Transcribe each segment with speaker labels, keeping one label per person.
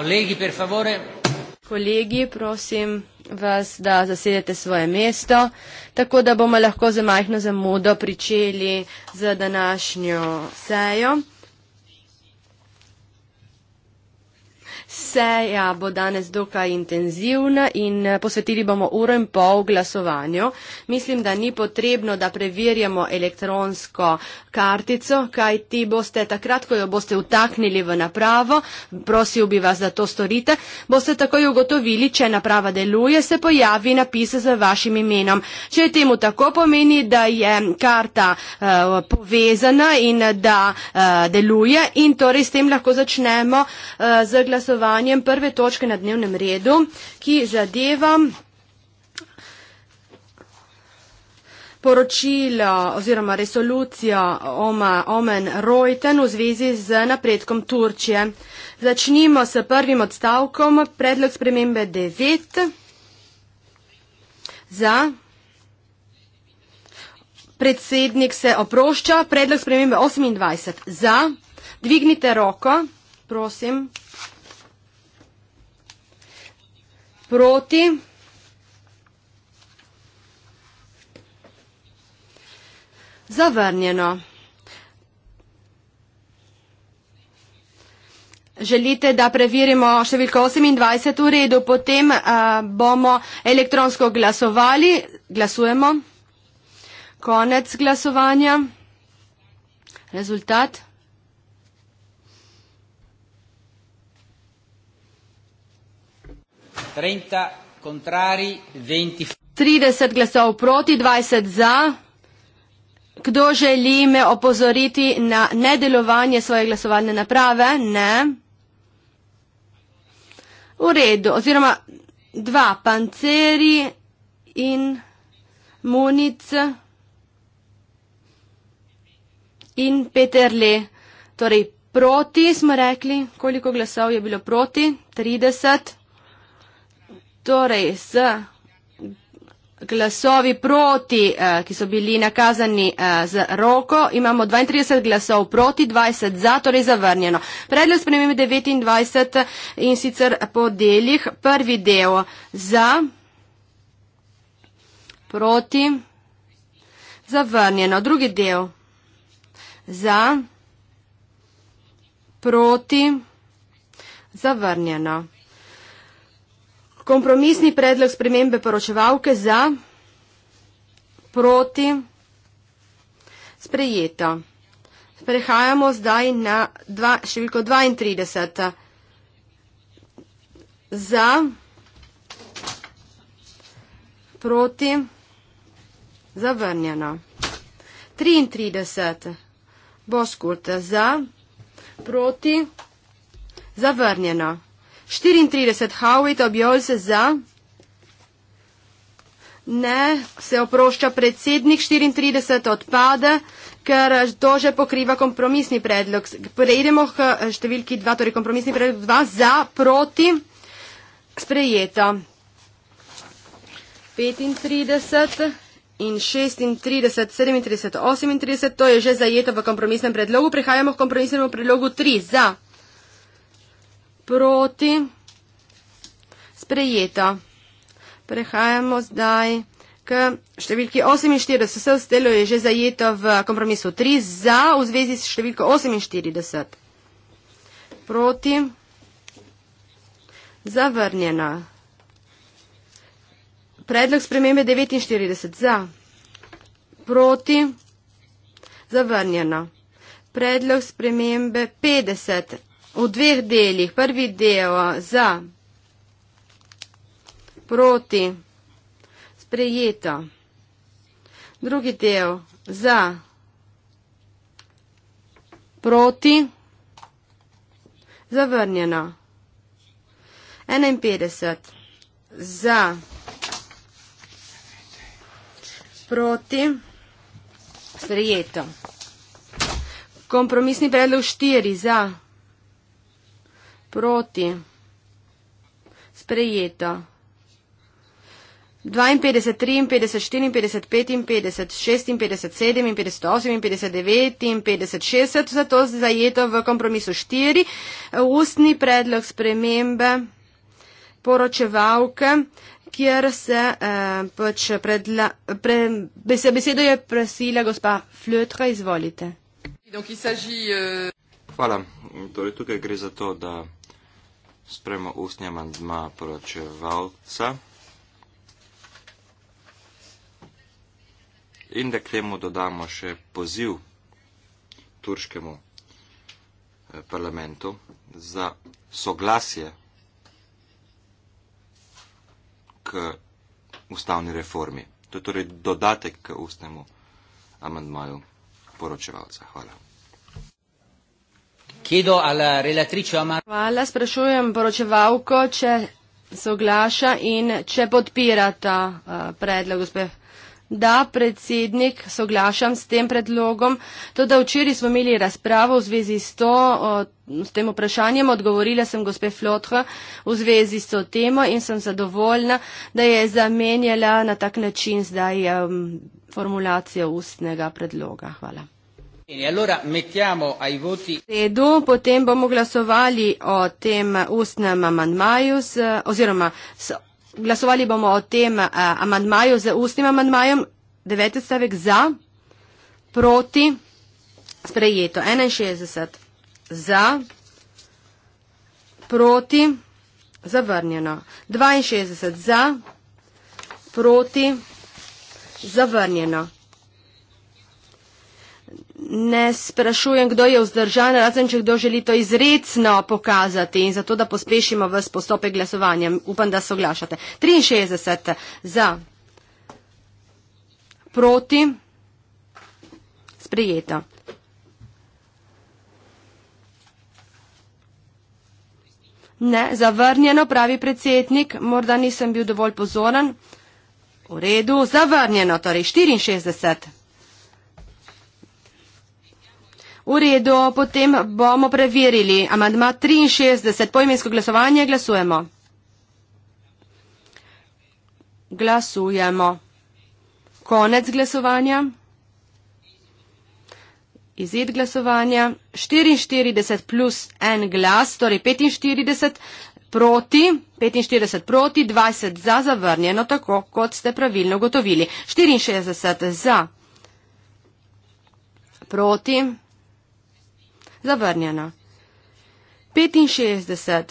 Speaker 1: Kolegi, per favore.
Speaker 2: Kolegi, prosim vas, da zasedete svoje mesto, tako da bomo lahko za majhno zamudo pričeli z današnjo sejo. Seja bo danes dokaj intenzivna in eh, posvetili bomo uro in pol glasovanju. Mislim, da ni potrebno, da preverjamo elektronsko kartico, kaj ti boste takrat, ko jo boste utaknili v napravo, prosil bi vas, da to storite, boste takoj ugotovili, če naprava deluje, se pojavi napis z vašim imenom. Če temu tako pomeni, da je karta uh, povezana in eh, da uh, deluje in torej s tem lahko začnemo uh, z glasovanjem nadaljevanjem prve točke na dnevnem redu, ki zadeva poročilo oziroma resolucijo Oma, Omen Reuten v zvezi z napredkom Turčije. Začnimo s prvim odstavkom, predlog spremembe 9 za. Predsednik se oprošča, predlog spremembe 28 za. Dvignite roko, prosim proti. Zavrnjeno. Želite, da preverimo številko 28 v redu, potem uh, bomo elektronsko glasovali. Glasujemo. Konec glasovanja. Rezultat. 30 glasov proti, 20 za. Kdo želi me opozoriti na nedelovanje svoje glasovalne naprave? Ne. V redu, oziroma dva panceri in munic in peterle. Torej, proti smo rekli, koliko glasov je bilo proti? 30 torej s glasovi proti, eh, ki so bili nakazani eh, z roko, imamo 32 glasov proti, 20 za, torej zavrnjeno. Predlog spremembe 29 in sicer po delih, prvi del za, proti, zavrnjeno, drugi del za, proti, zavrnjeno. Kompromisni predlog spremembe poročevalke za, proti, sprejeto. Prehajamo zdaj na dva, številko 32. Za, proti, zavrnjeno. 33. Boskult za, proti, zavrnjeno. 34 Howit objavil se za. Ne, se oprošča predsednik 34 odpada, ker to že pokriva kompromisni predlog. Prejdemo k eh, številki 2, torej kompromisni predlog 2 za, proti, sprejeta. 35 in 36, 37, 38, to je že zajeto v kompromisnem predlogu. Prehajamo k kompromisnemu predlogu 3 za proti. Sprejeto. Prehajamo zdaj k številki 48. Vse ostalo je že zajeto v kompromisu 3 za v zvezi s številko 48. Proti. Zavrnjena. Predlog spremembe 49 za. Proti. Zavrnjena. Predlog spremembe 50 v dveh delih. Prvi del za proti sprejeto. Drugi del za proti zavrnjeno. 51 za proti sprejeto. Kompromisni predlog 4 za. Proti. Sprejeto. 52, 53, 54, 55, 56, 57, 58, 59, 60, zato zajeto v kompromisu 4. Ustni predlog spremembe poročevalke, kjer se eh, pač predla, pre, besedo, besedo je prosila gospa Flötra, izvolite.
Speaker 3: Euh, Hvala. Torej, tukaj gre za to, da. Spremo ustni amandma poročevalca. In da k temu dodamo še poziv turškemu eh, parlamentu za soglasje k ustavni reformi. To je torej dodatek k ustnemu amandmaju poročevalca. Hvala.
Speaker 1: Kido alla relatrice Amar.
Speaker 2: Hvala, sprašujem poročevalko, če se oglaša in če podpira ta uh, predlog, gospe. Da, predsednik, soglašam s tem predlogom. To, da včeraj smo imeli razpravo v zvezi s, to, o, s tem vprašanjem, odgovorila sem gospe Flotha v zvezi s to temo in sem zadovoljna, da je zamenjala na tak način zdaj um, formulacijo ustnega predloga. Hvala. Redu, potem bomo glasovali o tem ustnem amandmaju, z, oziroma s, glasovali bomo o tem uh, amandmaju z ustnim amandmajem, deveti stavek za, proti, sprejeto, 61 za, proti, zavrnjeno, 62 za, proti, zavrnjeno ne sprašujem, kdo je vzdržan, razen če kdo želi to izredno pokazati in zato, da pospešimo v postopek glasovanja. Upam, da soglašate. 63 za proti sprejeto. Ne, zavrnjeno, pravi predsednik, morda nisem bil dovolj pozoren. V redu, zavrnjeno, torej 64. V redu, potem bomo preverili. Amandma 63, poimensko glasovanje, glasujemo. Glasujemo. Konec glasovanja. Izid glasovanja. 44 plus en glas, torej 45 proti, 45 proti, 20 za zavrnjeno, tako kot ste pravilno gotovili. 64 za proti zavrnjena. 65.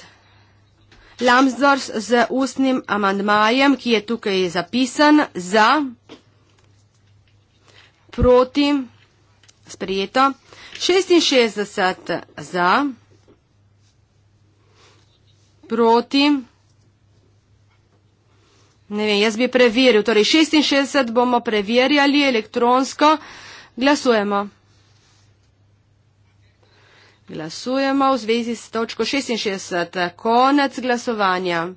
Speaker 2: Lamsdors z ustnim amandmajem, ki je tukaj zapisan za, proti, sprejeto. 66 za, proti, ne vem, jaz bi preveril, torej 66 bomo preverjali elektronsko, glasujemo. Glasujemo v zvezi s točko 66. Konec glasovanja.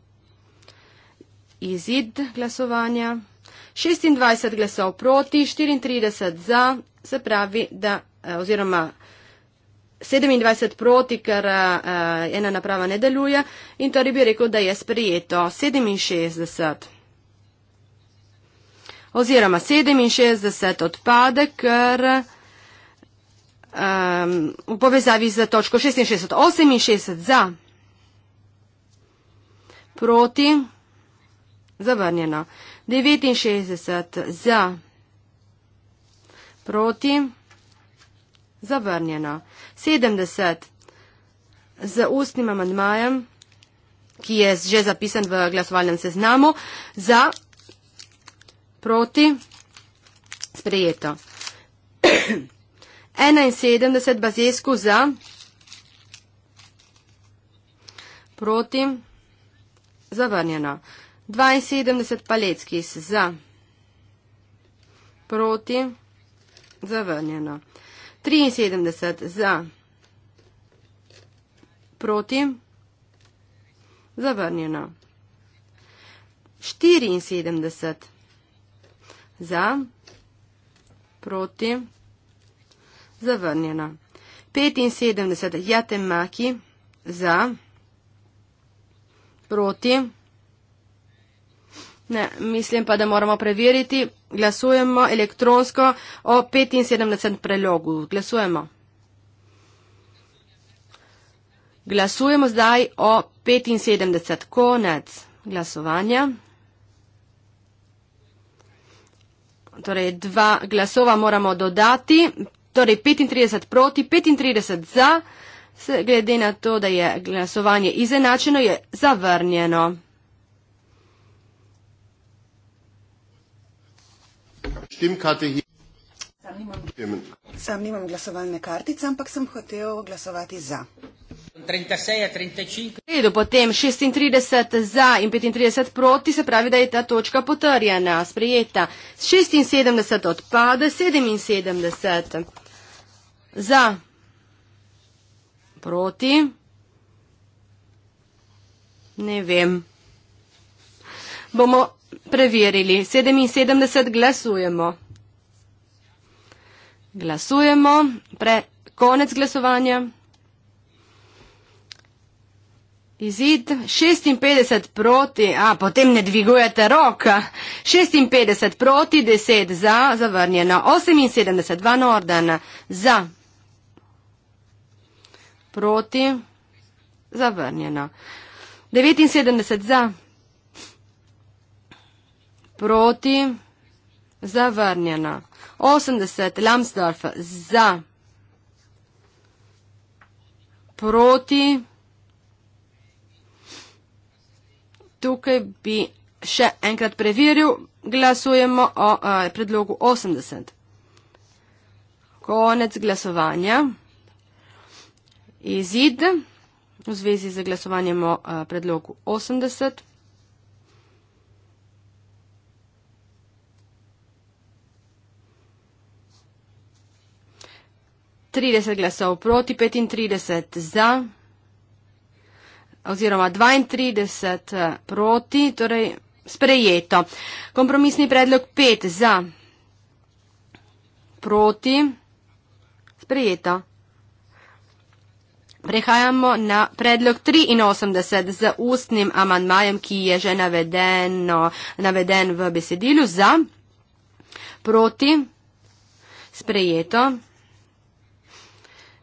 Speaker 2: Izid glasovanja. 26 glasov proti, 34 za, se pravi, da, eh, oziroma 27 proti, ker uh, ena naprava ne deluje in torej bi rekel, da je sprejeto. 67. Oziroma 67 odpade, ker um, v povezavi z točko 66, 68 za, proti, zavrnjeno, 69 za, proti, zavrnjeno, 70 z ustnim amandmajem, ki je že zapisan v glasovalnem seznamu, za, proti, sprejeto. 71 bazilsku za, proti, zavrnjeno. 72 paletski za, proti, zavrnjeno. 73 za, proti, zavrnjeno. 74 za, proti, zavrnjeno zavrnjena. 75 jatemaki za, proti. Ne, mislim pa, da moramo preveriti. Glasujemo elektronsko o 75 prelogu. Glasujemo. Glasujemo zdaj o 75. Konec glasovanja. Torej, dva glasova moramo dodati torej 35 proti, 35 za, glede na to, da je glasovanje izenačeno, je zavrnjeno.
Speaker 4: Sam nimam glasovalne kartice, ampak sem hotel glasovati za. 36,
Speaker 2: Redu, potem 36 za in 35 proti, se pravi, da je ta točka potrjena, sprejeta. 76 odpada, 77. Za. Proti. Ne vem. Bomo preverili. 77 glasujemo. Glasujemo. Pre, konec glasovanja. Izid 56 proti, a potem ne dvigujete roka. 56 proti, 10 za, zavrnjeno. 78 van orden za proti, zavrnjeno. 79 za, proti, zavrnjeno. 80 Lambsdorff za, proti. Tukaj bi še enkrat preveril, glasujemo o a, eh, predlogu 80. Konec glasovanja izid v zvezi z glasovanjem o predlogu 80. Trideset glasov proti, petintrideset za, oziroma dvaintrideset proti, torej sprejeto. Kompromisni predlog pet za, proti, sprejeto. Prehajamo na predlog 83 z ustnim amandmajem, ki je že navedeno, naveden v besedilu za, proti, sprejeto.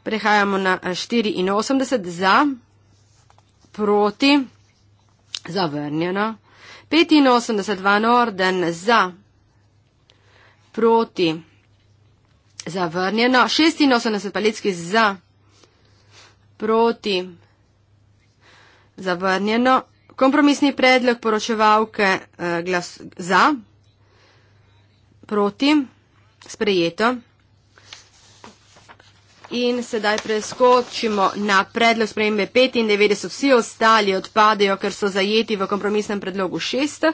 Speaker 2: Prehajamo na 84 za, proti, zavrnjeno. 85 van orden za, proti, zavrnjeno. 86 paletski za, proti. Proti. Zavrnjeno. Kompromisni predlog poročevalke eh, glas za. Proti. Sprejeto. In sedaj preskočimo na predlog spremembe 95. Vsi ostali odpadejo, ker so zajeti v kompromisnem predlogu 6.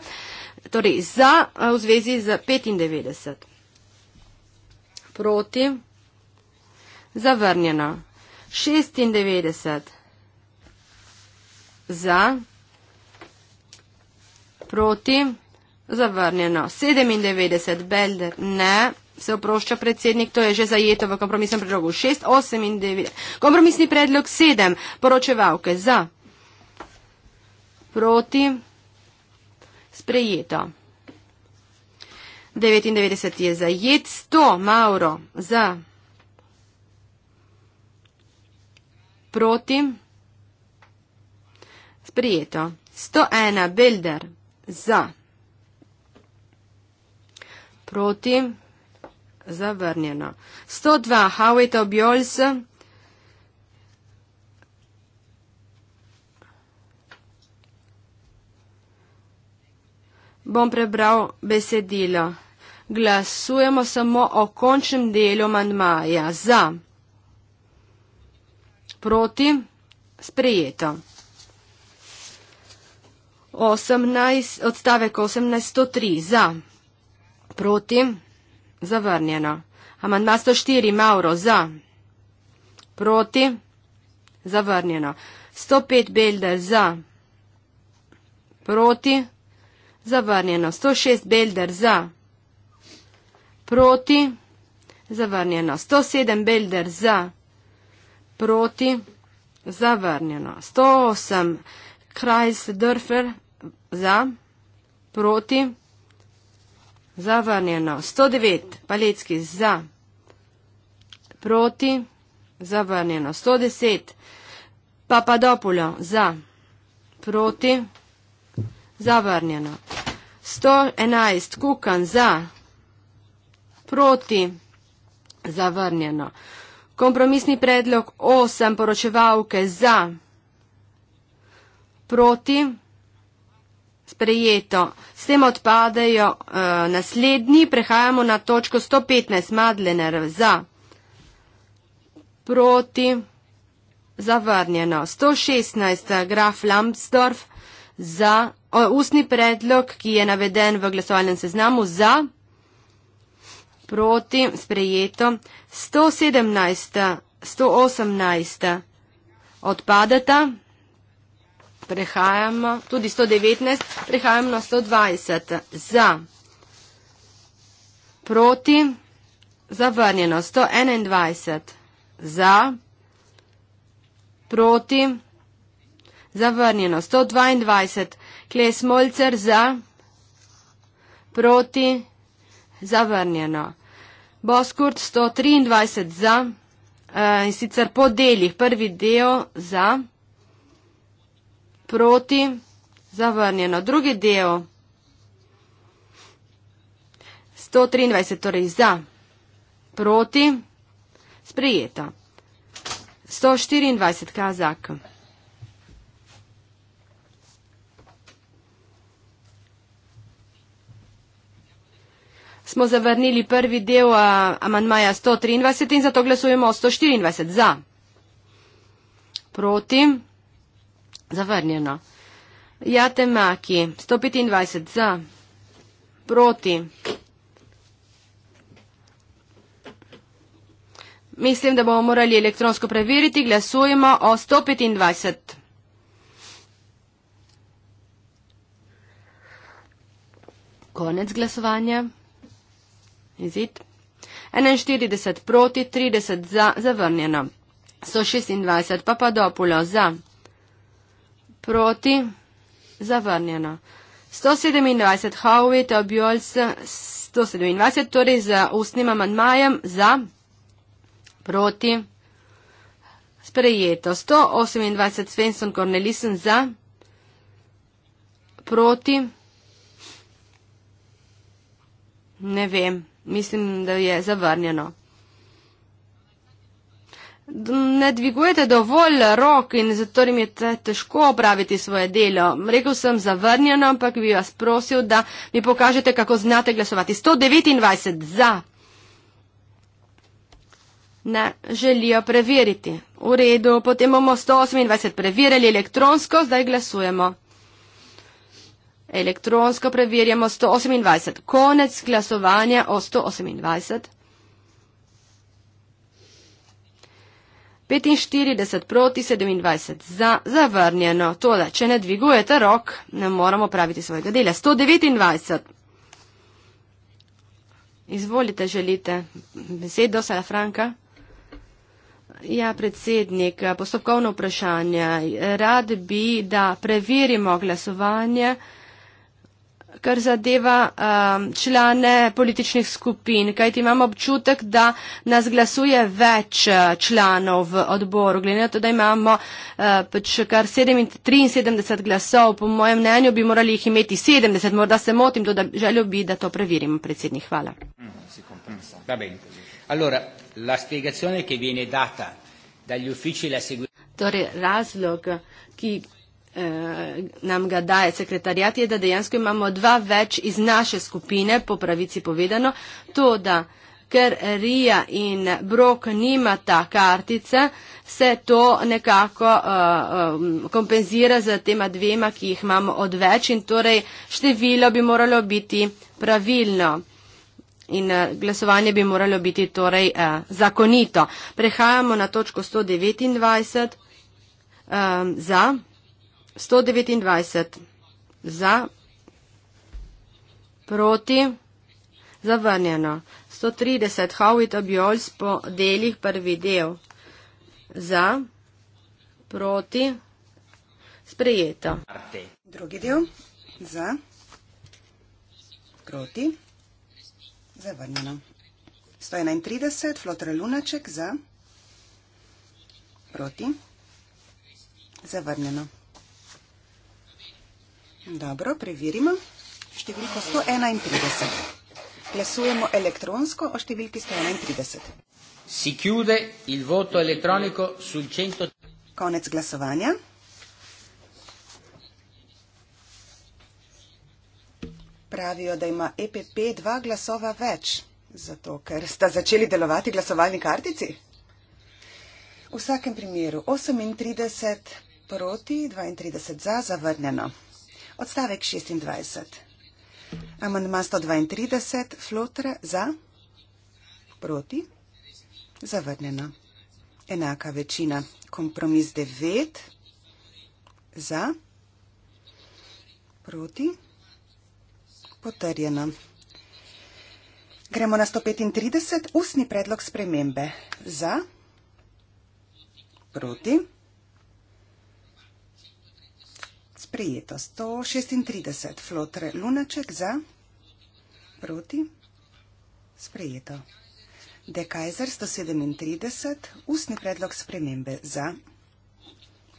Speaker 2: Torej za eh, v zvezi z 95. Proti. Zavrnjeno. 96 za, proti, zavrnjeno. 97, Belder, ne, se oprošča predsednik, to je že zajeto v kompromisnem predlogu. 6, 8 in 9. Kompromisni predlog 7, poročevalke za, proti, sprejeto. 99 je zajet, 100, Mauro, za. proti. Sprijeto. 101 Bilder za. Proti. Zavrnjeno. 102 Howit Objols. Bom prebral besedilo. Glasujemo samo o končnem delu mandmaja. Za proti sprejeto. 18, odstavek 1803 za, proti, zavrnjeno. Amandma 104, Mauro, za, proti, zavrnjeno. 105, Belder, za, proti, zavrnjeno. 106, Belder, za, proti, zavrnjeno. 107, Belder, za, proti proti zavrnjeno. 108 Kreisdörfer za proti zavrnjeno. 109 Paletski za proti zavrnjeno. 110 Papadopulo za proti zavrnjeno. 111 Kukan za proti zavrnjeno. Kompromisni predlog 8 poročevalke za, proti, sprejeto. S tem odpadejo uh, naslednji, prehajamo na točko 115, Madlener za, proti, zavrnjeno. 116, eh, graf Lambsdorff za, uh, ustni predlog, ki je naveden v glasovalnem seznamu za proti sprejeto 117, 118 odpadata, prehajamo tudi 119, prehajamo na 120 za, proti zavrnjeno 121 za, proti zavrnjeno 122, Kles Molcer za, proti zavrnjeno zavrnjeno. Boskurt 123 za eh, in sicer po delih. Prvi del za, proti, zavrnjeno. Drugi del 123, torej za, proti, sprijeto. 124 kazak. smo zavrnili prvi del a, amandmaja 123 in zato glasujemo o 124 za. Proti. Zavrnjeno. Jate Maki, 125 za. Proti. Mislim, da bomo morali elektronsko preveriti. Glasujemo o 125. Konec glasovanja izid. 41 proti 30 za zavrnjeno. 126 papadopulo za proti zavrnjeno. 127 Howit objolj s 127, torej z ustnim amandmajem za proti sprejeto. 128 Svensson Cornelissen za proti ne vem. Mislim, da je zavrnjeno. Ne dvigujete dovolj rok in zato jim je težko opraviti svoje delo. Rekl sem zavrnjeno, ampak bi vas prosil, da mi pokažete, kako znate glasovati. 129 za. Ne želijo preveriti. V redu, potem bomo 128 preverili elektronsko, zdaj glasujemo. Elektronsko preverjamo 128. Konec glasovanja o 128. 45 proti 27 za zavrnjeno. Tole, če ne dvigujete rok, ne moramo praviti svojega dela. 129. Izvolite, želite besedo, Sara Franka. Ja, predsednik, postopkovno vprašanje. Rad bi, da preverimo glasovanje kar zadeva um, člane političnih skupin, kajti imamo občutek, da nas glasuje več članov v odboru. Glede na to, da imamo uh, kar 73 glasov, po mojem mnenju bi morali jih imeti 70, morda se motim, da želijo bi, da to preverimo, predsednik. Hvala. Mm, Torej, razlog, ki Eh, nam ga daje sekretarjat, je, da dejansko imamo dva več iz naše skupine, po pravici povedano, to, da ker Rija in Brok nima ta kartice, se to nekako uh, um, kompenzira z tema dvema, ki jih imamo odveč in torej število bi moralo biti pravilno in uh, glasovanje bi moralo biti torej uh, zakonito. Prehajamo na točko 129 um, za. 129 za, proti, zavrnjeno. 130 Howit Abjols po delih prvi del za, proti, sprejeto. Drugi del za,
Speaker 4: proti, zavrnjeno. 131 Flotre Lunaček za, proti, zavrnjeno. Dobro, preverimo. Številko 131. Glasujemo elektronsko o številki 131. Si chiude il voto elettronico sul 100. Konec glasovanja. Pravijo, da ima EPP dva glasova več, zato ker sta začeli delovati glasovalni kartici. V vsakem primeru 38 proti 32 za zavrnjeno. Odstavek 26. Amandma 132. Flotre za? Proti? Zavrnjeno. Enaka večina. Kompromis 9. Za? Proti? Potrjeno. Gremo na 135. Ustni predlog spremembe. Za? Proti? Proti? prijeto 136 flotre lunaček za proti sprejeto. De Kaiser 137 ustni predlog spremembe za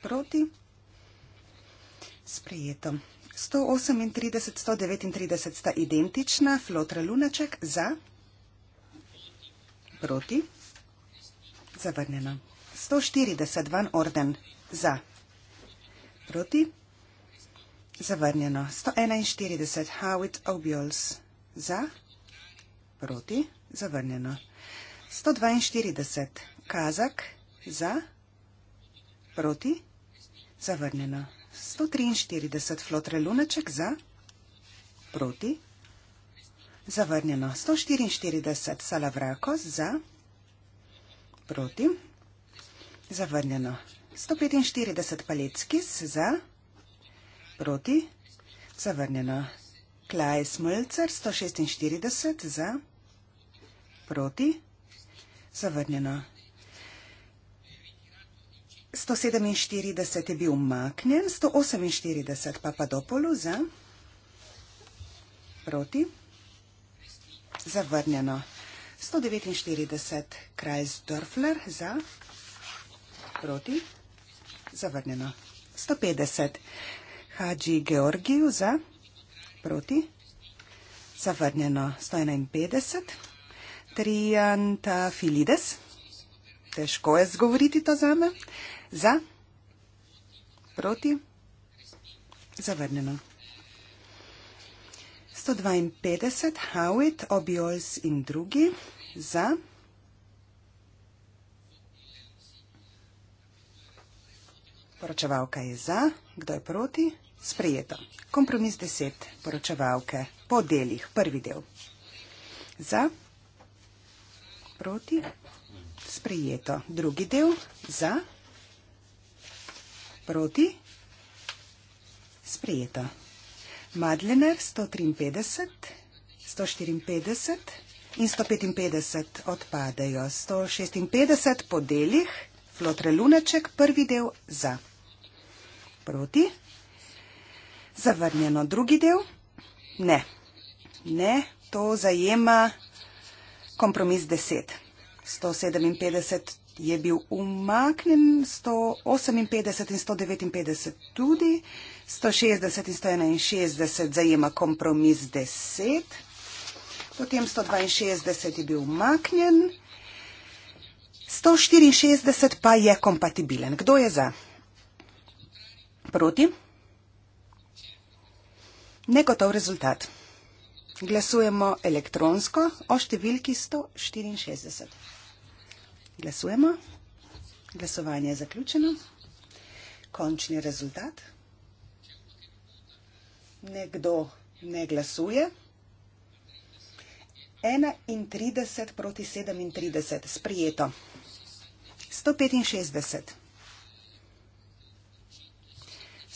Speaker 4: proti sprejeto. 138, 139 sta identična, flotra lunaček za, proti, zavrnjeno. 140, van orden, za, proti, Zavrnjeno. 141. How it obuls. Za. Proti. Zavrnjeno. 142. Kazak. Za. Proti. Zavrnjeno. 143. Flotre Lunaček. Za. Proti. Zavrnjeno. 144. Salavrakos. Za. Proti. Zavrnjeno. 145. Paletskis. Za. Proti. Proti? Zavrnjeno. Klajs Mulcer 146 za. Proti? Zavrnjeno. 147 je bil umaknjen, 148 pa Padopolu za. Proti? Zavrnjeno. 149 Krajs Dörfler za. Proti? Zavrnjeno. 150. Hadži Georgiju za proti zavrnjeno 151. Trianta Filides, težko je zgovoriti to za me, za proti zavrnjeno. 152 Howitt, Obiols in drugi za poročevalka je za, kdo je proti sprejeto. Kompromis deset, poročevalke, po delih, prvi del. Za, proti, sprejeto. Drugi del, za, proti, sprejeto. Madlener 153, 154 in 155 odpadajo. 156 po delih, flotre luneček, prvi del za. Proti zavrnjeno. Drugi del? Ne. Ne, to zajema kompromis 10. 157 je bil umaknjen, 158 in 159 tudi, 160 in 161 zajema kompromis 10, potem 162 je bil umaknjen, 164 pa je kompatibilen. Kdo je za? Proti? negotov rezultat. Glasujemo elektronsko o številki 164. Glasujemo. Glasovanje je zaključeno. Končni rezultat. Nekdo ne glasuje. 31 proti 37. Sprijeto. 165.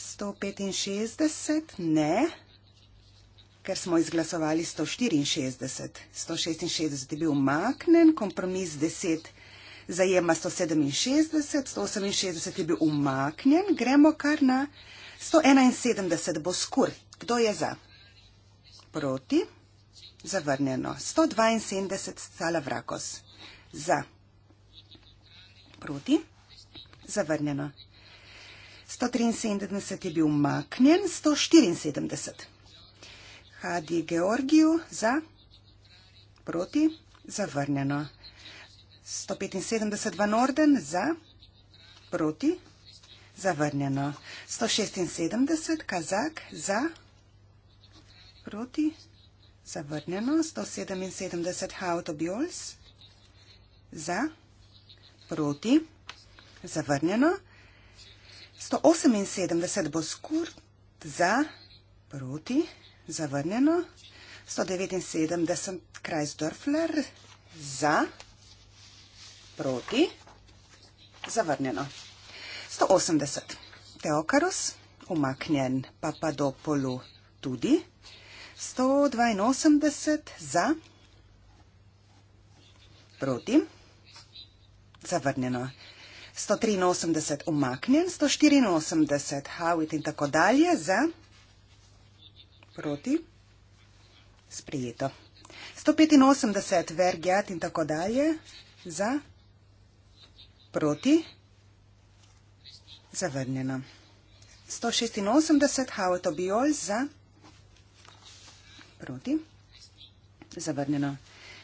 Speaker 4: 165 ne ker smo izglasovali 164. 166 je bil umaknen, kompromis 10 zajema 167, 168 je bil umaknen, gremo kar na 171 bo skur. Kdo je za? Proti? Zavrnjeno. 172 stala vrakos. Za. Proti? Zavrnjeno. 173 je bil umaknjen, 174. Hadi Georgiju za, proti, zavrnjeno. 175 Van Orden za, proti, zavrnjeno. 176 Kazak za, proti, zavrnjeno. 177 Hauto Bjols za, proti, zavrnjeno. 178 Boskurt za, proti, zavrnjeno zavrnjeno. 179 Kreisdorfler za, proti, zavrnjeno. 180 Teokarus, umaknjen Papadopolu tudi. 182 za, proti, zavrnjeno. 183 umaknjen, 184 Hawit in tako dalje za, proti proti, sprijeto. 185 vergiat in tako dalje, za, proti, zavrnjeno. 186 haotobiol za, proti, zavrnjeno.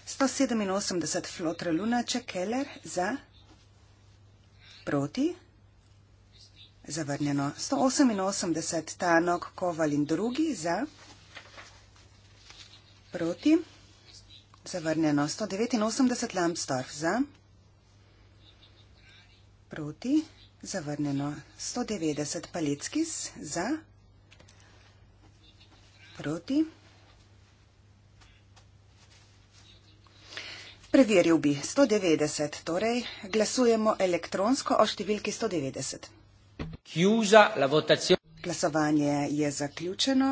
Speaker 4: 187 flotraluna čekeler za, proti, zavrnjeno. 188 tanok koval in drugi za, proti proti, zavrnjeno 189 Lambsdorff za, proti, zavrnjeno 190 Palickis za, proti. Preveril bi 190, torej glasujemo elektronsko o številki 190. Glasovanje je zaključeno.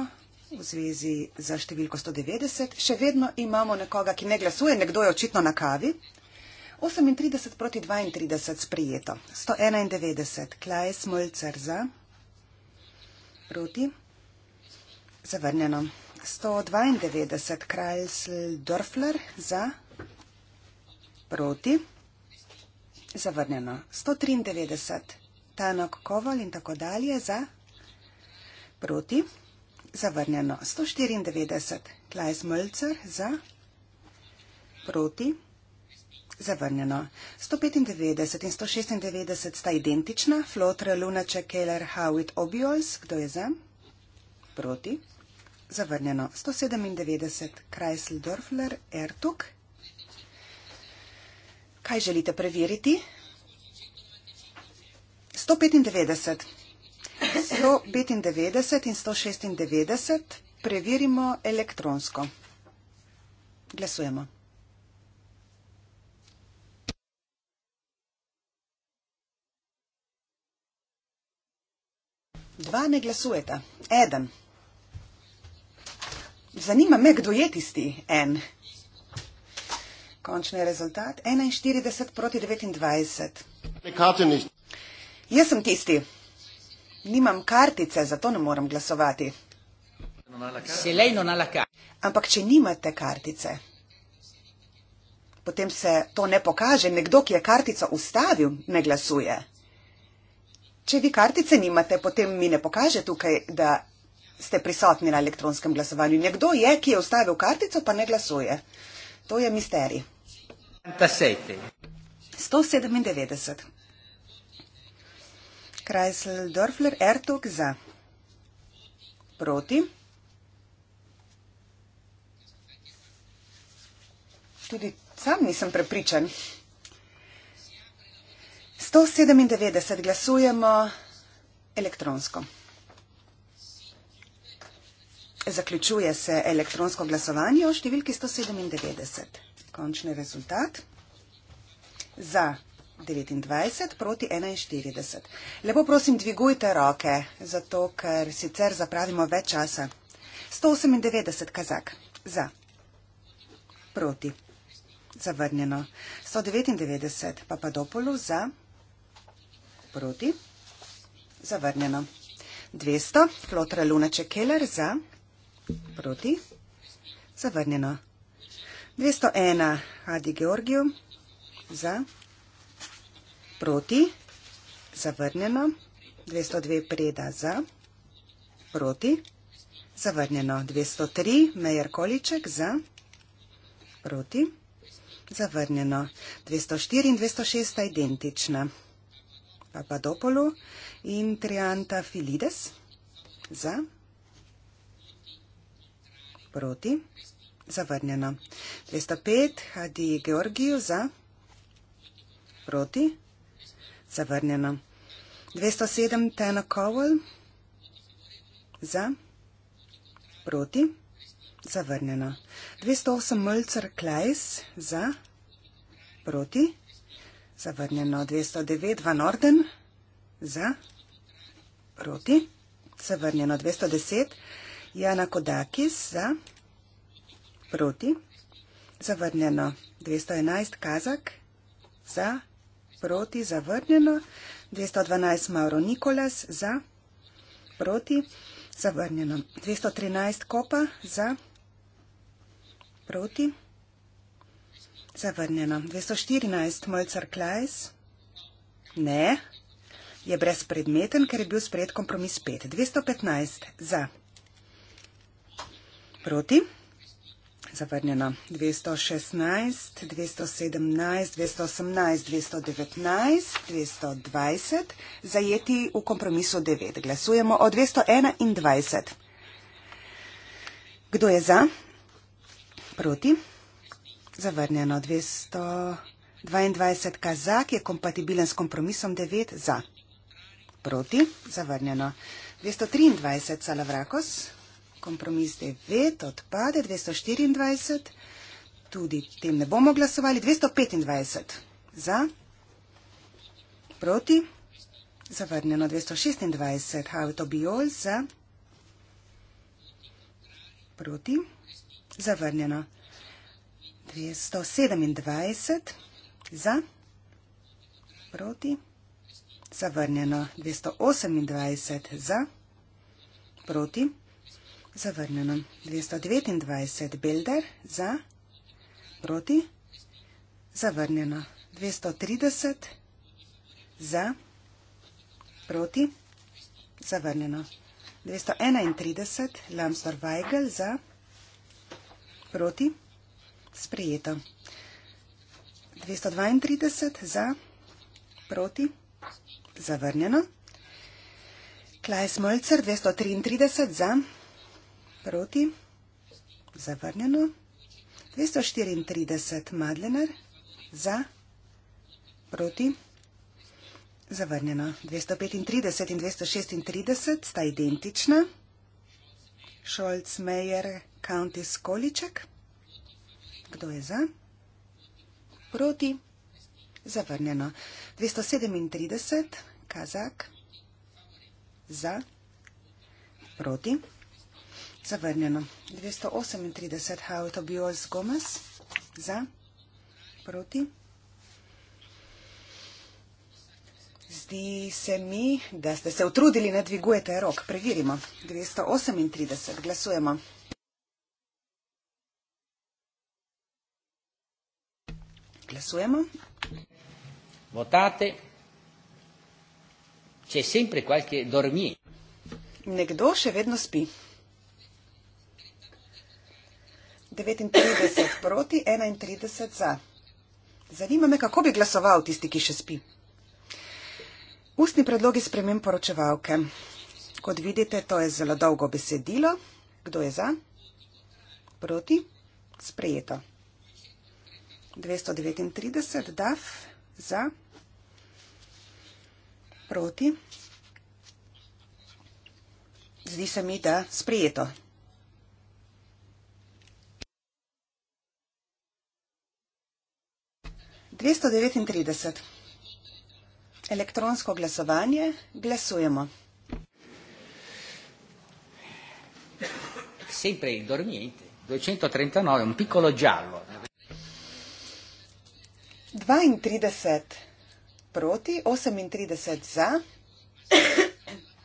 Speaker 4: V zvezi za številko 190 še vedno imamo nekoga, ki ne glasuje, nekdo je očitno na kavi. 38 proti 32 sprijeto. 191, Klajs Molcer za, proti, zavrnjeno. 192, Kraljsdorfler za, proti, zavrnjeno. 193, Tanok Koval in tako dalje za, proti zavrnjeno 194, Klajs Mölcer za, proti, zavrnjeno 195 in 196 sta identična, Flotre, Lunače, Keller, Howitt, Obiols, kdo je za, proti, zavrnjeno 197, Krajsl, Dörfler, Ertug. Kaj želite preveriti? 195. 195 in 196 preverimo elektronsko. Glasujemo. Dva ne glasujeta. Eden. Zanima me, kdo je tisti en. Končni rezultat 41 proti 29. Jaz sem tisti. Nimam kartice, zato ne morem glasovati. Ampak, če nimate kartice, potem se to ne pokaže. Nekdo, ki je kartico ustavil, ne glasuje. Če vi kartice nimate, potem mi ne pokaže tukaj, da ste prisotni na elektronskem glasovanju. Nekdo je, ki je ustavil kartico, pa ne glasuje. To je misterij. 197. Kreisel, Dörfler, Ertug za. Proti. Tudi sam nisem prepričan. 197 glasujemo elektronsko. Zaključuje se elektronsko glasovanje o številki 197. Končni rezultat. Za 29 proti 41. Lepo prosim, dvigujte roke, zato ker sicer zapravimo več časa. 198 kazak. Za. Proti. Zavrnjeno. 199 papadopolu. Za. Proti. Zavrnjeno. 200 flotra lunače keller. Za. Proti. Zavrnjeno. 201 Adi Georgiju. Za proti, zavrnjeno, 202 preda za, proti, zavrnjeno, 203 mejer količek za, proti, zavrnjeno, 204 in 206 identična, Papadopolu in Trianta Filides za, proti, zavrnjeno, 205 Hadi Georgiju za, proti, zavrnjeno, zavrnjeno. 207 Tena Kowal za, proti, zavrnjeno. 208 Mulcer Kleis za, proti, zavrnjeno. 209 Van Orden za, proti, zavrnjeno. 210 Jana Kodakis za, proti, zavrnjeno. 211 Kazak za, proti proti, zavrnjeno. 212 Mauro Nikolas za, proti, zavrnjeno. 213 Kopa za, proti, zavrnjeno. 214 Mojcar Klajs, ne, je brezpredmeten, ker je bil spred kompromis 5. 215 za, proti zavrnjeno. 216, 217, 218, 219, 220, zajeti v kompromisu 9. Glasujemo o 221. Kdo je za? Proti? Zavrnjeno. 222 kazak je kompatibilen s kompromisom 9 za. Proti? Zavrnjeno. 223 salavrakos kompromis 9 odpade, 224, tudi tem ne bomo glasovali, 225 za, proti, zavrnjeno 226, avtobiol za, proti, zavrnjeno 227 za, proti, zavrnjeno 228 za, proti, zavrnjeno 228 za, proti, Zavrnjeno. 229 Bilder za, proti. Zavrnjeno. 230 za, proti. Zavrnjeno. 231 Lamsdor Weigel za, proti. Sprejeto. 232 za, proti. Zavrnjeno. Klajs Molcer 233 za, proti. Proti. Zavrnjeno. 234 Madlener. Za. Proti. Zavrnjeno. 235 in 236 sta identična. Šolc, Mejer, Countess, Količek. Kdo je za? Proti. Zavrnjeno. 237, Kazak. Za. Proti. Zavrnjeno. 238 Hauta Bios Gomez. Za. Proti. Zdi se mi, da ste se utrudili, ne dvigujete rok. Preverimo. 238. Glasujemo. Glasujemo. Votate. C'è sempre qualche dormì. Nekdo še vedno spi. 39 proti, 31 za. Zanima me, kako bi glasoval tisti, ki še spi. Ustni predlogi spremem poročevalke. Kot vidite, to je zelo dolgo besedilo. Kdo je za? Proti? Sprejeto. 239, DAF, za, proti. Zdi se mi, da sprejeto. 239. Elektronsko glasovanje. Glasujemo.
Speaker 1: Sempre il dormiente. 239, un piccolo giallo.
Speaker 4: 32 proti, 38 za.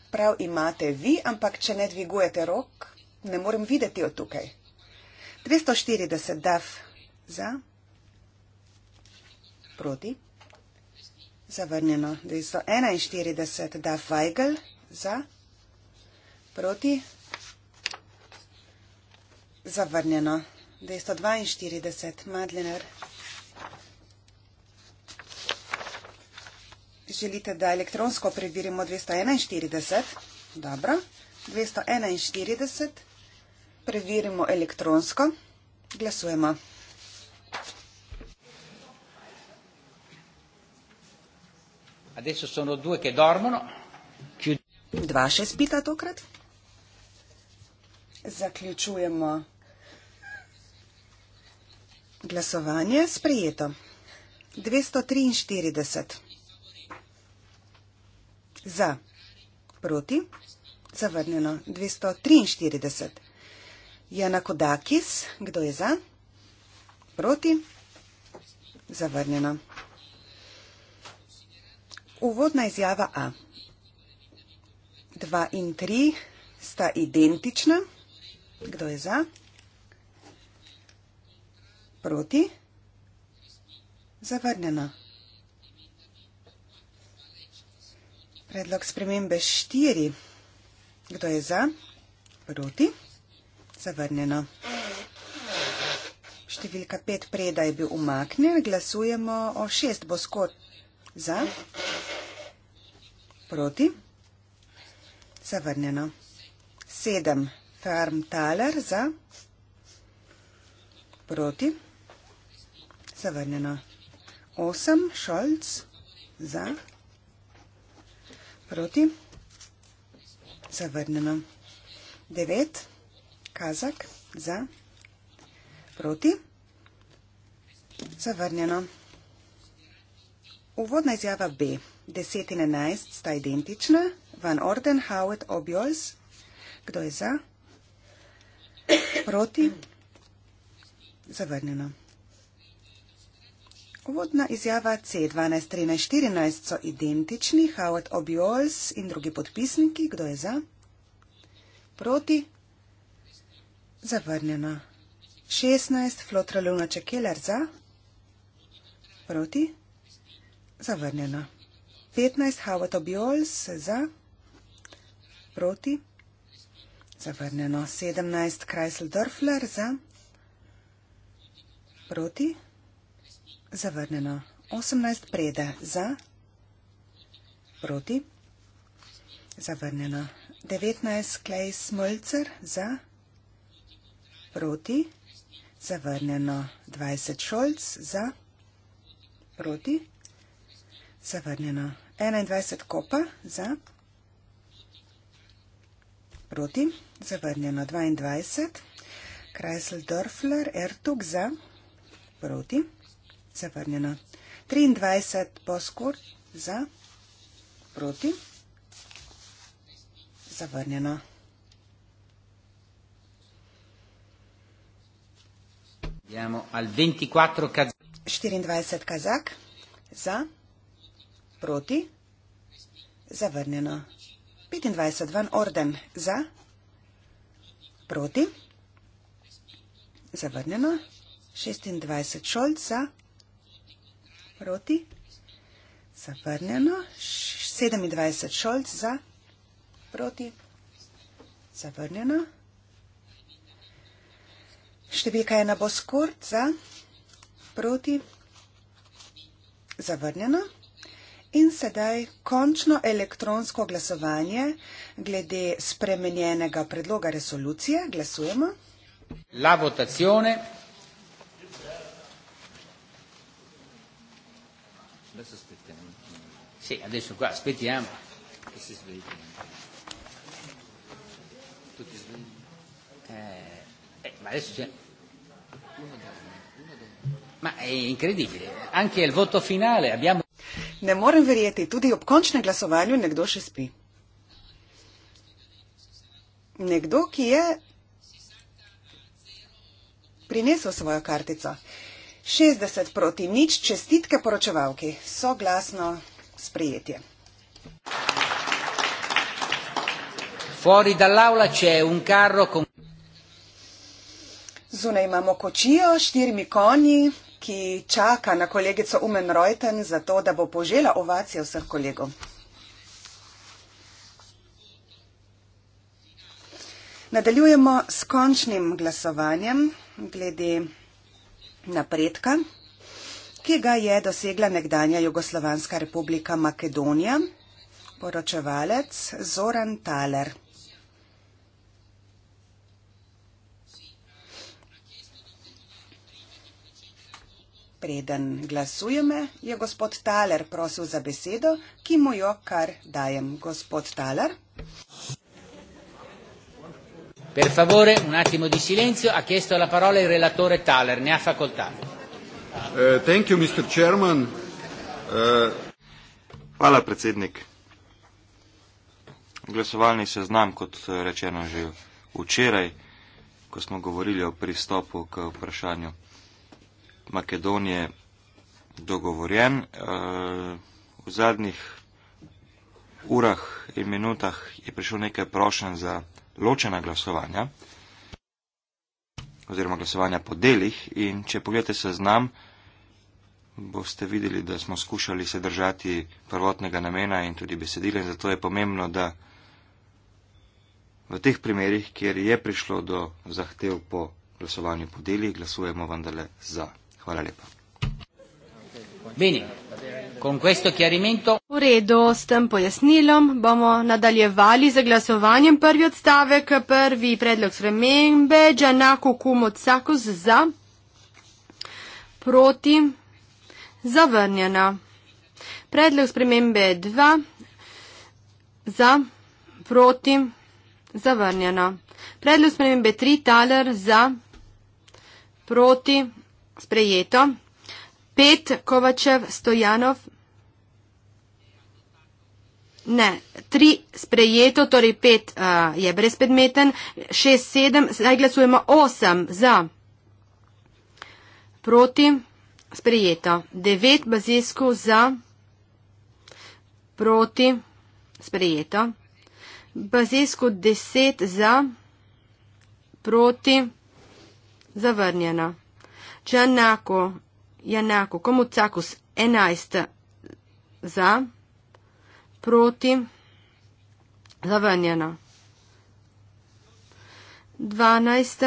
Speaker 4: Prav imate vi, ampak če ne dvigujete rok, ne morem videti od tukaj. 240 dav za proti. Zavrnjeno 241, da Feigl za, proti. Zavrnjeno 242, Madlener. Želite, da elektronsko preverimo 241? Dobro. 241. Preverimo elektronsko. Glasujemo.
Speaker 1: Adesso sono due
Speaker 4: che dormono. Chiud- Dva še spita tokrat? Zaključujemo. Glasovanje sprejeto. 243. Za. Proti. Zavrnjeno. 243. Jana Kodakis, kdo je za? Proti. Zavrnjeno. Uvodna izjava A. Dva in tri sta identična. Kdo je za? Proti? Zavrnjena. Predlog spremembe štiri. Kdo je za? Proti? Zavrnjena. Številka pet preda je bil umaknjen. Glasujemo o šest. Bo skot za? Proti? Proti. Zavrnjeno. Sedem. Ferm taler za. Proti. Zavrnjeno. Osem. Šolc za. Proti. Zavrnjeno. Devet. Kazak za. Proti. Zavrnjeno. Uvodna izjava B. Zavrnjeno. 10 in 11 sta identična. Van Orden, Howard, Objoz. Kdo je za? Proti? Zavrnjeno. Uvodna izjava C12, 13, 14 so identični. Howard, Objoz in drugi podpisniki. Kdo je za? Proti? Zavrnjeno. 16, Flotra Luna Čekeler za. Proti? Zavrnjeno. 15 havatobiols za, proti, zavrnjeno, 17 kreiseldörfler za, proti, zavrnjeno, 18 prede za, proti, zavrnjeno, 19 kleismulcer za, proti, zavrnjeno, 20 šolc za, proti, zavrnjeno, zavrnjeno. 21 kopa za proti, zavrnjeno. 22, Kreisel-Dörfler, Ertug za proti, zavrnjeno. 23, Poskur za proti, zavrnjeno.
Speaker 1: Andiamo al 24 Kazak.
Speaker 4: 24 Kazak za proti. Proti? Zavrnjeno. 25. Van Orden. Za? Proti? Zavrnjeno. 26. Šolc. Za? Proti? Zavrnjeno. 27. Šolc. Za? Proti? Zavrnjeno. Številka ena bo skort. Za? Proti? Zavrnjeno. In sedaj končno elektronsko glasovanje glede spremenjenega predloga resolucije. Glasujemo.
Speaker 1: La votazione. Eh, eh, ma è
Speaker 4: incredibile, anche il voto finale abbiamo. Ne morem verjeti, tudi ob končnem glasovanju nekdo še spi. Nekdo, ki je prinesel svojo kartico. 60 proti nič, čestitke poročevalki, soglasno sprejetje. Zunaj imamo kočijo s štirimi konji ki čaka na kolegico Umen Rojten, zato da bo požela ovacijo vseh kolegov. Nadaljujemo s končnim glasovanjem glede napredka, ki ga je dosegla nekdanja Jugoslovanska republika Makedonija, poročevalec Zoran Taler. Preden glasujeme, je gospod Taler prosil za besedo, ki mu jo kar dajem. Gospod Taler.
Speaker 1: Per favore, un attimo di silenzio, ha chiesto la parola il relatore Thaler, ne ha facoltà.
Speaker 2: Uh, you,
Speaker 3: uh... Hvala, predsednik. Glasovalni seznam, kot rečeno že včeraj, ko smo govorili o pristopu k vprašanju Makedonije dogovorjen. Eh, v zadnjih urah in minutah je prišlo nekaj prošen za ločena glasovanja oziroma glasovanja po delih in če pogledate seznam, boste videli, da smo skušali se držati prvotnega namena in tudi besedile, zato je pomembno, da v teh primerih, kjer je prišlo do zahtev po glasovanju po delih, glasujemo vendarle za. Hvala lepa. Bene. V
Speaker 2: redu, s tem pojasnilom bomo nadaljevali z glasovanjem. Prvi odstavek, prvi predlog spremembe, Džanako Kumocakos za, proti, zavrnjena. Predlog spremembe 2, za, proti, zavrnjena. Predlog spremembe 3, taler, za, proti, sprejeto. Pet Kovačev Stojanov. Ne, tri sprejeto, torej pet uh, je brezpredmeten, šest, sedem, zdaj glasujemo osem za, proti, sprejeto, devet bazilsko za, proti, sprejeto, bazilsko deset za, proti, zavrnjeno. Janaco, Janaco, como tacos, enajst za, proti, zavrnjeno. Dvanajst,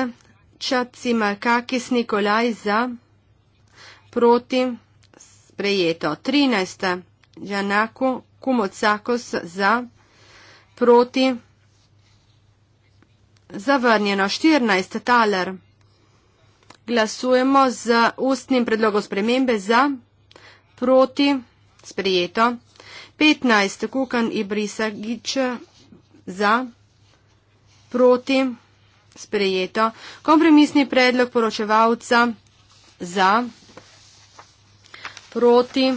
Speaker 2: čacima, kakis Nikolaj za, proti, sprejeto. Trinajst, Janaco, como tacos za, proti, zavrnjeno. Štirnajst, taler glasujemo z ustnim predlogom spremembe za, proti, sprejeto. 15. Kukan Ibrisagič za, proti, sprejeto. Kompromisni predlog poročevalca za, proti,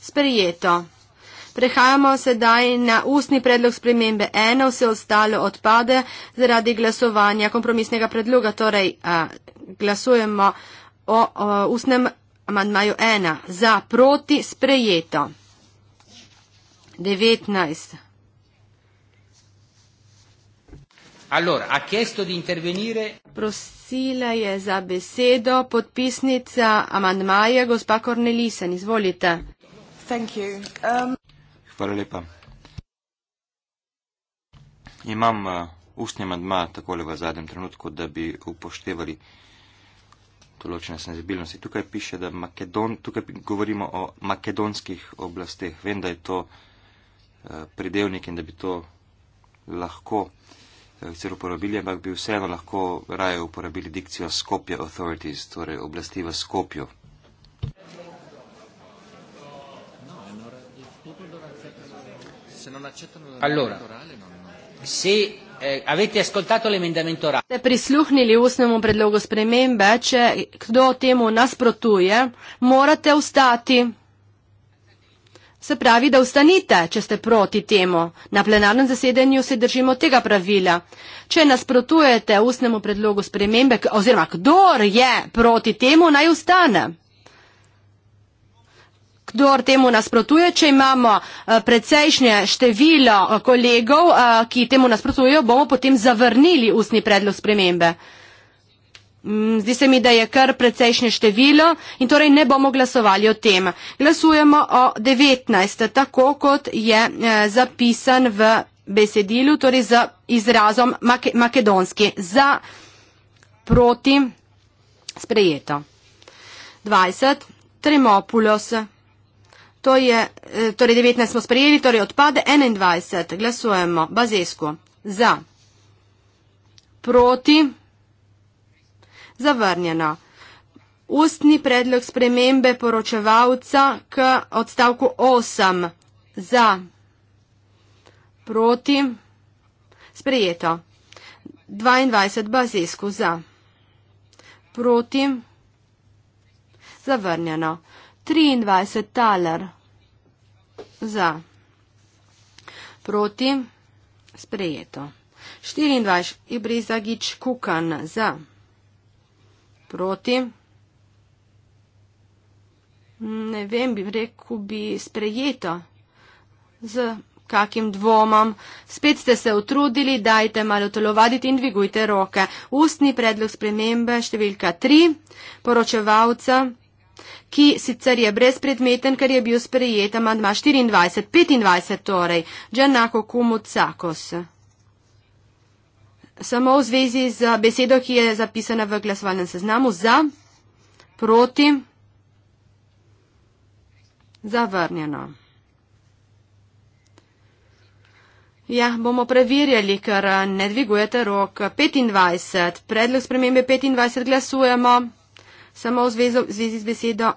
Speaker 2: sprejeto. Prehajamo sedaj na ustni predlog spremembe ena, vse ostalo odpade zaradi glasovanja kompromisnega predloga. Torej, a, glasujemo o, o ustnem amandmaju ena za proti sprejeto. 19.
Speaker 1: Allora, ha chiesto di intervenire.
Speaker 2: Prosila je za besedo podpisnica amandmaja, gospa Kornelisen, izvolite. Thank you. Um...
Speaker 3: Hvala lepa. Imam uh, ustni mandma takole v zadnjem trenutku, da bi upoštevali določene senzibilnosti. Tukaj piše, da Makedon, tukaj govorimo o makedonskih oblasteh. Vem, da je to uh, pridevnik in da bi to lahko sicer eh, uh, uporabili, ampak bi vseeno lahko raje uporabili dikcijo Skopje Authorities, torej oblasti v Skopju.
Speaker 1: se non accettano allora, orale,
Speaker 3: non, non... se eh, avete
Speaker 1: ascoltato l'emendamento orale se
Speaker 2: prisluhnili usnemu predlogu spremembe če kdo temu nasprotuje morate ustati Se pravi, da ustanite, če ste proti temu. Na plenarnem zasedanju se držimo tega pravila. Če nasprotujete ustnemu predlogu spremembe, oziroma kdor je proti temu, naj ustane. Kdor temu nasprotuje, če imamo eh, precejšnje število eh, kolegov, eh, ki temu nasprotujejo, bomo potem zavrnili ustni predlog spremembe. Mm, zdi se mi, da je kar precejšnje število in torej ne bomo glasovali o tem. Glasujemo o 19, tako kot je zapisan v besedilu, torej z izrazom makedonski. Za proti sprejeto. 20. Tremopulos. To je, eh, torej 19 smo sprejeli, torej odpade 21. Glasujemo. Bazesku. Za. Proti. Zavrnjeno. Ustni predlog spremembe poročevalca k odstavku 8. Za. Proti. Sprejeto. 22. Bazesku. Za. Proti. Zavrnjeno. 23 talar za. Proti. Sprejeto. 24. Ibrizagič Kukan za. Proti. Ne vem, bi rekel, bi sprejeto. Z kakim dvomom. Spet ste se utrudili, dajte malo telovaditi in dvigujte roke. Ustni predlog spremembe številka 3. Poročevalca ki sicer je brezpredmeten, ker je bil sprejet amandma 24-25, torej, Džanako Kumucakos. Samo v zvezi z besedo, ki je zapisana v glasovalnem seznamu, za, proti, zavrnjeno. Ja, bomo preverjali, ker ne dvigujete rok. 25, predlog spremembe 25 glasujemo samo v zvezo, zvezi z besedo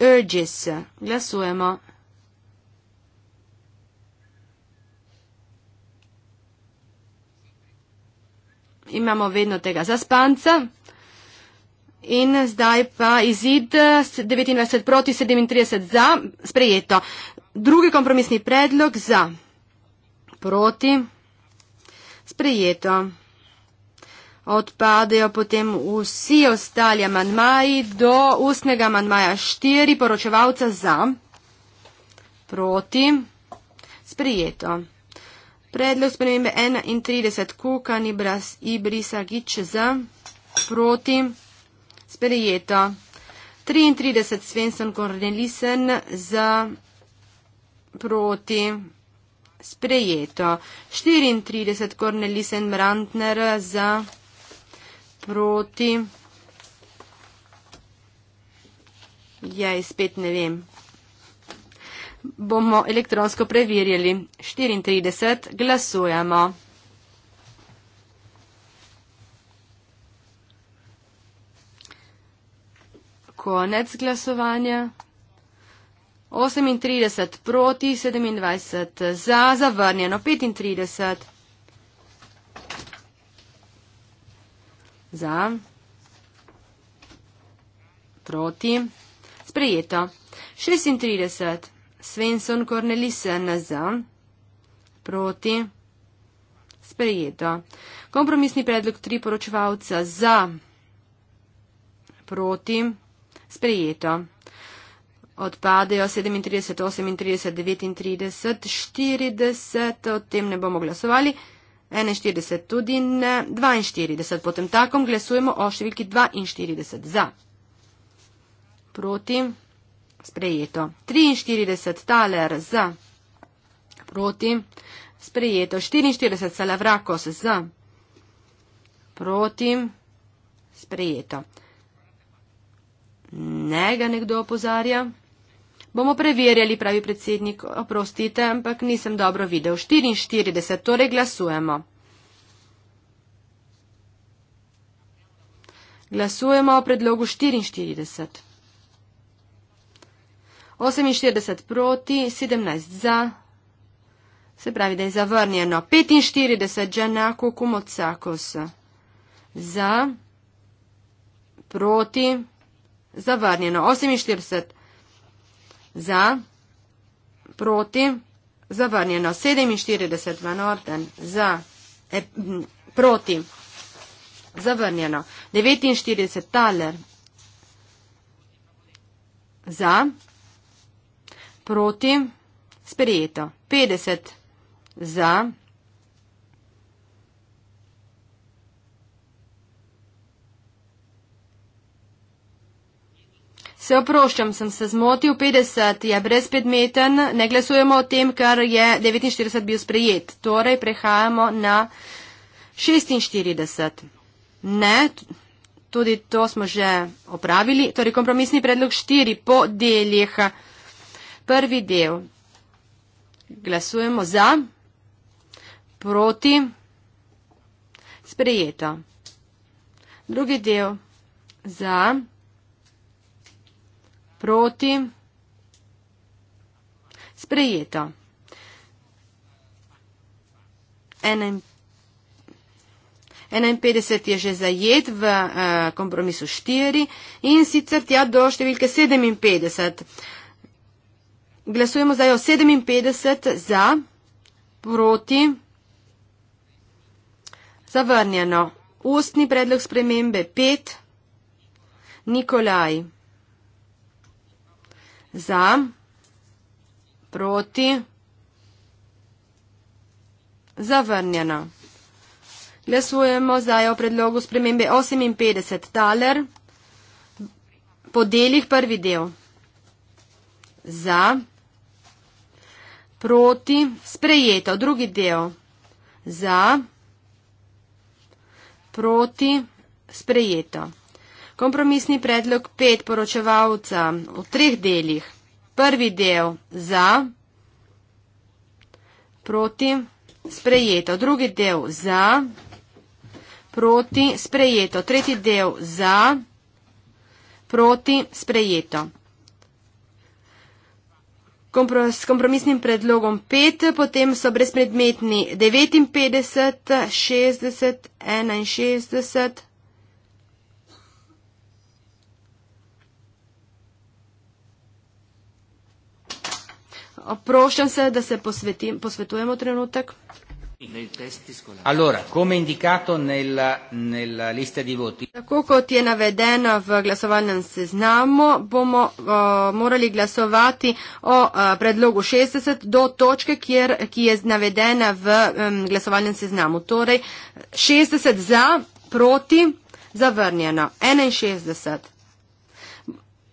Speaker 2: urges. Glasujemo. Imamo vedno tega zaspanca. In zdaj pa izid 29 proti 37 za sprejeto. Drugi kompromisni predlog za proti sprejeto odpadejo potem vsi ostali amandmaji do ustnega amandmaja 4, poročevalca za, proti, sprijeto. Predlog spremembe 31, kukani bras, ibrisa, gič za, proti, sprijeto. 33, Svensson Kornelisen za, proti, sprijeto. 34, Kornelisen Brantner za, proti proti. Jaj, spet ne vem. Bomo elektronsko preverjali. 34 glasujemo. Konec glasovanja. 38 proti 27 za zavrnjeno 35. Za. Proti. Sprejeto. 36. Svensson Cornelissen za. Proti. Sprejeto. Kompromisni predlog tri poročevalca za. Proti. Sprejeto. Odpadejo 37, 38, 39, 40. O tem ne bomo glasovali. 41 tudi in 42. Potem takom glasujemo o številki 42 za. Proti. Sprejeto. 43 taler za. Proti. Sprejeto. 44 salavrakos za. Proti. Sprejeto. Ne ga nekdo opozarja. Bomo preverjali, pravi predsednik. Oprostite, ampak nisem dobro videl. 44, torej glasujemo. Glasujemo o predlogu 44. 48 proti, 17 za. Se pravi, da je zavrnjeno. 45, Džanako Kumocakos. Za. Proti. Zavrnjeno. 48 za, proti, zavrnjeno 47 van orden, za, eh, proti, zavrnjeno 49 taler, za, proti, sprejeto 50 za, Se oproščam, sem se zmotil, 50 je brezpredmeten, ne glasujemo o tem, kar je 49 bil sprejet. Torej, prehajamo na 46. Ne, tudi to smo že opravili. Torej, kompromisni predlog 4 po delih. Prvi del. Glasujemo za, proti, sprejeto. Drugi del za. Proti. Sprejeto. 51 je že zajet v uh, kompromisu 4 in sicer tja do številke 57. Glasujemo zdaj o 57 za, proti, zavrnjeno. Ustni predlog spremembe 5. Nikolaj za, proti, zavrnjeno. Glasujemo za je o predlogu spremembe 58 taler. Podelih prvi del. Za, proti, sprejeto. Drugi del. Za, proti, sprejeto kompromisni predlog pet poročevalca v treh delih. Prvi del za, proti, sprejeto. Drugi del za, proti, sprejeto. Tretji del za, proti, sprejeto. S kompromisnim predlogom 5, potem so brezpredmetni 59, 60, 61. Approscian se, da se posvetim, posvetujemo trenutek. Allora, come indicato
Speaker 1: nella, nella lista di voti.
Speaker 2: Tako kot je navedeno v glasovalnem seznamu, bomo uh, morali glasovati o uh, predlogu 60 do točke, kjer, ki je navedena v um, glasovalnem seznamu. Torej, 60 za, proti, zavrnjeno. 61.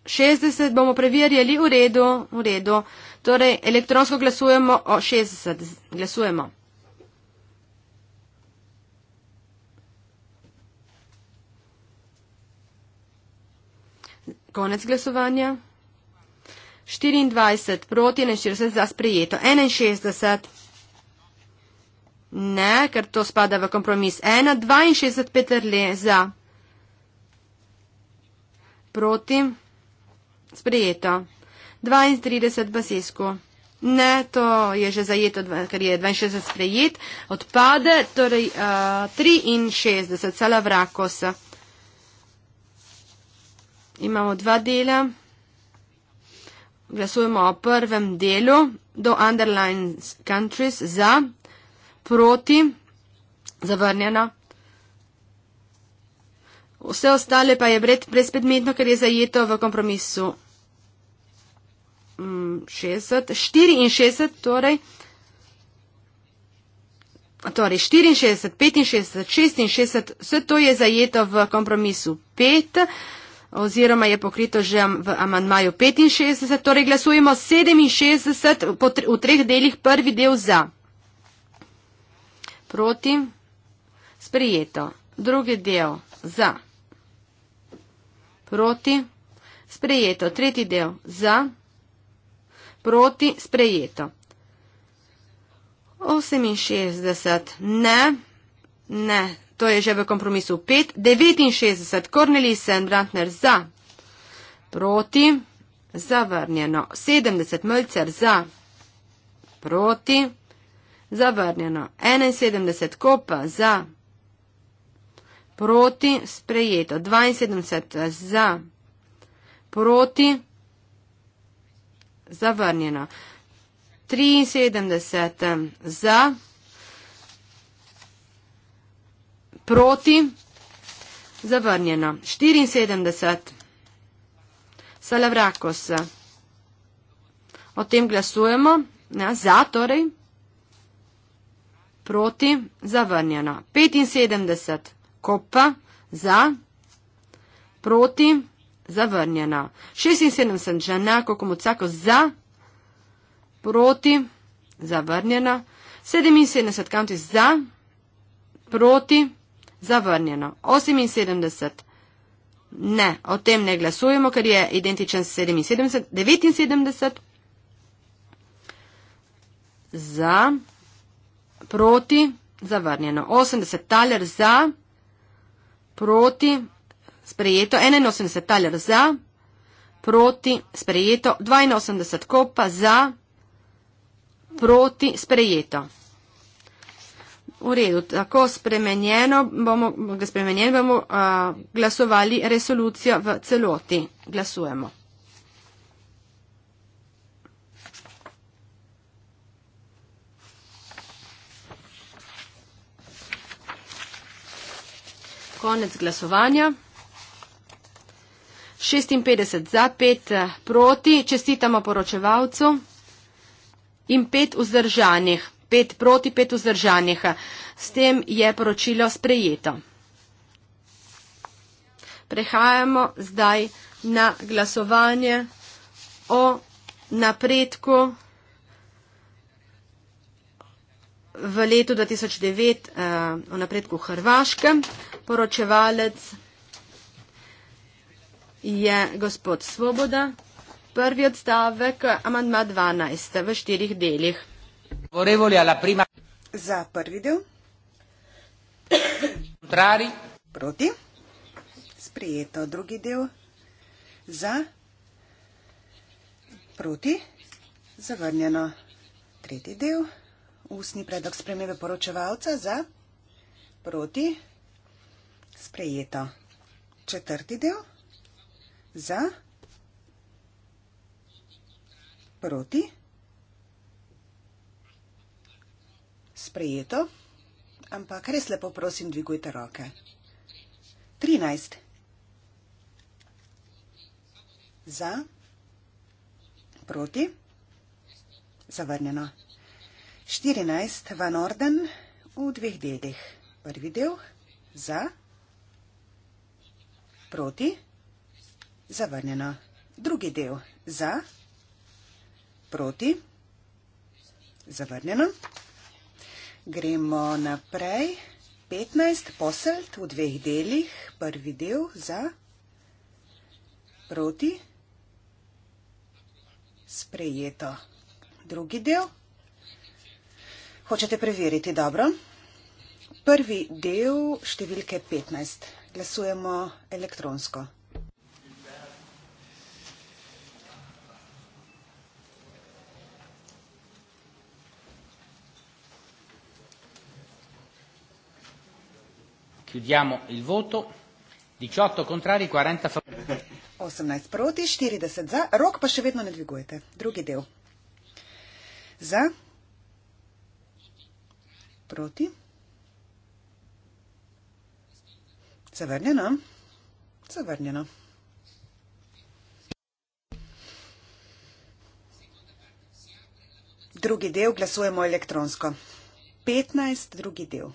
Speaker 2: 60 bomo preverjali v redu. V redu. Torej, elektronsko glasujemo o 60. Glasujemo. Konec glasovanja. 24 proti, 41 za sprejeto. 61. Ne, ker to spada v kompromis. 1, 62 petrle za. Proti. Sprejeto. 32 basesku. Ne, to je že zajeto, ker je 62 sprejet, odpade, torej uh, 63, cela vrakosa. Imamo dva dela. Glasujemo o prvem delu, do underline countries, za, proti, zavrnjeno. Vse ostale pa je brez predmetno, ker je zajeto v kompromisu. 60, 64, torej, torej 64, 65, 66, vse to je zajeto v kompromisu 5 oziroma je pokrito že v amandmaju 65, torej glasujemo 67 v treh delih, prvi del za, proti, sprijeto, drugi del za, proti, sprijeto, tretji del za, proti, sprijeto, proti sprejeto. 68 ne, ne, to je že v kompromisu 5, 69 Korneli Senbrantner za, proti, zavrnjeno, 70 Mölcer za, proti, zavrnjeno, 71 Kopa za, proti, sprejeto, 72 za, proti, zavrnjeno. 73 za, proti, zavrnjeno. 74 Salavrakos. O tem glasujemo, ne, ja, za torej, proti, zavrnjeno. 75 kopa, za, proti, zavrnjeno zavrnjena. 76 že enako kot vsako za, proti, zavrnjena. 77 kanti za, proti, zavrnjeno. 78 ne, o tem ne glasujemo, ker je identičen s 77. 79 za, proti, zavrnjeno. 80 taler za, proti, sprejeto 81 taler za, proti sprejeto 82 kopa za, proti sprejeto. V redu, tako spremenjeno bomo, spremenjeno bomo a, glasovali resolucijo v celoti. Glasujemo. Konec glasovanja. 56 za, 5 eh, proti, čestitamo poročevalcu in 5 vzdržanih. 5 proti, 5 vzdržanih. S tem je poročilo sprejeto. Prehajamo zdaj na glasovanje o napredku v letu 2009, eh, o napredku Hrvaške. Poročevalec je gospod Svoboda. Prvi odstavek, amandma 12 v štirih delih. Za prvi del.
Speaker 4: Kontrari. Proti. Sprijeto drugi del. Za. Proti. Zavrnjeno. Tretji del. Ustni predlog spremembe poročevalca. Za. Proti. Sprejeto. Četrti del za, proti, sprejeto, ampak res lepo prosim, dvigujte roke. 13. Za, proti, zavrnjeno. 14. Van Orden v dveh delih. Prvi del, za, proti, zavrnjeno. Zavrnjeno. Drugi del. Za. Proti. Zavrnjeno. Gremo naprej. 15 poselt v dveh delih. Prvi del. Za. Proti. Sprejeto. Drugi del. Hočete preveriti dobro? Prvi del številke 15. Glasujemo elektronsko. 15.
Speaker 1: Chiudiamo il voto. 18 contrari, 40 favorevoli.
Speaker 4: 18 proti, 40 za. Rok pa še vedno ne dvigujete. Drugi del. Za. Proti. Zavrnjeno. Zavrnjeno. Drugi del glasujemo elektronsko. 15. Drugi del.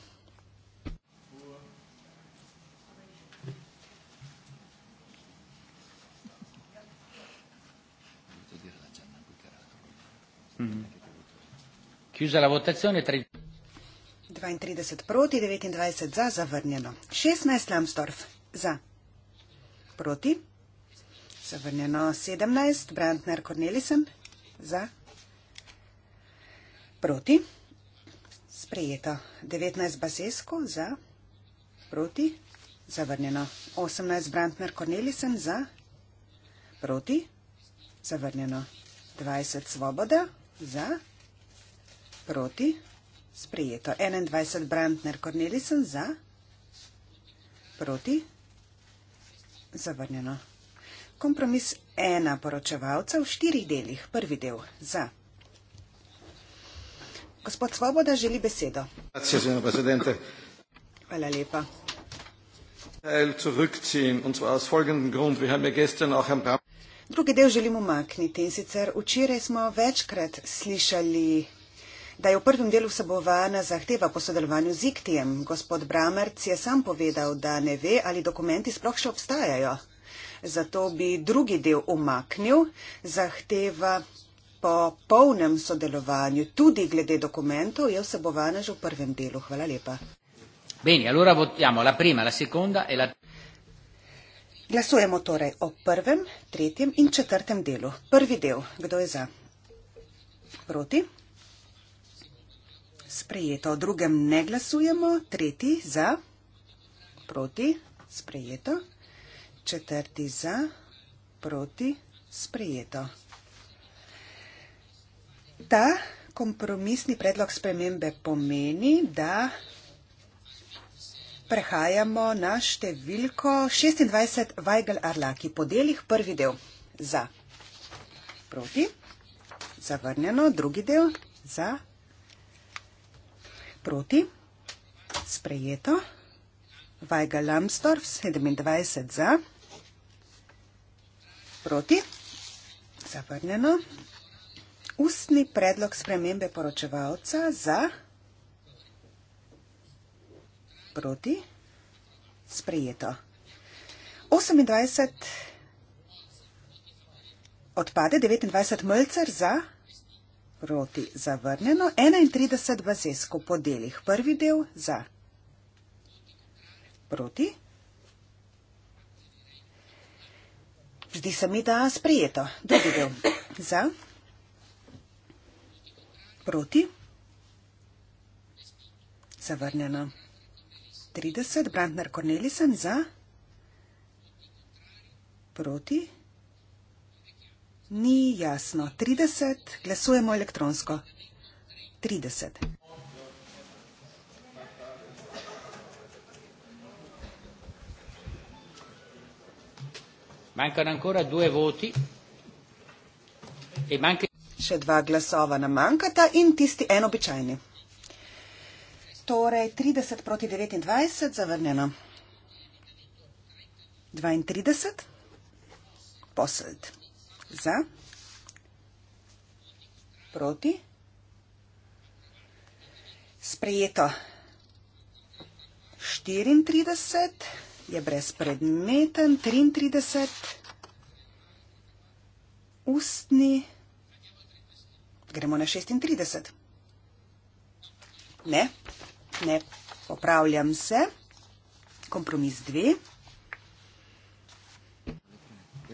Speaker 1: chiusa la votazione.
Speaker 4: 32 proti, 29 za, zavrnjeno. 16 Lamsdorf za. Proti. Zavrnjeno 17, Brandner Cornelisen za. Proti. Sprejeto. 19 Bazesko za. Proti. Zavrnjeno. 18 Brandner Cornelisen za. Proti. Zavrnjeno. 20 Svoboda za proti. Sprejeto. 21 Brandner Cornelison za. Proti. Zavrnjeno. Kompromis ena poročevalca v štirih delih. Prvi del za. Gospod Svoboda želi besedo. Hvala lepa. Ja Drugi del želim umakniti in sicer včeraj smo večkrat slišali da je v prvem delu vsebovana zahteva po sodelovanju z Iktijem. Gospod Bramerc je sam povedal, da ne ve, ali dokumenti sploh še obstajajo. Zato bi drugi del umaknil, zahteva po polnem sodelovanju, tudi glede dokumentov, je vsebovana že v prvem delu. Hvala lepa.
Speaker 1: Bene, allora votiamo la prima, la seconda e la...
Speaker 4: Glasujemo torej o prvem, tretjem in četrtem delu. Prvi del, kdo je za? Proti? Sprejeto. O drugem ne glasujemo. Tretji za. Proti. Sprejeto. Četrti za. Proti. Sprejeto. Ta kompromisni predlog spremembe pomeni, da prehajamo na številko 26 Weigel Arlaki. Podelih prvi del. Za. Proti. Zavrnjeno. Drugi del. Za. Proti proti, sprejeto, Vajga Lambsdorff 27 za, proti, zavrnjeno, ustni predlog spremembe poročevalca za, proti, sprejeto. 28 odpade, 29 mlcer za, proti, proti zavrnjeno, 31 bazesko po delih. Prvi del za proti. Zdi se mi, da sprijeto. Drugi del za proti. Zavrnjeno. 30, Brandner Cornelisen za proti. Ni jasno. 30, glasujemo elektronsko. 30.
Speaker 1: Manjkajo ancora due voti.
Speaker 4: E manca... Še dva glasova nam manjkata in tisti en običajni. Torej 30 proti 29, zavrnjeno. 32, posled za, proti, sprejeto 34, je brezpredmeten 33, ustni, gremo na 36. Ne, ne, popravljam se, kompromis 2.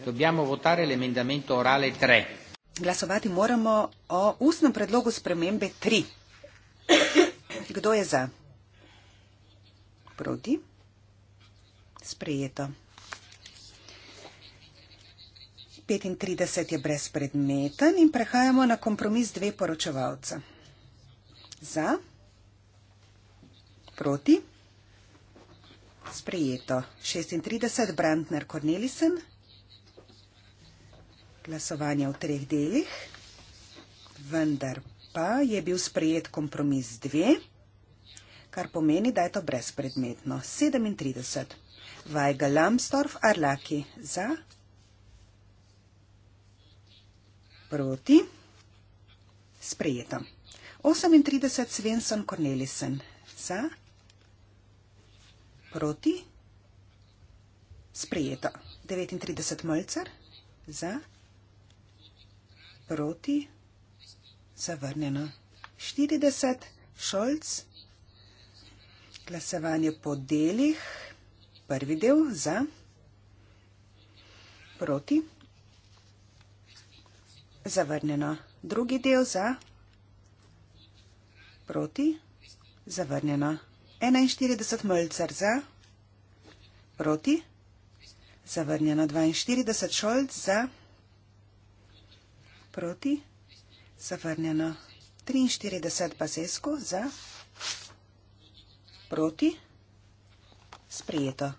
Speaker 1: Dobbiamo votare l'emendamento orale 3.
Speaker 4: Glasovati moramo o ustnem predlogu spremembe 3. Kdo je za? Proti? Sprejeto. 35 je brezpredmeten in prehajamo na kompromis dve poročevalca. Za? Proti? Sprejeto. 36 Brandner Cornelisen glasovanje v treh delih, vendar pa je bil sprejet kompromis 2, kar pomeni, da je to brezpredmetno. 37. Vajga Lambsdorff Arlaki za. Proti. Sprejeto. 38 Svensson Cornelissen za. Proti. Sprejeto. 39 Molcer za proti, zavrnjeno 40, šolc, glasovanje po delih, prvi del za, proti, zavrnjeno drugi del za, proti, zavrnjeno 41 mlcer za, proti, zavrnjeno 42 šolc za, proti, zavrnjeno 43 bazesko za, proti, sprijeto.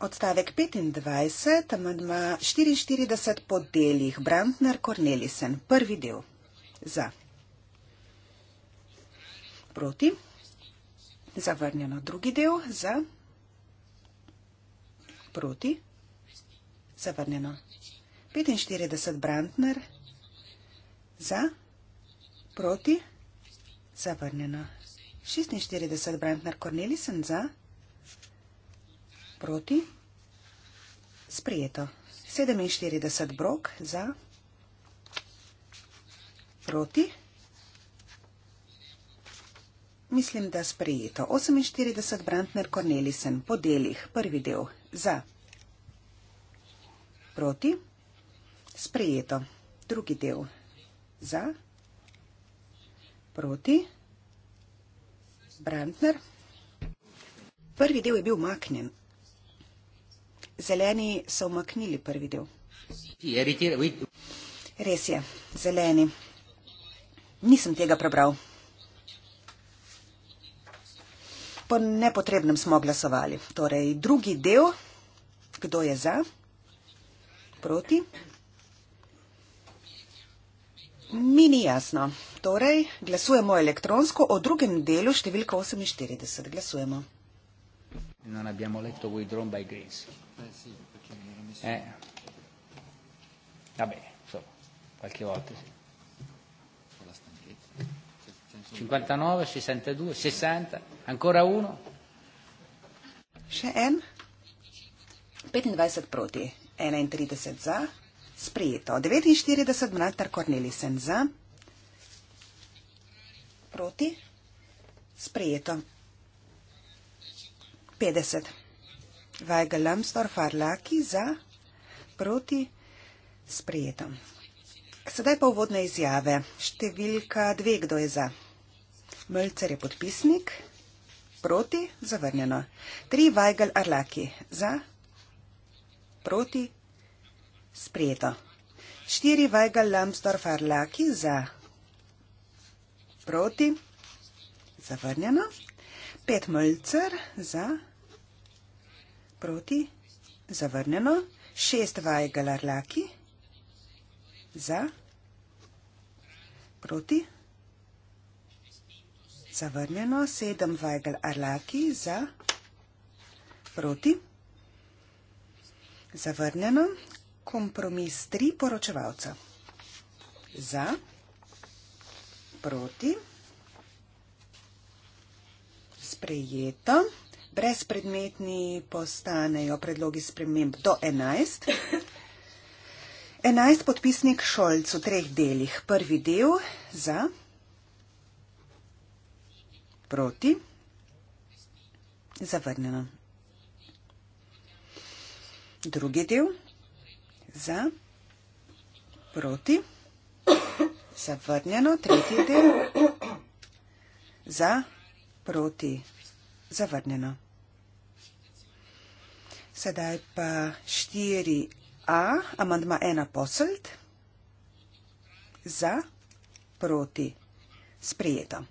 Speaker 4: Odstavek 25, amadma 44 po delih, Brandner Cornelisen, prvi del, za, proti, zavrnjeno drugi del, za, proti, zavrnjeno 45 Brantner za, proti, zavrnjeno. 46 Brantner Cornelisen za, proti, sprijeto. 47 Brok za, proti, mislim, da sprijeto. 48 Brantner Cornelisen po delih, prvi del, za, proti. Sprejeto. Drugi del. Za. Proti. Brandner. Prvi del je bil umaknjen. Zeleni so umaknili prvi del. Res je, zeleni. Nisem tega prebral. Po nepotrebnem smo glasovali. Torej, drugi del, kdo je za, proti, Mi ni jasno. Torej, glasujemo elektronsko o drugem delu številka 48. Glasujemo. Non abbiamo letto withdrawn by Greens.
Speaker 3: Eh, sì, perché non messo. Eh.
Speaker 1: Vabbè, insomma, qualche volta sì. 59, 62, 60, ancora uno.
Speaker 4: Še en. 25 proti, 31 za sprejeto. 49 Mlater Kornelisen za, proti, sprejeto. 50 Vajgel Lamstorf Arlaki za, proti, sprejeto. Sedaj pa uvodne izjave. Številka dve, kdo je za. Mölcer je podpisnik, proti, zavrnjeno. Tri Vajgel Arlaki za, proti, zavrnjeno sprejeto. Štiri Vajgal Lambsdorff Arlaki za proti, zavrnjeno. Pet Mölcer za proti, zavrnjeno. Šest Vajgal Arlaki za proti, zavrnjeno. Sedem Vajgal Arlaki za proti, zavrnjeno kompromis tri poročevalca. Za, proti, sprejeto, brezpredmetni postanejo predlogi sprememb do enajst. Enajst podpisnik Šolc v treh delih. Prvi del za, proti, zavrnjeno. Drugi del za, proti, zavrnjeno, tretji del, za, proti, zavrnjeno. Sedaj pa 4a, amandma 1 posled, za, proti, sprijeto.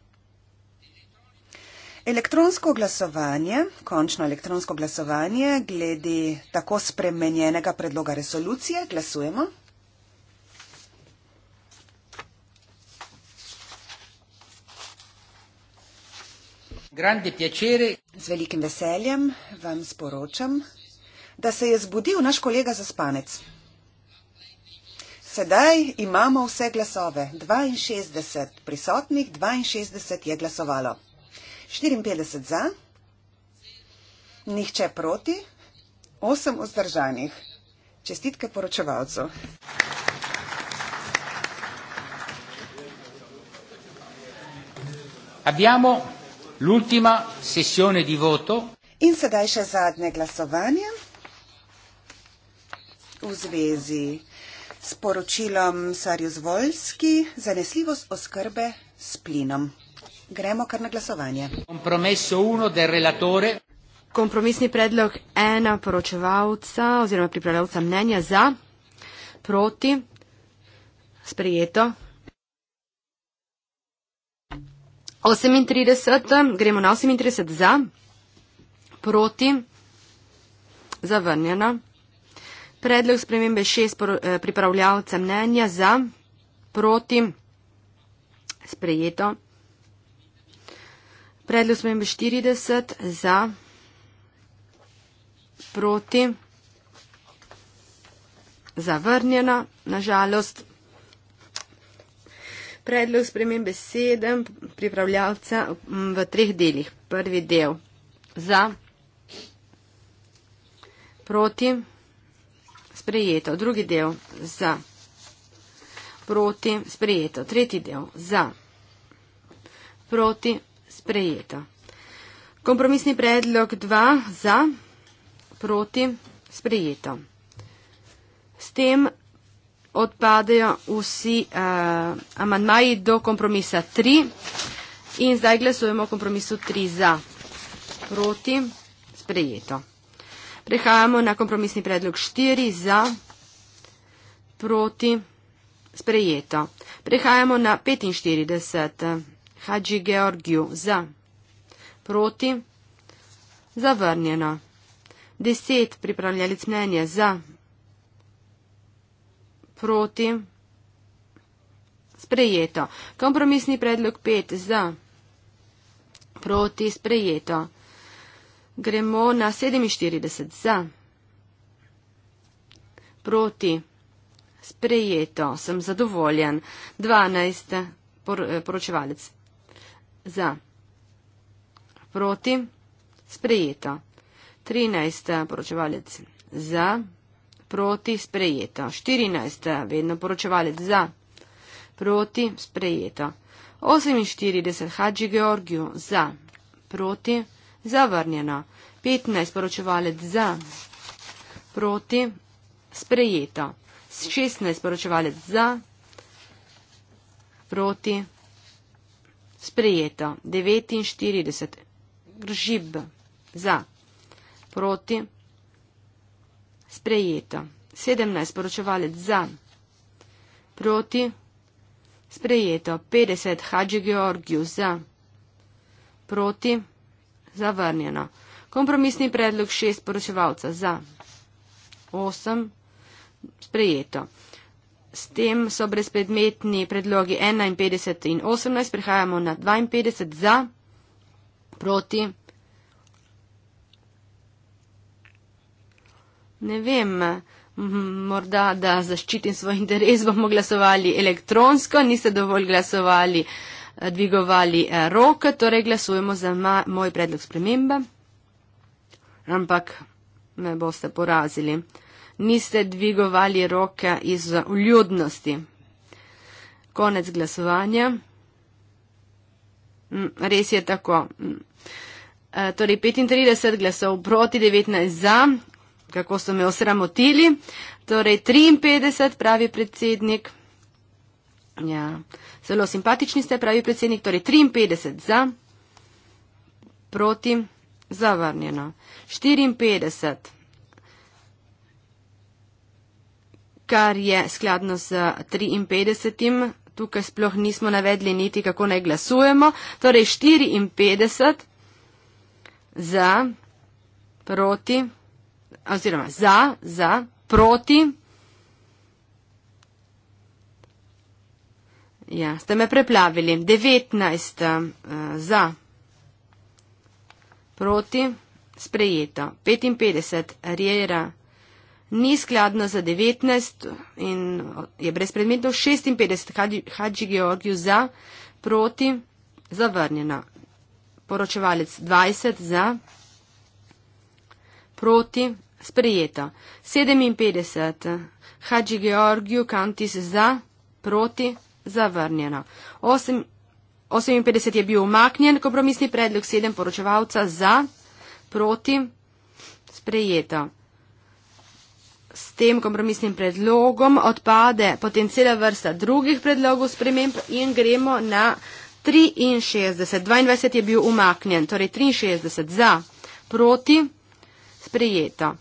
Speaker 4: Elektronsko glasovanje, končno elektronsko glasovanje glede tako spremenjenega predloga resolucije. Glasujemo. Z velikim veseljem vam sporočam, da se je zbudil naš kolega za spanec. Sedaj imamo vse glasove. 62 prisotnih, 62 je glasovalo. 54 za, nihče proti, 8 vzdržanih. Čestitke poročevalcu.
Speaker 1: Abbiamo l'ultima sessione di voto.
Speaker 4: In sedaj še zadnje glasovanje v zvezi s poročilom Sarjo Zvoljski zanesljivost oskrbe s plinom.
Speaker 2: Gremo kar na glasovanje. Kompromisni predlog ena poročevalca oziroma pripravljalca mnenja za, proti, sprejeto. 38, gremo na 38 za, proti, zavrnjeno. Predlog spremembe šest eh, pripravljalca mnenja za, proti, sprejeto. Predlog smo imeli 40 za, proti, zavrnjena, nažalost. Predlog spremembe 7 pripravljavca mm, v treh delih. Prvi del za, proti, sprejeto. Drugi del za, proti, sprejeto. Tretji del za, proti, sprejeta. Kompromisni predlog 2 za, proti, sprejeta. S tem odpadejo vsi uh, amandmaji do kompromisa 3 in zdaj glasujemo o kompromisu 3 za, proti, sprejeto. Prehajamo na kompromisni predlog 4 za, proti, sprejeto. Prehajamo na 45. Hadži Georgiju za. Proti. Zavrnjeno. Deset pripravljalic mnenje za. Proti. Sprejeto. Kompromisni predlog pet za. Proti. Sprejeto. Gremo na 47 za. Proti. Sprejeto. Sem zadovoljen. 12. Por, poročevalec za, proti, sprejeto. 13. Eh, poročevalec za, proti, sprejeto. 14. Eh, vedno poročevalec za, proti, sprejeto. 48. Hadži Georgiju za, proti, zavrnjeno. 15. poročevalec za, proti, sprejeto. 16. poročevalec za, proti, sprejeto sprejeto 49 gržib za proti, sprejeto 17 poročevalec za proti, sprejeto 50 Hadži Georgiju za proti, zavrnjeno. Kompromisni predlog 6 poročevalca za 8, sprejeto. S tem so brezpredmetni predlogi 51 in 18, prehajamo na 52 za, proti. Ne vem, morda da zaščitim svoj interes, bomo glasovali elektronsko, niste dovolj glasovali, eh, dvigovali eh, roke, torej glasujemo za moj predlog spremembe, ampak me boste porazili niste dvigovali roke iz uljudnosti. Konec glasovanja. Mm, res je tako. Mm. E, torej 35 glasov proti 19 za, kako so me osramotili. Torej 53 pravi predsednik. Ja, zelo simpatični ste, pravi predsednik. Torej 53 za, proti, zavrnjeno. 54. kar je skladno z 53. Tukaj sploh nismo navedli niti, kako naj glasujemo. Torej 54 za, proti, oziroma za, za, proti. Ja, ste me preplavili. 19 uh, eh, za, proti, sprejeto. 55 rjera ni skladna za 19 in je brez predmetov 56 Hadži Georgiju za, proti, zavrnjena. Poročevalec 20 za, proti, sprejeta. 57 Hadži Georgiju Kantis za, proti, zavrnjena. 8, 58 je bil umaknjen kompromisni predlog 7 poročevalca za, proti, sprejeta s tem kompromisnim predlogom odpade potem cela vrsta drugih predlogov sprememb in gremo na 63. 22 je bil umaknjen, torej 63 za, proti, sprejeto.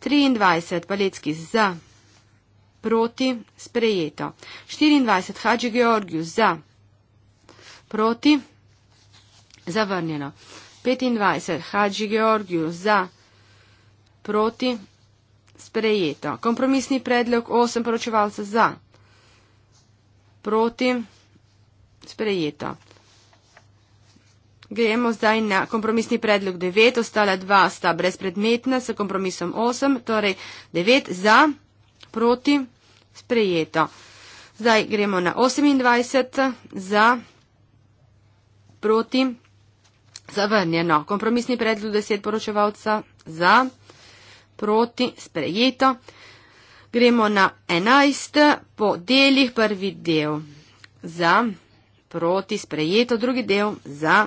Speaker 2: 23 paletski za, proti, sprejeto. 24 Hadži Georgiju za, proti, zavrnjeno. 25 Hadži Georgiju za, proti, sprejeto. Kompromisni predlog 8 poročevalcev za, proti sprejeto. Gremo zdaj na kompromisni predlog 9, ostala dva sta brezpredmetna s kompromisom 8, torej 9 za, proti sprejeto. Zdaj gremo na 28 za, proti zavrnjeno. Kompromisni predlog 10 poročevalca za proti sprejeto. Gremo na 11 po delih, prvi del za, proti sprejeto, drugi del za,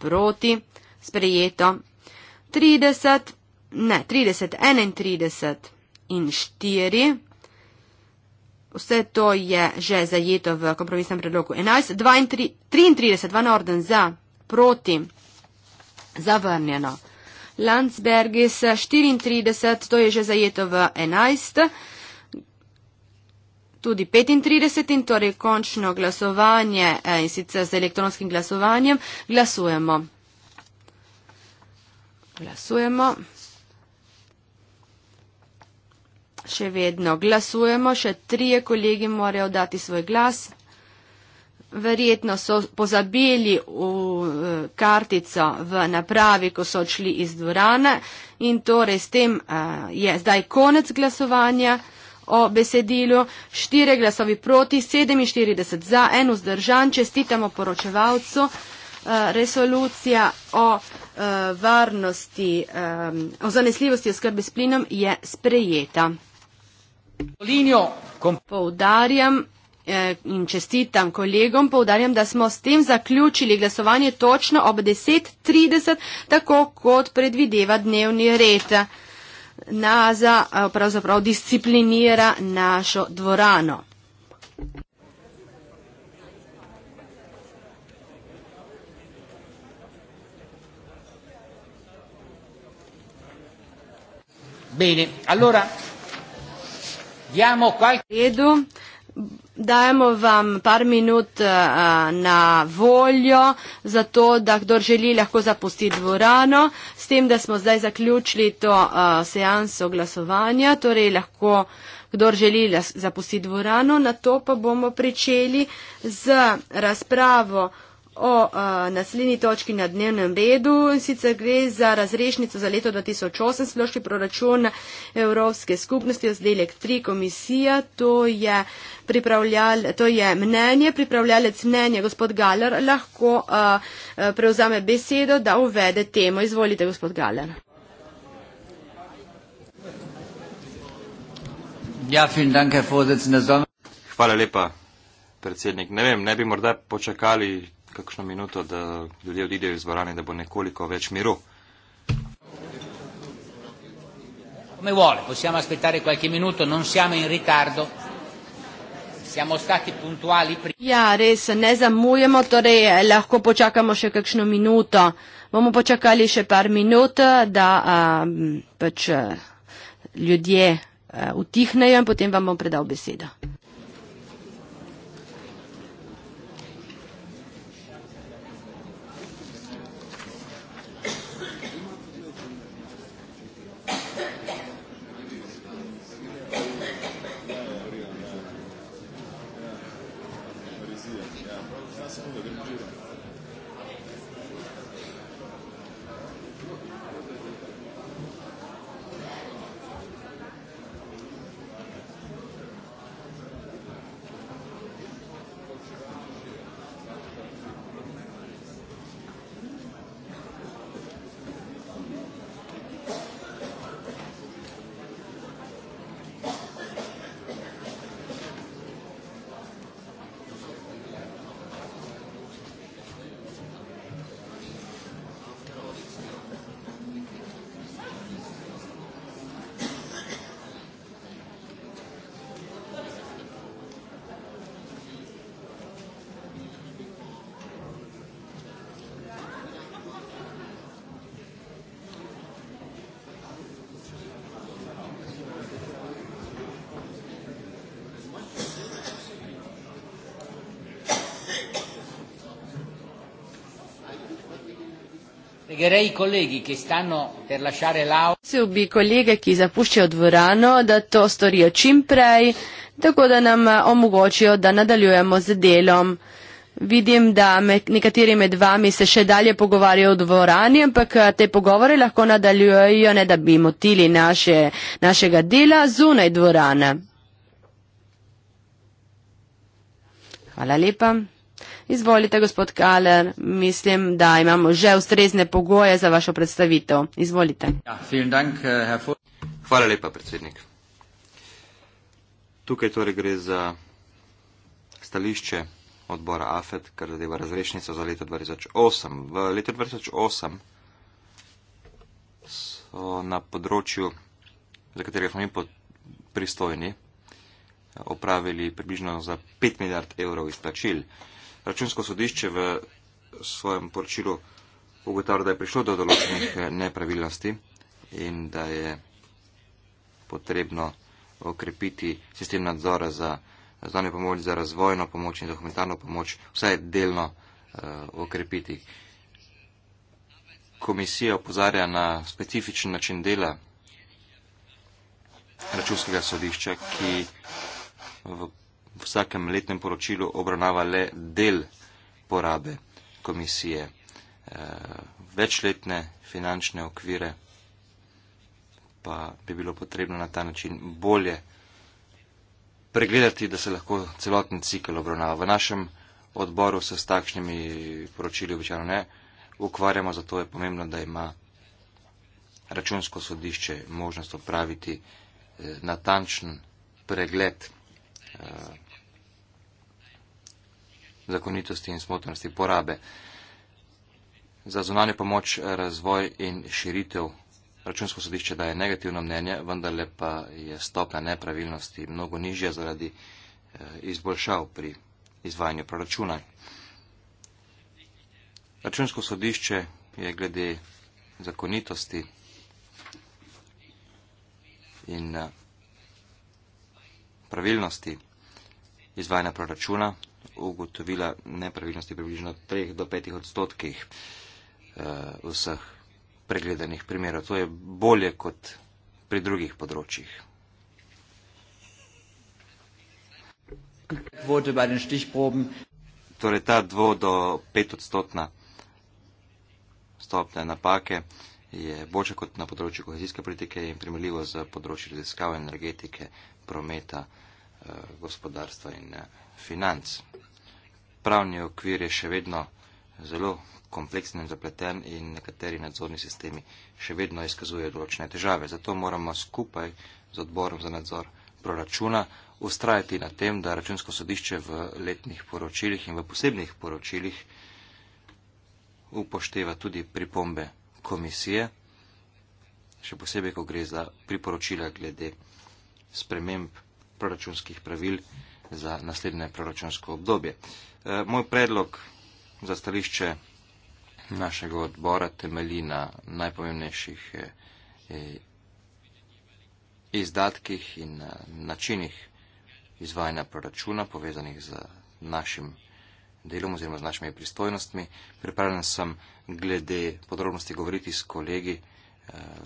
Speaker 2: proti sprejeto. 30, ne, 30, 31 in 4. Vse to je že zajeto v kompromisnem predlogu. 11, 32, 32, 2 na orden za, proti, zavrnjeno. Landsbergis eh, 34, to je že zajeto v 11. Tudi 35 in torej končno glasovanje eh, in sicer z elektronskim glasovanjem glasujemo. Glasujemo. Še vedno glasujemo, še trije kolegi morajo dati svoj glas verjetno so pozabili v eh, kartico v napravi, ko so odšli iz dvorane in torej s tem eh, je zdaj konec glasovanja o besedilu. Štire glasovi proti, 47 za, en vzdržan, čestitamo poročevalcu. Eh, resolucija o varnosti, o zanesljivosti oskrbe s plinom je sprejeta. Poudarjam, Eh, in čestitam kolegom, povdarjam, da smo s tem zaključili glasovanje točno ob 10.30, tako kot predvideva dnevni red. NASA eh, pravzaprav disciplinira našo dvorano.
Speaker 1: Bene, allora
Speaker 2: diamo qualche. Edu dajemo vam par minut uh, na voljo, zato da kdo želi lahko zapusti dvorano, s tem, da smo zdaj zaključili to uh, seanso glasovanja, torej lahko kdo želi zapusti dvorano, na to pa bomo pričeli z razpravo o a, naslednji točki na dnevnem redu in sicer gre za razrešnico za leto 2008 splošni proračun Evropske skupnosti ozdelek 3 komisija. To je, to je mnenje, pripravljalec mnenja gospod Galer lahko a, a, prevzame besedo, da uvede temo. Izvolite gospod Galer.
Speaker 1: Ja, danke,
Speaker 3: Hvala lepa, predsednik. Ne vem, ne bi morda počakali kakšno minuto, da ljudje odidejo iz dvorane, da bo nekoliko več miru.
Speaker 1: Come vuole, possiamo aspettare qualche minuto, non siamo in ritardo. Siamo stati puntuali prima.
Speaker 2: Ja, res, ne zamujemo, torej eh, lahko počakamo še kakšno minuto. Bomo počakali še par minut, da a, pač eh, ljudje a, eh, utihnejo in potem vam bom predal besedo.
Speaker 1: pregherei i colleghi che stanno
Speaker 2: per lasciare l'aula. Se ubi colleghi che zapuscio dvorano, da to storio cimprei, tako da nam eh, omogočijo, da nadaljujemo z delom. Vidim, da med, nekateri med vami se še dalje pogovarjajo v dvorani, ampak eh, te pogovore lahko nadaljujejo, ne da bi motili naše, našega dela zunaj dvorane. Hvala lepa. Izvolite, gospod Kaler, mislim, da imamo že ustrezne pogoje za vašo predstavitev. Izvolite. Ja,
Speaker 3: eh, Hvala lepa, predsednik. Tukaj torej gre za stališče odbora AFED, kar zadeva razrešnico za leto 2008. V letu 2008 so na področju, za katerega smo mi pristojni, opravili približno za 5 milijard evrov izplačil. Računsko sodišče v svojem poročilu ugotavlja, da je prišlo do določenih eh, nepravilnosti in da je potrebno okrepiti sistem nadzora za zvanje pomoč, za razvojno pomoč in za humanitarno pomoč, vsaj delno uh, okrepiti. Komisija opozarja na specifičen način dela računskega sodišča, ki v v vsakem letnem poročilu obravnava le del porabe komisije. Eh, večletne finančne okvire pa bi bilo potrebno na ta način bolje pregledati, da se lahko celoten cikl obravnava. V našem odboru se s takšnimi poročili običajno ne ukvarjamo, zato je pomembno, da ima računsko sodišče možnost opraviti eh, natančen pregled. Eh, zakonitosti in smotrnosti porabe. Za zunanje pomoč, eh, razvoj in širitev računsko sodišče daje negativno mnenje, vendar le pa je stopna nepravilnosti mnogo nižja zaradi eh, izboljšav pri izvajanju proračuna. Računsko sodišče je glede zakonitosti in pravilnosti izvajanja proračuna ugotovila nepravilnosti približno 3 do 5 odstotkih eh, vseh pregledanih primerov. To je bolje kot pri drugih področjih. Torej ta 2 do 5 odstotna stopnja napake je boljša kot na področju kohezijske politike in primerljivo z področju raziskav energetike, prometa. Eh, gospodarstva in eh, financ. Pravni okvir je še vedno zelo kompleksen in zapleten in nekateri nadzorni sistemi še vedno izkazujejo določene težave. Zato moramo skupaj z odborom za nadzor proračuna ustrajati na tem, da računsko sodišče v letnih poročilih in v posebnih poročilih upošteva tudi pripombe komisije, še posebej, ko gre za priporočila glede sprememb proračunskih pravil za naslednje proračunsko obdobje. E, moj predlog za stališče našega odbora temelji na najpomembnejših e, e, izdatkih in načinih izvajanja proračuna povezanih z našim delom oziroma z našimi pristojnostmi. Pripravljen sem glede podrobnosti govoriti s kolegi,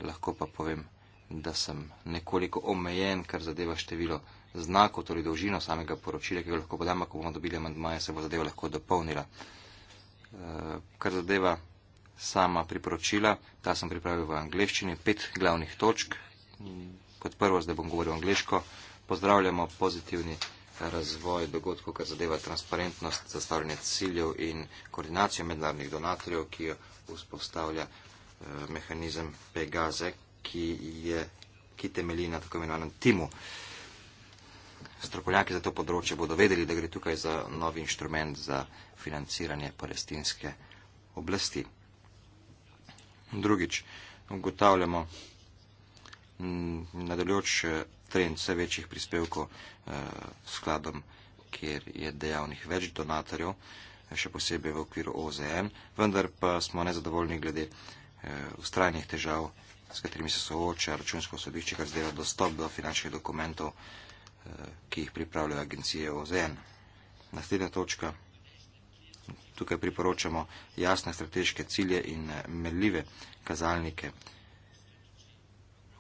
Speaker 3: lahko pa povem, da sem nekoliko omejen, kar zadeva število znakov, torej dolžino samega poročila, ki ga lahko podamo, ko bomo dobili amandmaje, se bo zadeva lahko dopolnila. Eh, kar zadeva sama priporočila, ta sem pripravil v angleščini, pet glavnih točk. Kot prvo, zdaj bom govoril angliško, pozdravljamo pozitivni razvoj dogodkov, kar zadeva transparentnost, zastavljanje ciljev in koordinacijo mednarodnih donatorjev, ki jo vzpostavlja eh, mehanizem Pegaze, ki, je, ki temelji na tako imenovanem timu. Uh, strokovnjaki za to področje bodo vedeli, da gre tukaj za novi inštrument za financiranje palestinske oblasti. Drugič, ugotavljamo mm, nadaljoč eh, trend vse večjih prispevkov eh, skladom, kjer je dejavnih več donatorjev, eh, še posebej v okviru OZN, vendar pa smo nezadovoljni glede eh, ustrajnih težav, s katerimi se sooča računsko sodišče, kar zdaj dostop do finančnih dokumentov. Eh, ki jih pripravljajo agencije OZN. Naslednja točka. Tukaj priporočamo jasne strateške cilje in eh, merljive kazalnike.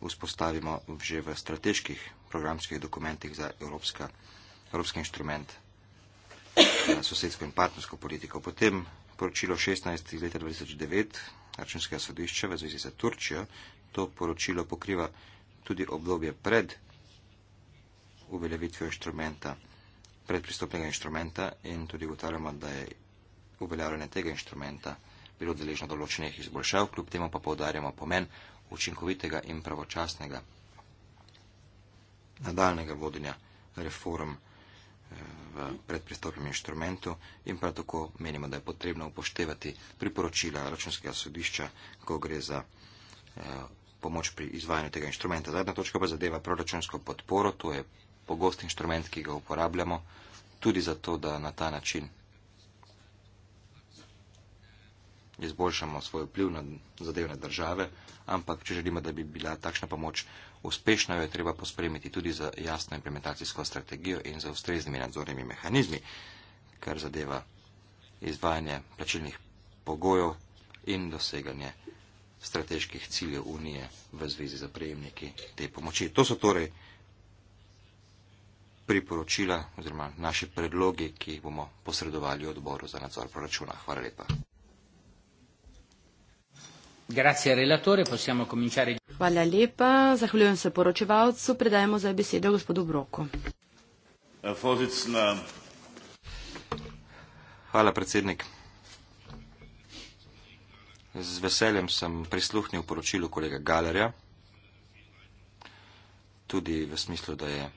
Speaker 3: Vzpostavimo že v strateških programskih dokumentih za Evropska, Evropski inštrument za sosedsko in partnersko politiko. Potem poročilo 16 iz leta 2009 Računskega sodišča v zvezi z Turčijo. To poročilo pokriva tudi obdobje pred uveljavitvijo inštrumenta, predpristopnega inštrumenta in tudi ugotavljamo, da je uveljavljanje tega inštrumenta bilo deležno določenih izboljšav, kljub temu pa povdarjamo pomen učinkovitega in pravočasnega nadaljnega vodenja reform eh, v predpristopnem inštrumentu in prav tako menimo, da je potrebno upoštevati priporočila računskega sodišča, ko gre za eh, pomoč pri izvajanju tega inštrumenta. Zadnja točka pa zadeva proračunsko podporo, to je pogost inštrument, ki ga uporabljamo, tudi zato, da na ta način izboljšamo svoj vpliv na zadevne države, ampak če želimo, da bi bila takšna pomoč uspešna, jo je treba pospremiti tudi za jasno implementacijsko strategijo in za ustreznimi nadzornimi mehanizmi, kar zadeva izvajanje plačilnih pogojev in doseganje strateških ciljev Unije v zvezi za prejemniki te pomoči. To so torej priporočila oziroma naše predloge, ki jih bomo posredovali odboru za nadzor proračuna. Hvala lepa.
Speaker 1: Grazie, relatore,
Speaker 2: Hvala lepa, zahvaljujem se poročevalcu, predajamo zdaj besedo gospodu Broku.
Speaker 3: Hvala, predsednik. Z veseljem sem prisluhnil poročilu kolega Galerja, tudi v smislu, da je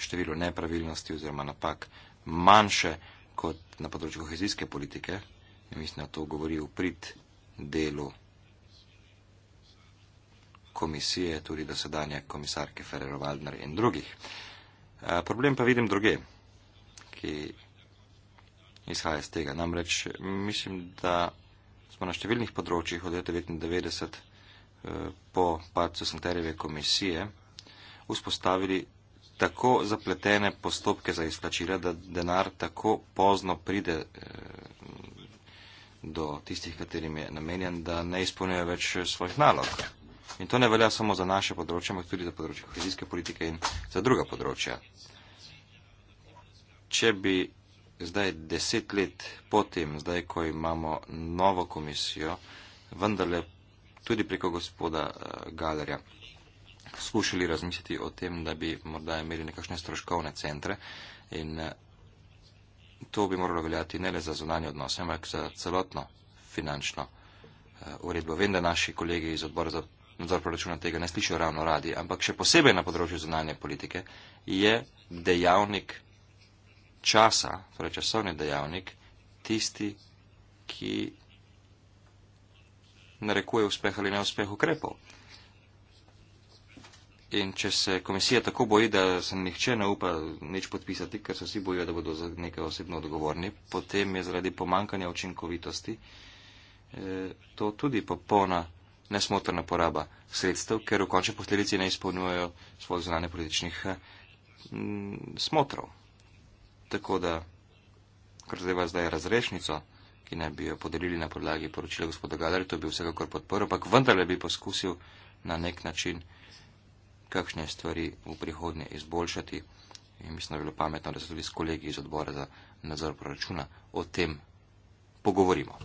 Speaker 3: število nepravilnosti oziroma napak manjše kot na področju kohezijske politike. In mislim, da to govori v prid delu komisije, tudi dosedanje komisarke Ferrero Waldner in drugih. Eh, problem pa vidim druge, ki izhaja iz tega. Namreč mislim, da smo na številnih področjih od 1999 eh, po padcu Santerjeve komisije vzpostavili tako zapletene postopke za izplačila, da denar tako pozno pride eh, do tistih, katerim je namenjen, da ne izpolnjuje več svojih nalog. In to ne velja samo za naše področje, ampak tudi za področje kohezijske politike in za druga področja. Če bi zdaj deset let potem, zdaj ko imamo novo komisijo, vendarle tudi preko gospoda eh, Galerja, skušali razmisliti o tem, da bi morda imeli nekakšne stroškovne centre in eh, to bi moralo veljati ne le za zunanje odnose, ampak za celotno finančno eh, uredbo. Vem, da naši kolegi iz odbora za nadzor proračuna tega ne slišijo ravno radi, ampak še posebej na področju zunanje politike je dejavnik časa, torej časovni dejavnik, tisti, ki narekuje uspeh ali neuspeh ukrepov. In če se komisija tako boji, da se nihče ne upa nič podpisati, ker se vsi bojijo, da bodo za nekaj osebno odgovorni, potem je zaradi pomankanja učinkovitosti eh, to tudi popolna nesmotrna poraba sredstev, ker v končni posledici ne izpolnjujejo svojih zunanje političnih eh, smotrov. Tako da, kar zadeva zdaj razrešnico, ki ne bi jo podelili na podlagi poročila gospoda Galerja, to bi vsekakor podporil, ampak vendarle bi poskusil na nek način kakšne stvari v prihodnje izboljšati. In mislim, da je bilo pametno, da se tudi s kolegi iz odbora za nadzor proračuna o tem pogovorimo.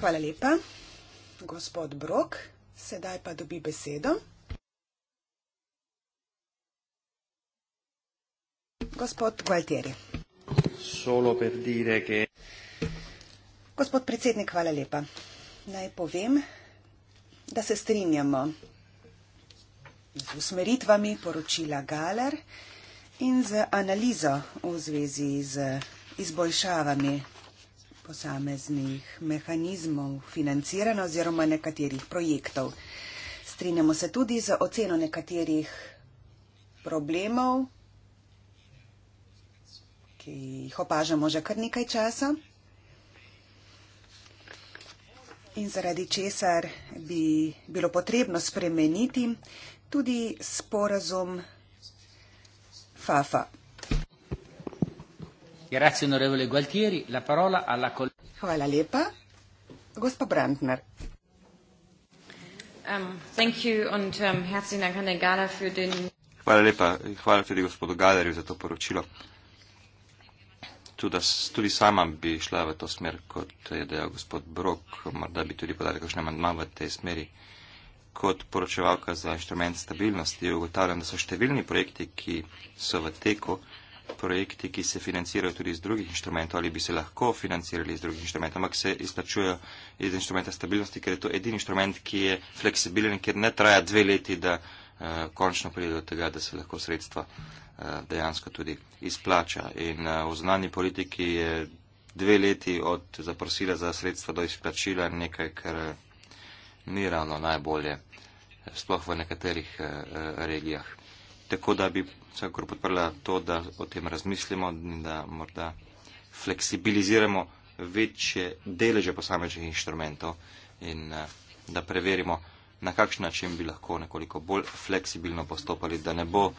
Speaker 4: Hvala lepa, gospod Brok. Sedaj pa dobi besedo. Gospod Gualtieri.
Speaker 3: Solo per dire che...
Speaker 4: Gospod predsednik, hvala lepa naj povem, da se strinjamo z usmeritvami poročila Galer in z analizo v zvezi z izboljšavami posameznih mehanizmov financiranja oziroma nekaterih projektov. Strinjamo se tudi z oceno nekaterih problemov, ki jih opažamo že kar nekaj časa in zaradi česar bi bilo potrebno spremeniti tudi sporazum FAFA. Hvala lepa. Gospa Brandner.
Speaker 2: Um, um,
Speaker 3: Hvala lepa. Hvala tudi gospodu Galerju za to poročilo tudi, tudi sama bi šla v to smer, kot je dejal gospod Brok, morda bi tudi podali kakšne mandma v tej smeri. Kot poročevalka za inštrument stabilnosti ugotavljam, da so številni projekti, ki so v teku, projekti, ki se financirajo tudi iz drugih inštrumentov ali bi se lahko financirali iz drugih inštrumentov, ampak se izplačujejo iz inštrumenta stabilnosti, ker je to edini inštrument, ki je fleksibilen, ker ne traja dve leti, da Eh, končno pride do tega, da se lahko sredstva eh, dejansko tudi izplača. In eh, v znani politiki je dve leti od zaprosila za sredstva do izplačila nekaj, kar ni ravno najbolje, sploh v nekaterih regijah. Tako da bi vsekakor podprla to, da o tem razmislimo in da morda fleksibiliziramo večje deleže posamečnih inštrumentov in da preverimo, na kakšen način bi lahko nekoliko bolj fleksibilno postopali, da ne bo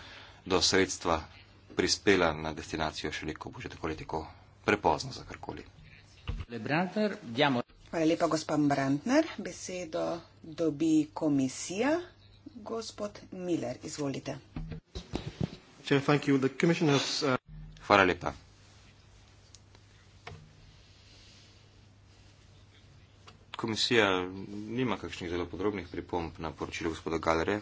Speaker 3: do sredstva prispela na destinacijo še neko, bo že tako ali tako prepozno za karkoli.
Speaker 4: Hvala lepa, gospod Brantner. Besedo dobi komisija. Gospod Miller, izvolite.
Speaker 3: Uh, Hvala lepa. komisija nima kakšnih zelo podrobnih pripomb na poročilo gospoda Galere.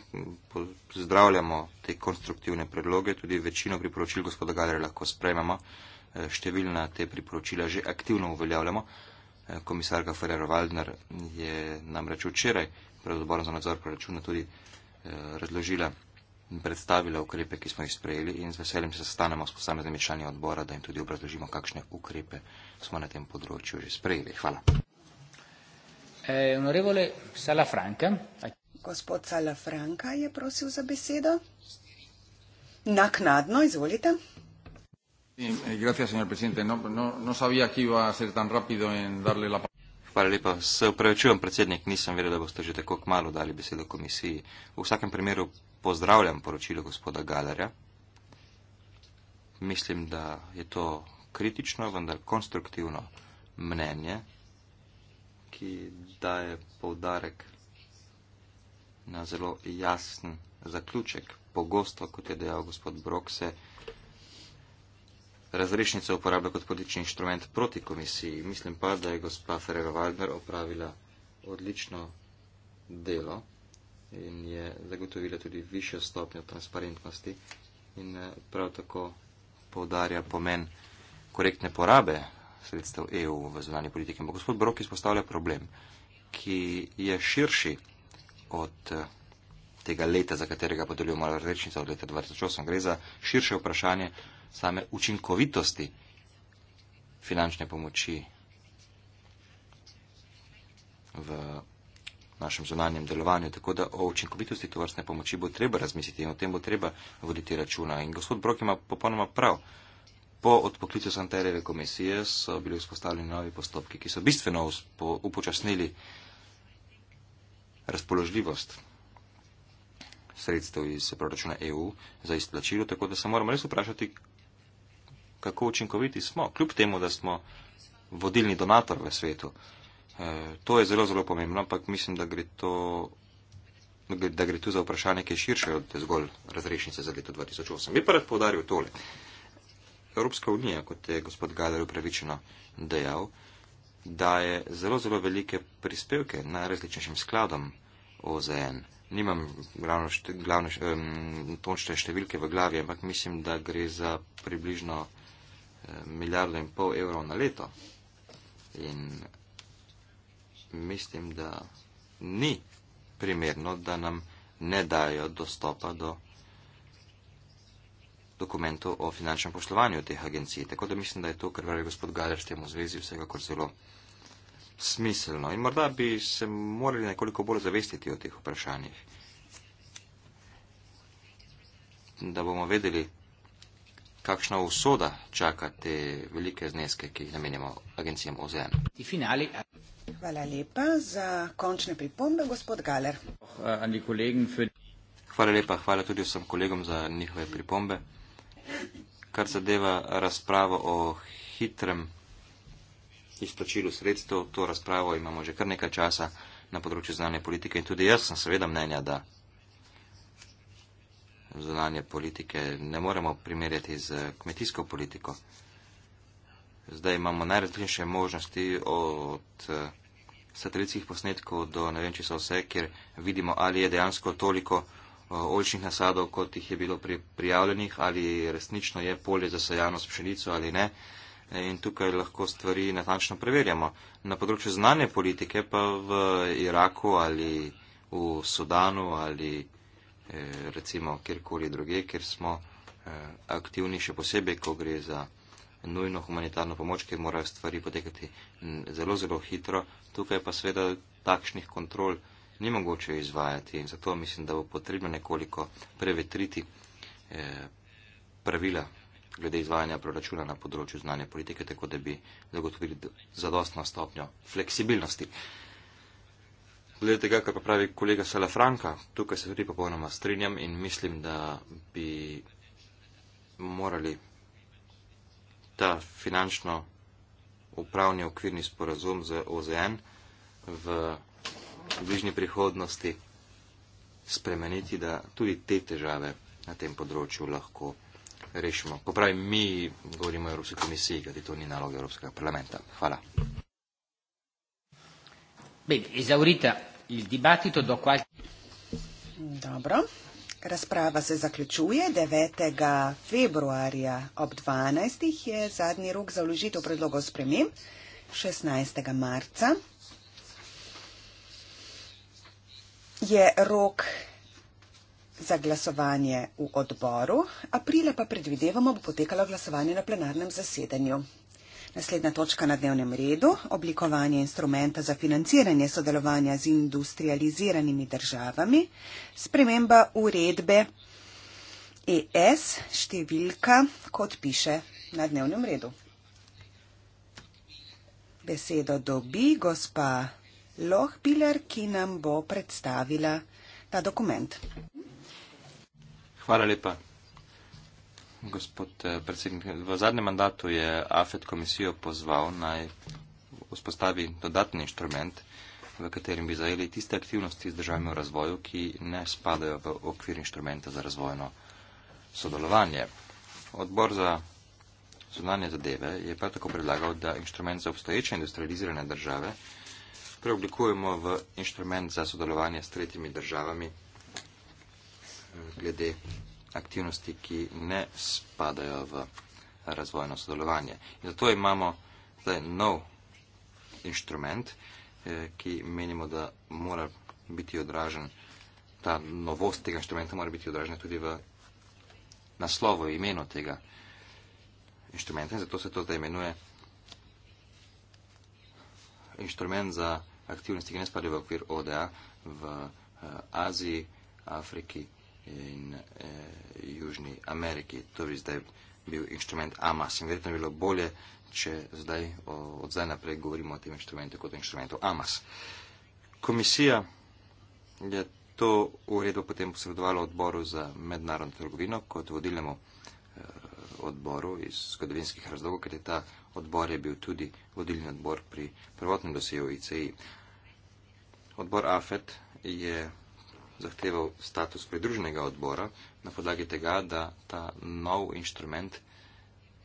Speaker 3: Pozdravljamo te konstruktivne predloge, tudi večino priporočil gospoda Galere lahko sprejmemo. E, številna te priporočila že aktivno uveljavljamo. E, komisarka Ferrer-Waldner je namreč včeraj pred odborom za nadzor proračuna tudi e, razložila in predstavila ukrepe, ki smo jih sprejeli in z veseljem se sestanemo s posameznimi člani odbora, da jim tudi obrazložimo, kakšne ukrepe smo na tem področju že sprejeli. Hvala.
Speaker 1: Eh, Salafranca.
Speaker 4: Gospod Salafranca je prosil za besedo. Naknadno, izvolite.
Speaker 3: Eh, no, no, no Hvala lepa. Se upravičujem, predsednik, nisem vedel, da boste že tako kmalo dali besedo komisiji. V vsakem primeru pozdravljam poročilo gospoda Galerja. Mislim, da je to kritično, vendar konstruktivno mnenje ki daje povdarek na zelo jasen zaključek. Pogosto, kot je dejal gospod Brok, se razrešnice uporablja kot politični inštrument proti komisiji. Mislim pa, da je gospa Ferrero Waldner opravila odlično delo in je zagotovila tudi višjo stopnjo transparentnosti in eh, prav tako povdarja pomen korektne porabe sredstev EU v zvonanje politike. Ampak gospod Brok izpostavlja problem, ki je širši od eh, tega leta, za katerega podeljujemo rečnico od leta 2008. Gre za širše vprašanje same učinkovitosti finančne pomoči v našem zonanjem delovanju. Tako da o učinkovitosti tovrstne pomoči bo treba razmisliti in o tem bo treba voditi računa. In gospod Brok ima popolnoma prav. Po odpoklicu Santerjeve komisije so bili vzpostavljeni novi postopki, ki so bistveno upočasnili razpoložljivost sredstev iz proračuna EU za izplačilo, tako da se moramo res vprašati, kako učinkoviti smo, kljub temu, da smo vodilni donator v svetu. E, to je zelo, zelo pomembno, ampak mislim, da gre, to, da gre tu za vprašanje, ki je širše od zgolj razrešnice za leto 2008. Bi pa rad povdaril tole. Evropska unija, kot je gospod Galer upravičeno dejal, daje zelo, zelo velike prispevke najrazličnejšim skladom OZN. Nimam glavno, glavno um, točne številke v glavi, ampak mislim, da gre za približno eh, milijardo in pol evrov na leto. In mislim, da ni primerno, da nam ne dajo dostopa do dokumentov o finančnem poslovanju teh agencij. Tako da mislim, da je to, kar pravi gospod Galer s tem v zvezi, vsekakor zelo smiselno. In morda bi se morali nekoliko bolj zavestiti o teh vprašanjih. Da bomo vedeli, kakšna usoda čaka te velike zneske, ki jih namenjamo agencijam OZN.
Speaker 4: Hvala lepa za končne pripombe, gospod Galer.
Speaker 3: Hvala lepa, hvala tudi vsem kolegom za njihove pripombe kar zadeva razpravo o hitrem izplačilu sredstev, to razpravo imamo že kar nekaj časa na področju zunanje politike in tudi jaz sem seveda mnenja, da zunanje politike ne moremo primerjati z kmetijsko politiko. Zdaj imamo najrazličnejše možnosti od eh, satelitskih posnetkov do ne vem, če so vse, kjer vidimo, ali je dejansko toliko Eh, oljčnih nasadov, kot jih je bilo pri, prijavljenih, ali resnično je polje zasajano s pšenico ali ne. In tukaj lahko stvari natančno preverjamo. Na področju znanje politike pa v Iraku ali v Sudanu ali eh, recimo kjerkoli druge, kjer smo eh, aktivni še posebej, ko gre za nujno humanitarno pomoč, kjer morajo stvari potekati mm, zelo, zelo hitro. Tukaj pa sveda takšnih kontrol ni mogoče izvajati. In zato mislim, da bo potrebno nekoliko prevetriti eh, pravila glede izvajanja proračuna na področju znanja politike, tako da bi zagotovili zadostno stopnjo fleksibilnosti. Glede tega, kar pa pravi kolega Salafranka, tukaj se tudi popolnoma strinjam in mislim, da bi morali ta finančno upravni okvirni sporazum z OZN v v bližnji prihodnosti spremeniti, da tudi te težave na tem področju lahko rešimo. Ko pravim, mi govorimo o Evropski komisiji, kajti to ni naloga Evropskega parlamenta. Hvala.
Speaker 4: Dobro. Razprava se zaključuje 9. februarja ob 12. je zadnji rok za vložitev predlogov sprememb 16. marca. je rok za glasovanje v odboru, aprila pa predvidevamo bo potekalo glasovanje na plenarnem zasedanju. Naslednja točka na dnevnem redu - oblikovanje instrumenta za financiranje sodelovanja z industrializiranimi državami, sprememba uredbe ES številka, kot piše na dnevnem redu. Besedo dobi gospa Lohbiler, ki nam bo predstavila ta dokument.
Speaker 3: Hvala lepa. Gospod eh, predsednik, v zadnjem mandatu je AFED komisijo pozval naj vzpostavi dodatni inštrument, v katerem bi zajeli tiste aktivnosti z državami v razvoju, ki ne spadajo v okvir inštrumenta za razvojno sodelovanje. Odbor za zunanje zadeve je prav tako predlagal, da inštrument za obstoječe industrializirane države preoblikujemo v inštrument za sodelovanje s tretjimi državami eh, glede aktivnosti, ki ne spadajo v razvojno sodelovanje. In zato imamo zdaj nov inštrument, eh, ki menimo, da mora biti odražen, ta novost tega inštrumenta mora biti odražena tudi v naslovu, imenu tega inštrumenta in zato se to zdaj imenuje inštrument za aktivnosti, ki ne spadajo v okvir ODA, v uh, Aziji, Afriki in uh, Južni Ameriki. To bi zdaj bil inštrument AMAS in verjetno bi bilo bolje, če zdaj, o, od zdaj naprej govorimo o tem inštrumentu kot o inštrumentu AMAS. Komisija je to uredbo potem posredovala odboru za mednarodno trgovino kot vodilnemu odboru iz zgodovinskih razlogov, ker je ta odbor je bil tudi vodilni odbor pri prvotnem dosejo ICI. Odbor AFET je zahteval status pridruženega odbora na podlagi tega, da ta nov inštrument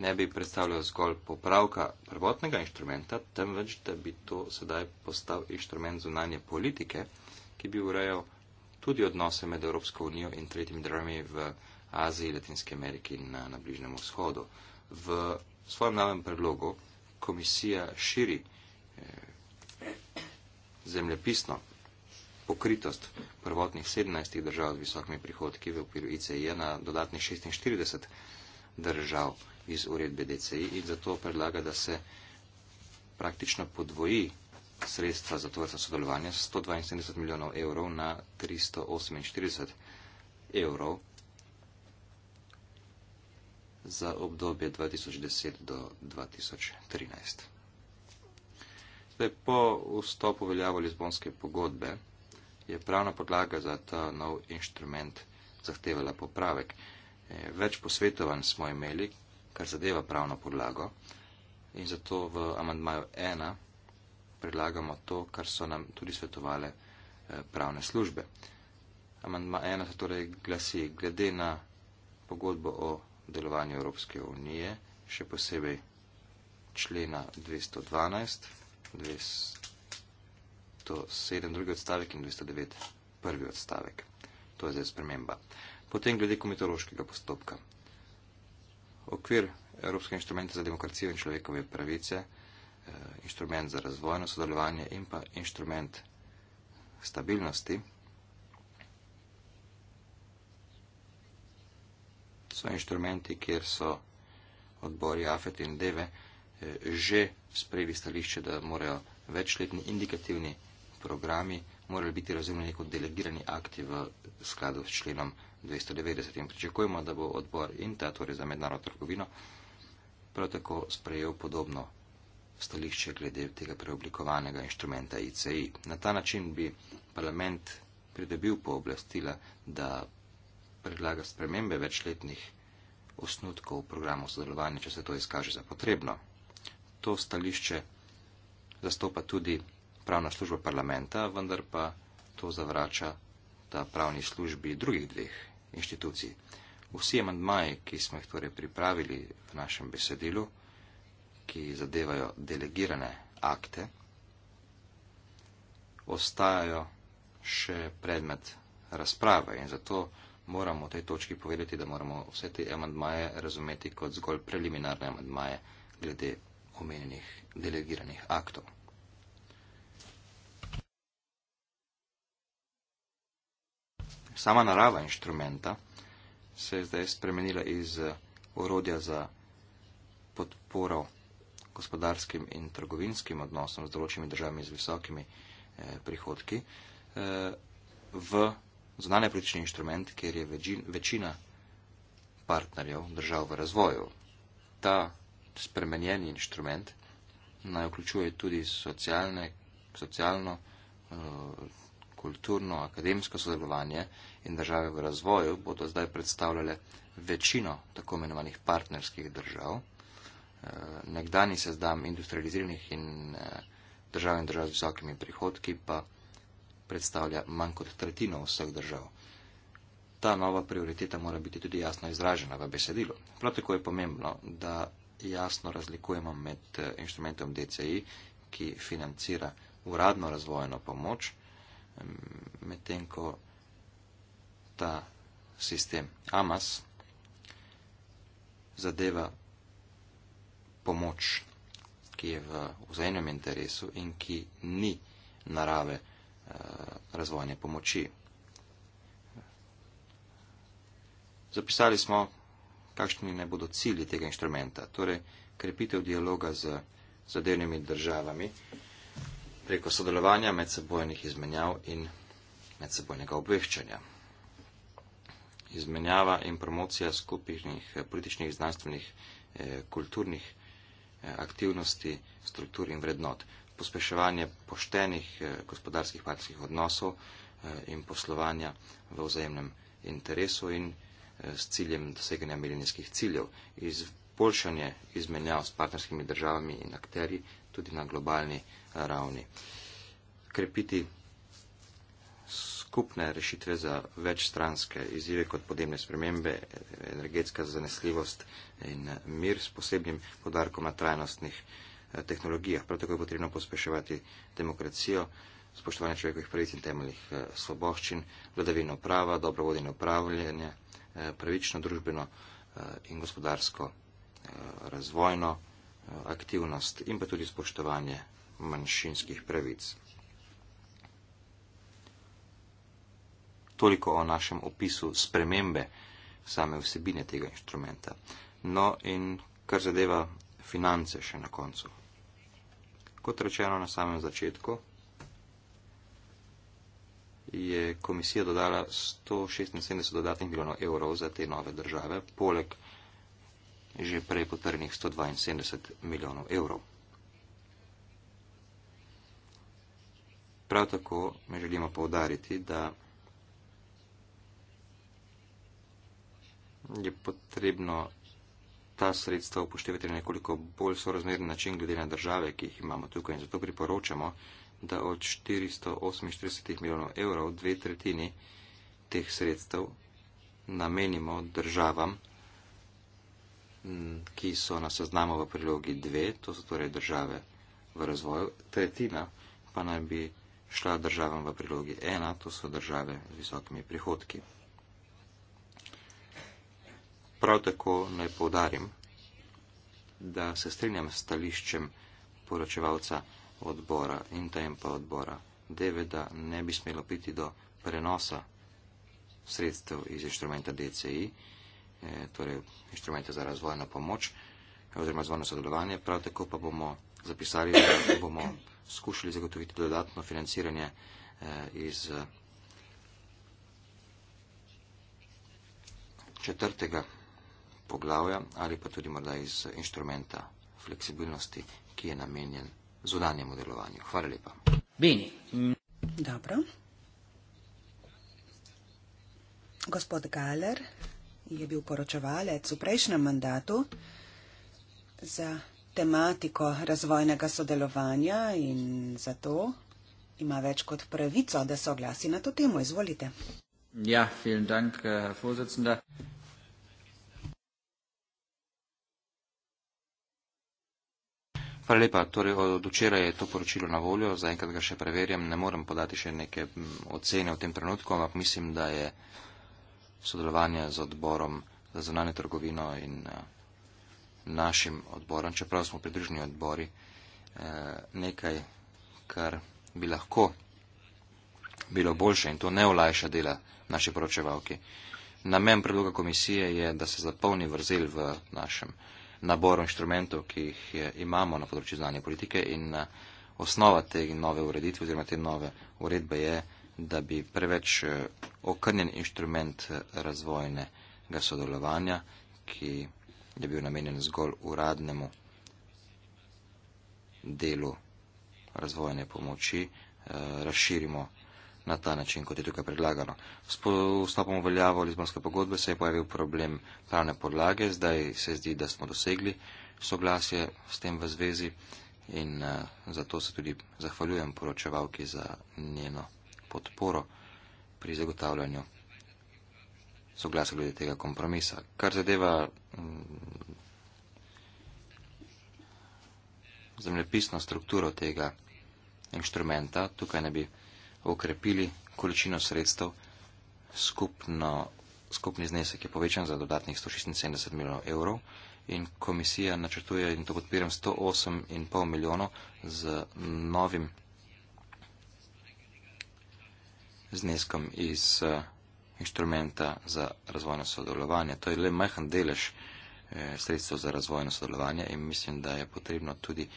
Speaker 3: ne bi predstavljal zgolj popravka prvotnega inštrumenta, temveč da bi to sedaj postal inštrument zunanje politike, ki bi urejal tudi odnose med Evropsko unijo in tretjimi državami v Evropi. Aziji, Latinske Amerike in na, na Bližnjem vzhodu. V svojem novem predlogu komisija širi eh, zemljepisno pokritost prvotnih 17 držav z visokimi prihodki v okviru ICI na dodatnih 46 držav iz uredbe DCI in zato predlaga, da se praktično podvoji sredstva za to vrstno sodelovanje 172 milijonov evrov na 348 evrov za obdobje 2010 do 2013. Zdaj, po vstopu veljavo Lizbonske pogodbe je pravna podlaga za ta nov inštrument zahtevala popravek. Eh, več posvetovanj smo imeli, kar zadeva pravno podlago in zato v amandmaju 1 predlagamo to, kar so nam tudi svetovale eh, pravne službe. Amandma 1 se torej glasi, glede na pogodbo o delovanju Evropske unije, še posebej člena 212, 207 drugi odstavek in 209 prvi odstavek. To je zdaj sprememba. Potem glede komitološkega postopka. Okvir Evropske inštrumente za demokracijo in človekove pravice, eh, inštrument za razvojno sodelovanje in pa inštrument stabilnosti, so inštrumenti, kjer so odbori Afet in Deve eh, že sprejeli stališče, da morajo večletni indikativni programi morali biti razumljeni kot delegirani akti v skladu s členom 290. In pričakujemo, da bo odbor INTA, torej za mednarodno trgovino, prav tako sprejel podobno stališče glede tega preoblikovanega inštrumenta ICI. Na ta način bi parlament pridobil pooblastila, da predlaga spremembe večletnih osnutkov programu sodelovanja, če se to izkaže za potrebno. To stališče zastopa tudi pravna služba parlamenta, vendar pa to zavrača ta pravni službi drugih dveh inštitucij. Vsi amandmaji, ki smo jih torej pripravili v našem besedilu, ki zadevajo delegirane akte, ostajajo še predmet razprave in zato moramo v tej točki povedati, da moramo vse te amandmaje razumeti kot zgolj preliminarne amandmaje glede omenjenih delegiranih aktov. Sama narava inštrumenta se je zdaj spremenila iz eh, orodja za podporo gospodarskim in trgovinskim odnosom z določenimi državami z visokimi eh, prihodki eh, v zunanje politični inštrument, kjer je večina partnerjev držav v razvoju. Ta spremenjeni inštrument naj vključuje tudi socialne, socialno, eh, kulturno, akademsko sodelovanje in države v razvoju bodo zdaj predstavljale večino tako imenovanih partnerskih držav. Eh, nekdani se zdam industrializiranih in eh, držav in držav z visokimi prihodki pa predstavlja manj kot tretjino vseh držav. Ta nova prioriteta mora biti tudi jasno izražena v besedilu. Prav tako je pomembno, da jasno razlikujemo med eh, inštrumentom DCI, ki financira uradno razvojeno pomoč, medtem ko ta sistem AMAS zadeva pomoč, ki je v vzajemnem interesu in ki ni narave Eh, razvojne pomoči. Zapisali smo, kakšni ne bodo cilji tega inštrumenta, torej krepitev dialoga z zadevnimi državami preko sodelovanja medsebojnih izmenjav in medsebojnega obveščanja. Izmenjava in promocija skupnih eh, političnih, znanstvenih, eh, kulturnih aktivnosti, struktur in vrednot pospeševanje poštenih eh, gospodarskih partijskih odnosov eh, in poslovanja v vzajemnem interesu in eh, s ciljem doseganja milenijskih ciljev, izboljšanje izmenjav s partnerskimi državami in akteri tudi na globalni ravni, krepiti skupne rešitve za večstranske izzive kot podnebne spremembe, energetska zanesljivost in mir s posebnim podarkom na trajnostnih eh, Eh, tehnologijah. Prav tako je potrebno pospeševati demokracijo, spoštovanje človekovih pravic in temeljnih eh, svoboščin, vladavino prava, dobro vodenje upravljanje, eh, pravično družbeno in gospodarsko razvojno aktivnost in pa tudi spoštovanje manjšinskih pravic. Toliko o našem opisu spremembe same vsebine tega inštrumenta. No in kar zadeva finance še na koncu. Kot rečeno na samem začetku, je komisija dodala 176 dodatnih milijonov evrov za te nove države, poleg že prej potrjenih 172 milijonov evrov. Prav tako me želimo povdariti, da je potrebno ta sredstva upoštevati na nekoliko bolj sorazmeren način glede na države, ki jih imamo tukaj. In zato priporočamo, da od 448 milijonov evrov dve tretjini teh sredstev namenimo državam, ki so na seznamu v prilogi dve, to so torej države v razvoju, tretjina pa naj bi šla državam v prilogi ena, to so države z visokimi prihodki. Prav tako naj povdarim, da se strinjam s stališčem poročevalca odbora in tempa odbora, da ne bi smelo biti do prenosa sredstev iz inštrumenta DCI, eh, torej inštrumenta za razvojno pomoč oziroma zvojno sodelovanje. Prav tako pa bomo zapisali, da bomo skušali zagotoviti dodatno financiranje eh, iz eh, četrtega poglavja ali pa tudi morda iz inštrumenta fleksibilnosti, ki je namenjen zunanjemu delovanju. Hvala lepa.
Speaker 4: Bini. Dobro. Gospod Galer je bil poročevalec v prejšnjem mandatu za tematiko razvojnega sodelovanja in zato ima več kot pravico, da se oglasi na to temo. Izvolite.
Speaker 1: Ja, vielen dank, uh, Vorsitzender.
Speaker 3: Hvala lepa. Torej, od včeraj je to poročilo na voljo, zaenkrat ga še preverjam. Ne morem podati še neke ocene v tem trenutku, ampak mislim, da je sodelovanje z odborom za zunanje trgovino in eh, našim odborom, čeprav smo pridružni odbori, eh, nekaj, kar bi lahko bilo boljše in to ne olajša dela naše poročevalke. Namen predloga komisije je, da se zapolni vrzel v našem naborom inštrumentov, ki jih eh, imamo na področju znanja politike in eh, osnova te nove ureditve oziroma te nove uredbe je, da bi preveč eh, okrnjen inštrument razvojnega sodelovanja, ki je bil namenjen zgolj uradnemu delu razvojne pomoči, razširimo na ta način, kot je tukaj predlagano. S vstopom v veljavo Lizbonske pogodbe se je pojavil problem pravne podlage, zdaj se zdi, da smo dosegli soglasje s tem v zvezi in uh, zato se tudi zahvaljujem poročevalki za njeno podporo pri zagotavljanju soglasja glede tega kompromisa. Kar zadeva mm, zemljepisno strukturo tega inštrumenta, tukaj ne bi okrepili količino sredstev, skupno, skupni znesek je povečan za dodatnih 176 milijonov evrov in komisija načrtuje, in to podpiram, 108,5 milijonov z novim zneskom iz eh, inštrumenta za razvojno sodelovanje. To je le majhen delež eh, sredstev za razvojno sodelovanje in mislim, da je potrebno tudi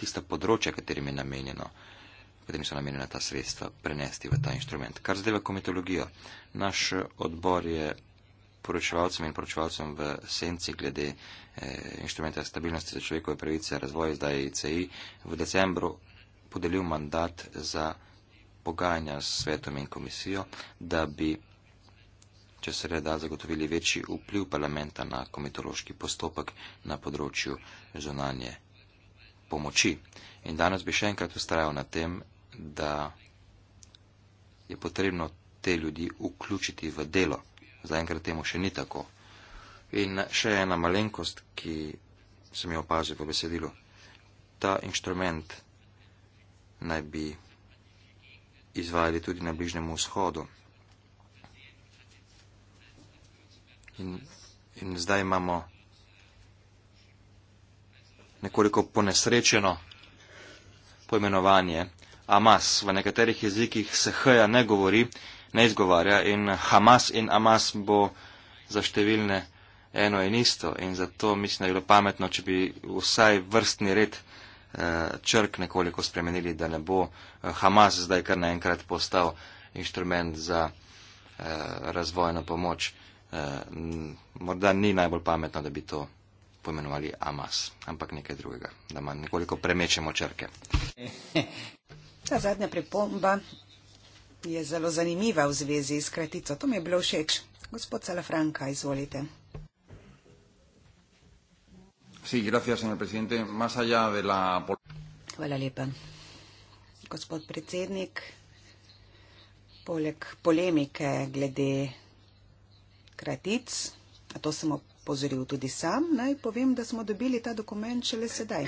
Speaker 3: tista področja, katerim je namenjeno potem so namenjena ta sredstva prenesti v ta inštrument. Kar zadeva kometologijo, naš odbor je poročevalcem in poročevalcem v senci glede eh, inštrumenta stabilnosti za človekove pravice, razvoj zdaj ICI, v decembru podelil mandat za pogajanja s svetom in komisijo, da bi če se reda zagotovili večji vpliv parlamenta na komitološki postopek na področju zonanje pomoči. In danes bi še enkrat ustrajal na tem, da je potrebno te ljudi vključiti v delo. Zaenkrat temu še ni tako. In še ena malenkost, ki sem jo opazil v besedilu. Ta inštrument naj bi izvajali tudi na Bližnjem vzhodu. In, in zdaj imamo nekoliko ponesrečeno pojmenovanje Amas. V nekaterih jezikih se hja ne govori, ne izgovarja in Hamas in Amas bo za številne eno in isto. In zato mislim, da je bilo pametno, če bi vsaj vrstni red eh, črk nekoliko spremenili, da ne bo eh, Hamas zdaj kar naenkrat postal inštrument za eh, razvojno pomoč. Morda ni najbolj pametno, da bi to pojmenovali Amas, ampak nekaj drugega, da manj nekoliko premečemo črke.
Speaker 4: Ta zadnja pripomba je zelo zanimiva v zvezi s kratico. To mi je bilo všeč. Gospod Salafranka, izvolite.
Speaker 3: Sí, gracias, señor presidente. Más allá de la...
Speaker 4: Hvala lepa. Gospod predsednik, poleg polemike glede kratic, a to sem opozoril tudi sam, naj povem, da smo dobili ta dokument šele sedaj.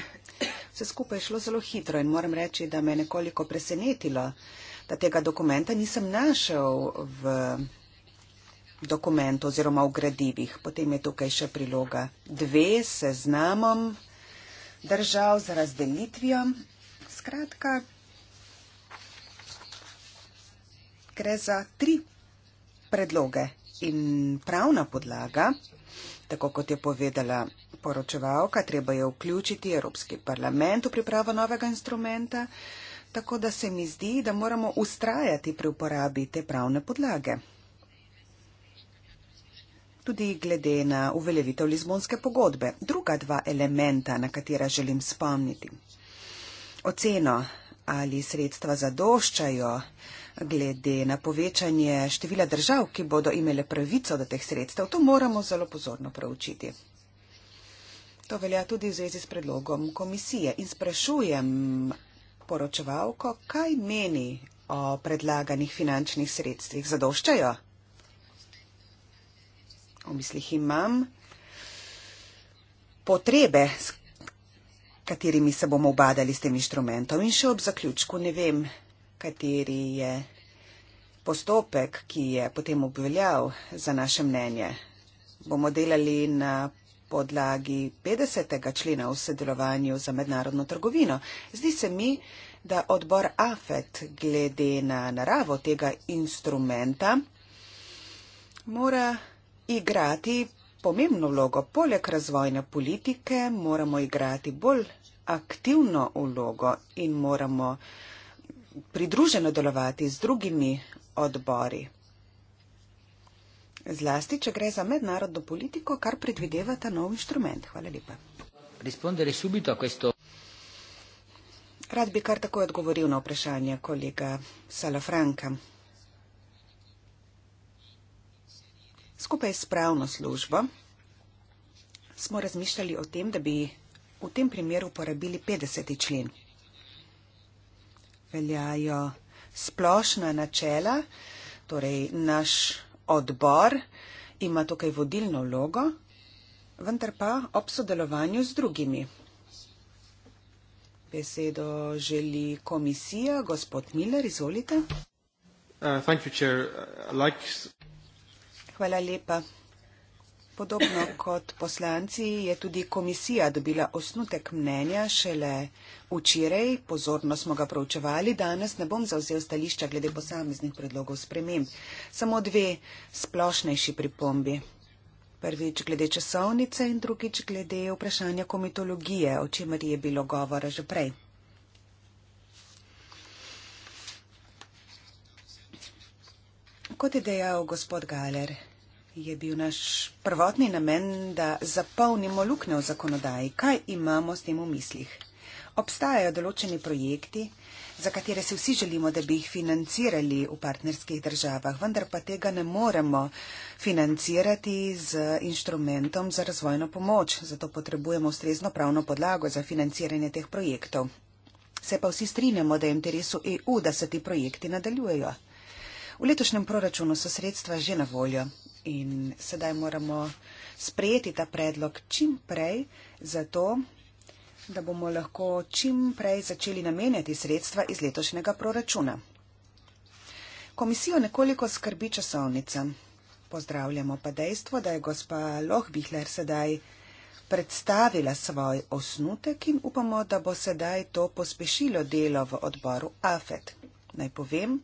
Speaker 4: Vse skupaj je šlo zelo hitro in moram reči, da me je nekoliko presenetilo, da tega dokumenta nisem našel v dokumentu oziroma v gradivih. Potem je tukaj še priloga dve se znamom držav z razdelitvijo. Skratka, gre za tri predloge in pravna podlaga, tako kot je povedala poročevalka, treba je vključiti Evropski parlament v pripravo novega instrumenta, tako da se mi zdi, da moramo ustrajati pri uporabi te pravne podlage. Tudi glede na uveljavitev Lizbonske pogodbe. Druga dva elementa, na katera želim spomniti. Oceno, ali sredstva zadoščajo glede na povečanje števila držav, ki bodo imele pravico do teh sredstev, to moramo zelo pozorno preučiti. To velja tudi v zvezi s predlogom komisije in sprašujem poročevalko, kaj meni o predlaganih finančnih sredstvih zadoščajo. V mislih imam potrebe, s katerimi se bomo obadali s tem inštrumentom in še ob zaključku ne vem, kateri je postopek, ki je potem obveljal za naše mnenje. Bomo delali na področju, podlagi 50. člena v sodelovanju za mednarodno trgovino. Zdi se mi, da odbor AFET glede na naravo tega instrumenta mora igrati pomembno vlogo. Poleg razvojne politike moramo igrati bolj aktivno vlogo in moramo pridruženo delovati z drugimi odbori. Zlasti, če gre za mednarodno politiko, kar predvideva ta nov inštrument. Hvala lepa. Rad bi kar takoj odgovoril na vprašanje kolega Salafranka. Skupaj s pravno službo smo razmišljali o tem, da bi v tem primeru uporabili 50. člen. Veljajo splošna načela, torej naš odbor ima tukaj vodilno vlogo, vendar pa ob sodelovanju z drugimi. Besedo želi komisija, gospod Miller, izvolite.
Speaker 2: Uh, you, uh, like...
Speaker 4: Hvala lepa. Podobno kot poslanci je tudi komisija dobila osnutek mnenja šele včeraj, pozorno smo ga proučevali, danes ne bom zauzel stališča glede posameznih predlogov sprememb. Samo dve splošnejši pripombi. Prvič glede časovnice in drugič glede vprašanja komitologije, o čemer je bilo govora že prej. Kot je dejal gospod Galer, je bil naš prvotni namen, da zapolnimo luknjo v zakonodaji. Kaj imamo s tem v mislih? Obstajajo določeni projekti, za katere se vsi želimo, da bi jih financirali v partnerskih državah, vendar pa tega ne moremo financirati z inštrumentom za razvojno pomoč. Zato potrebujemo ustrezno pravno podlago za financiranje teh projektov. Se pa vsi strinjamo, da je v interesu EU, da se ti projekti nadaljujejo. V letošnjem proračunu so sredstva že na voljo in sedaj moramo sprejeti ta predlog čim prej, zato da bomo lahko čim prej začeli namenjati sredstva iz letošnjega proračuna. Komisijo nekoliko skrbi časovnica. Pozdravljamo pa dejstvo, da je gospa Lohbihler sedaj predstavila svoj osnutek in upamo, da bo sedaj to pospešilo delo v odboru AFED. Naj povem,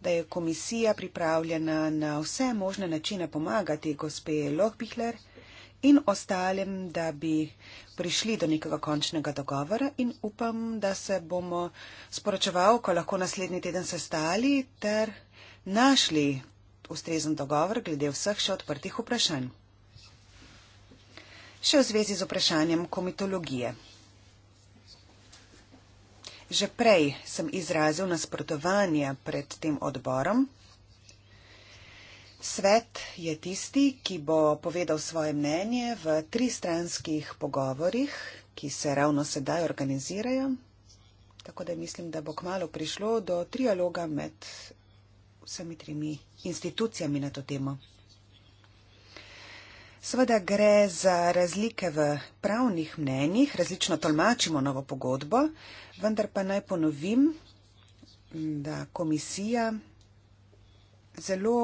Speaker 4: da je komisija pripravljena na vse možne načine pomagati gospe Lohbihler in ostalim, da bi prišli do nekega končnega dogovora in upam, da se bomo sporočeval, ko lahko naslednji teden sestali ter našli ustrezen dogovor glede vseh še odprtih vprašanj. Še v zvezi z vprašanjem komitologije. Že prej sem izrazil nasprotovanje pred tem odborom. Svet je tisti, ki bo povedal svoje mnenje v tristranskih pogovorih, ki se ravno sedaj organizirajo. Tako da mislim, da bo kmalo prišlo do trialoga med vsemi tremi institucijami na to temo. Sveda gre za razlike v pravnih mnenjih, različno tolmačimo novo pogodbo, vendar pa naj ponovim, da komisija zelo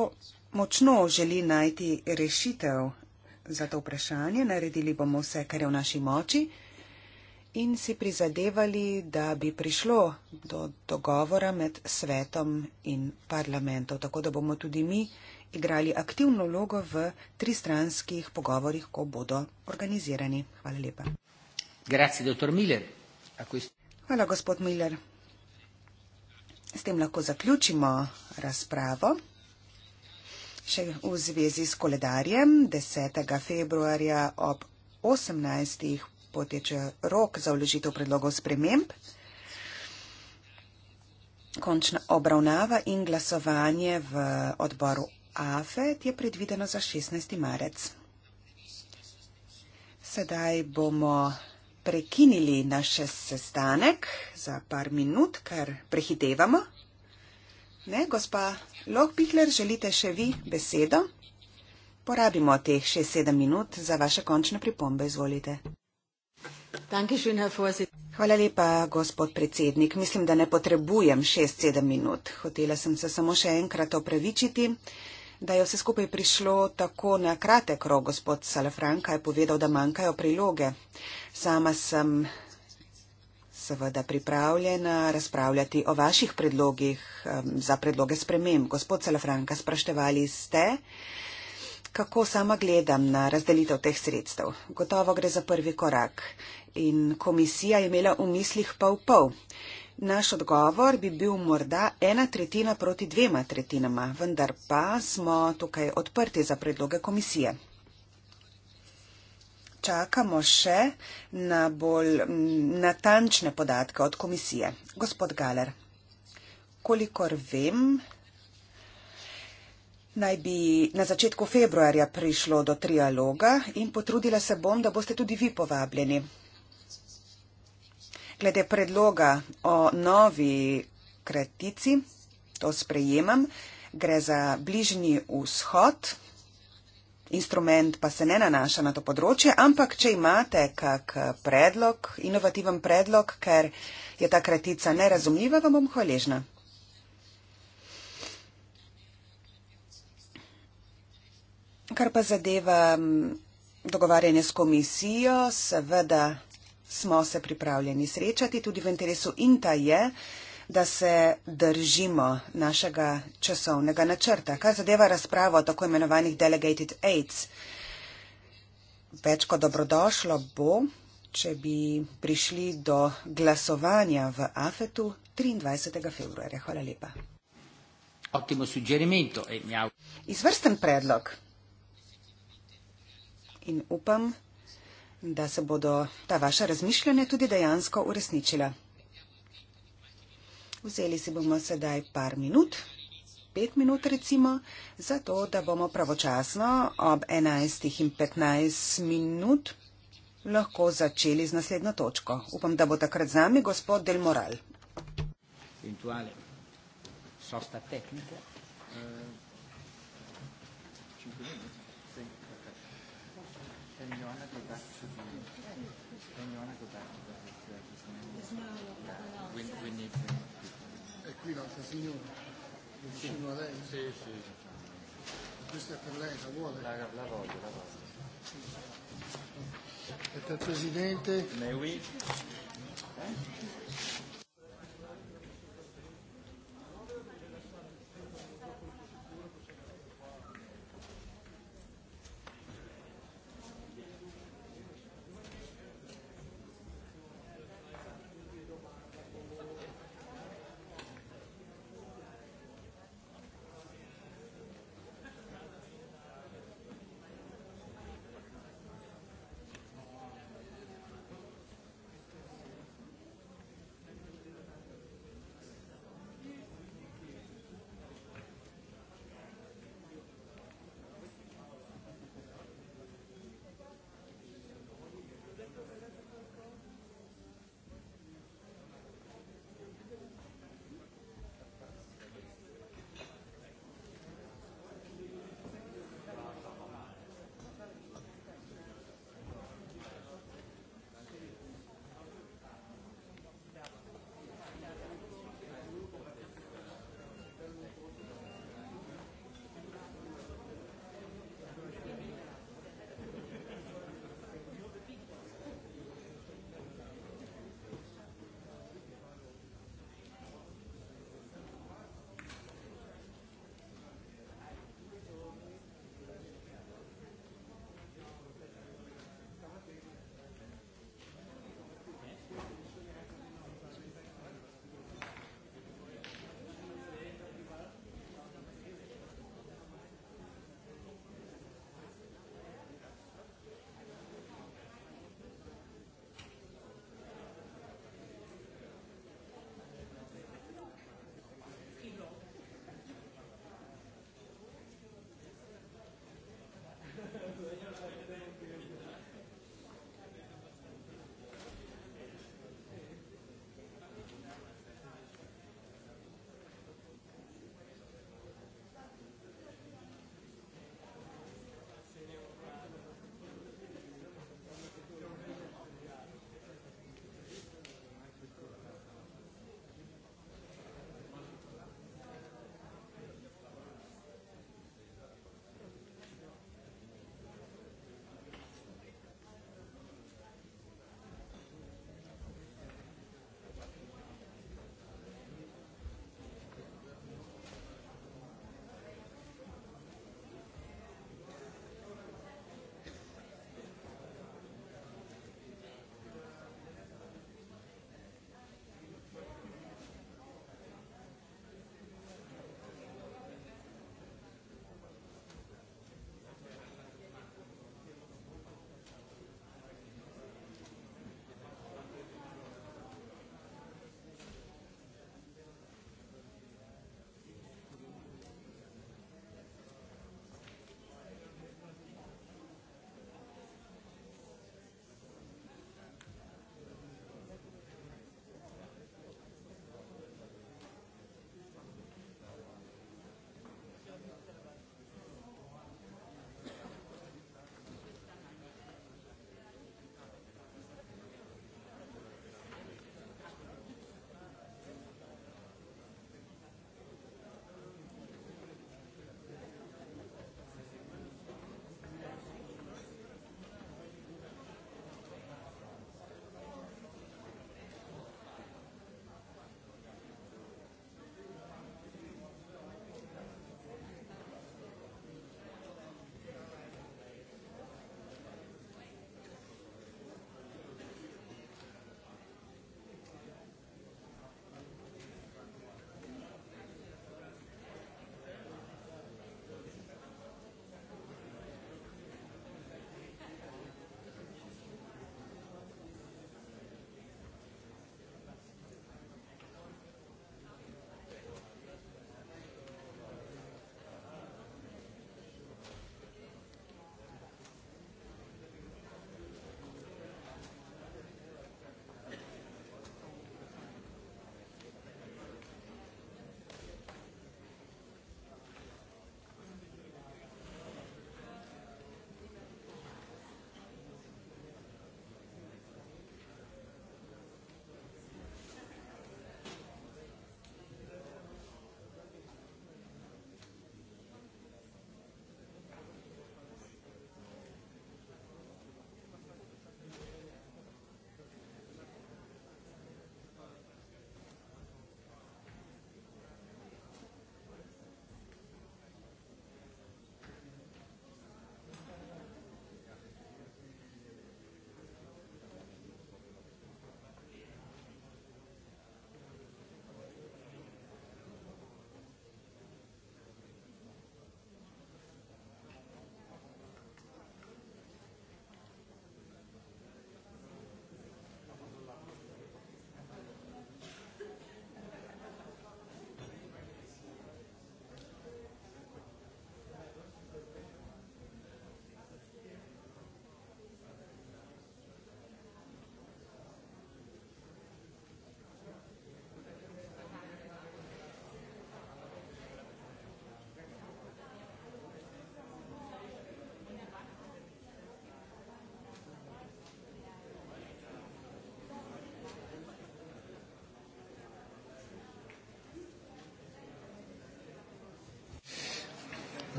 Speaker 4: močno želi najti rešitev za to vprašanje. Naredili bomo vse, kar je v naši moči in si prizadevali, da bi prišlo do dogovora med svetom in parlamentom, tako da bomo tudi mi igrali aktivno vlogo v tristranskih pogovorih, ko bodo organizirani. Hvala lepa.
Speaker 1: Grazie, dottor Miller.
Speaker 4: Hvala, gospod Miller. S tem lahko zaključimo razpravo. Še v zvezi s koledarjem 10. februarja ob 18. poteče rok za vložitev predlogov sprememb. Končna obravnava in glasovanje v odboru AFET je predvideno za 16. marec. Sedaj bomo prekinili naš sestanek za par minut, kar prehitevamo. Ne, gospa Lohpihler, želite še vi besedo? Porabimo teh 6-7 minut za vaše končne pripombe, izvolite. Hvala lepa, gospod predsednik. Mislim, da ne potrebujem 6-7 minut. Hotela sem se samo še enkrat opravičiti da je vse skupaj prišlo tako na kratek rok. Gospod Salafranka je povedal, da manjkajo priloge. Sama sem seveda pripravljena razpravljati o vaših predlogih um, za predloge sprememb. Gospod Salafranka, spraševali ste, kako sama gledam na razdelitev teh sredstev. Gotovo gre za prvi korak. In komisija je imela v mislih pol pol. Naš odgovor bi bil morda ena tretjina proti dvema tretjinama, vendar pa smo tukaj odprti za predloge komisije. Čakamo še na bolj natančne podatke od komisije. Gospod Galer, kolikor vem, naj bi na začetku februarja prišlo do trialoga in potrudila se bom, da boste tudi vi povabljeni glede predloga o novi kratici, to sprejemam, gre za bližnji vzhod, instrument pa se ne nanaša na to področje, ampak če imate kak predlog, inovativen predlog, ker je ta kratica nerazumljiva, vam bom hvaležna. Kar pa zadeva mm, dogovarjanje s komisijo, seveda smo se pripravljeni srečati, tudi v interesu Inta je, da se držimo našega časovnega načrta. Kar zadeva razpravo o tako imenovanih delegated aids, več kot dobrodošlo bo, če bi prišli do glasovanja v AFET-u 23. februarja. Hvala lepa.
Speaker 1: E Izvrsten predlog.
Speaker 4: In upam, da se bodo ta vaša razmišljanja tudi dejansko uresničila. Vzeli si bomo sedaj par minut, pet minut recimo, zato da bomo pravočasno ob 11 in 15 minut lahko začeli z naslednjo točko. Upam, da bo takrat z nami gospod Del Moral. Grazie. qui la sua signora,
Speaker 3: vicino sì. a lei. Sì, sì. Questa è per lei, la vuole? La, la voglio, la voglio. Sì. Presidente. Me oui. eh?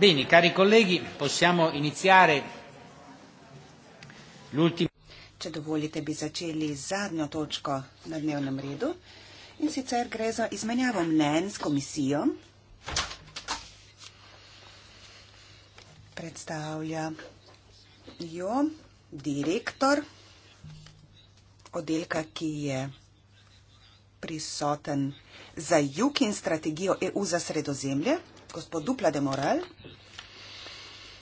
Speaker 1: Bene, cari colleghi, possiamo iniziare
Speaker 4: l'ultimo. Če dovolite, bi začeli z zadnjo točko na dnevnem redu in sicer gre za izmenjavo mnen s komisijo. Predstavlja jo direktor oddelka, ki je prisoten za jug in strategijo EU za sredozemlje, gospod Dupla de Moral.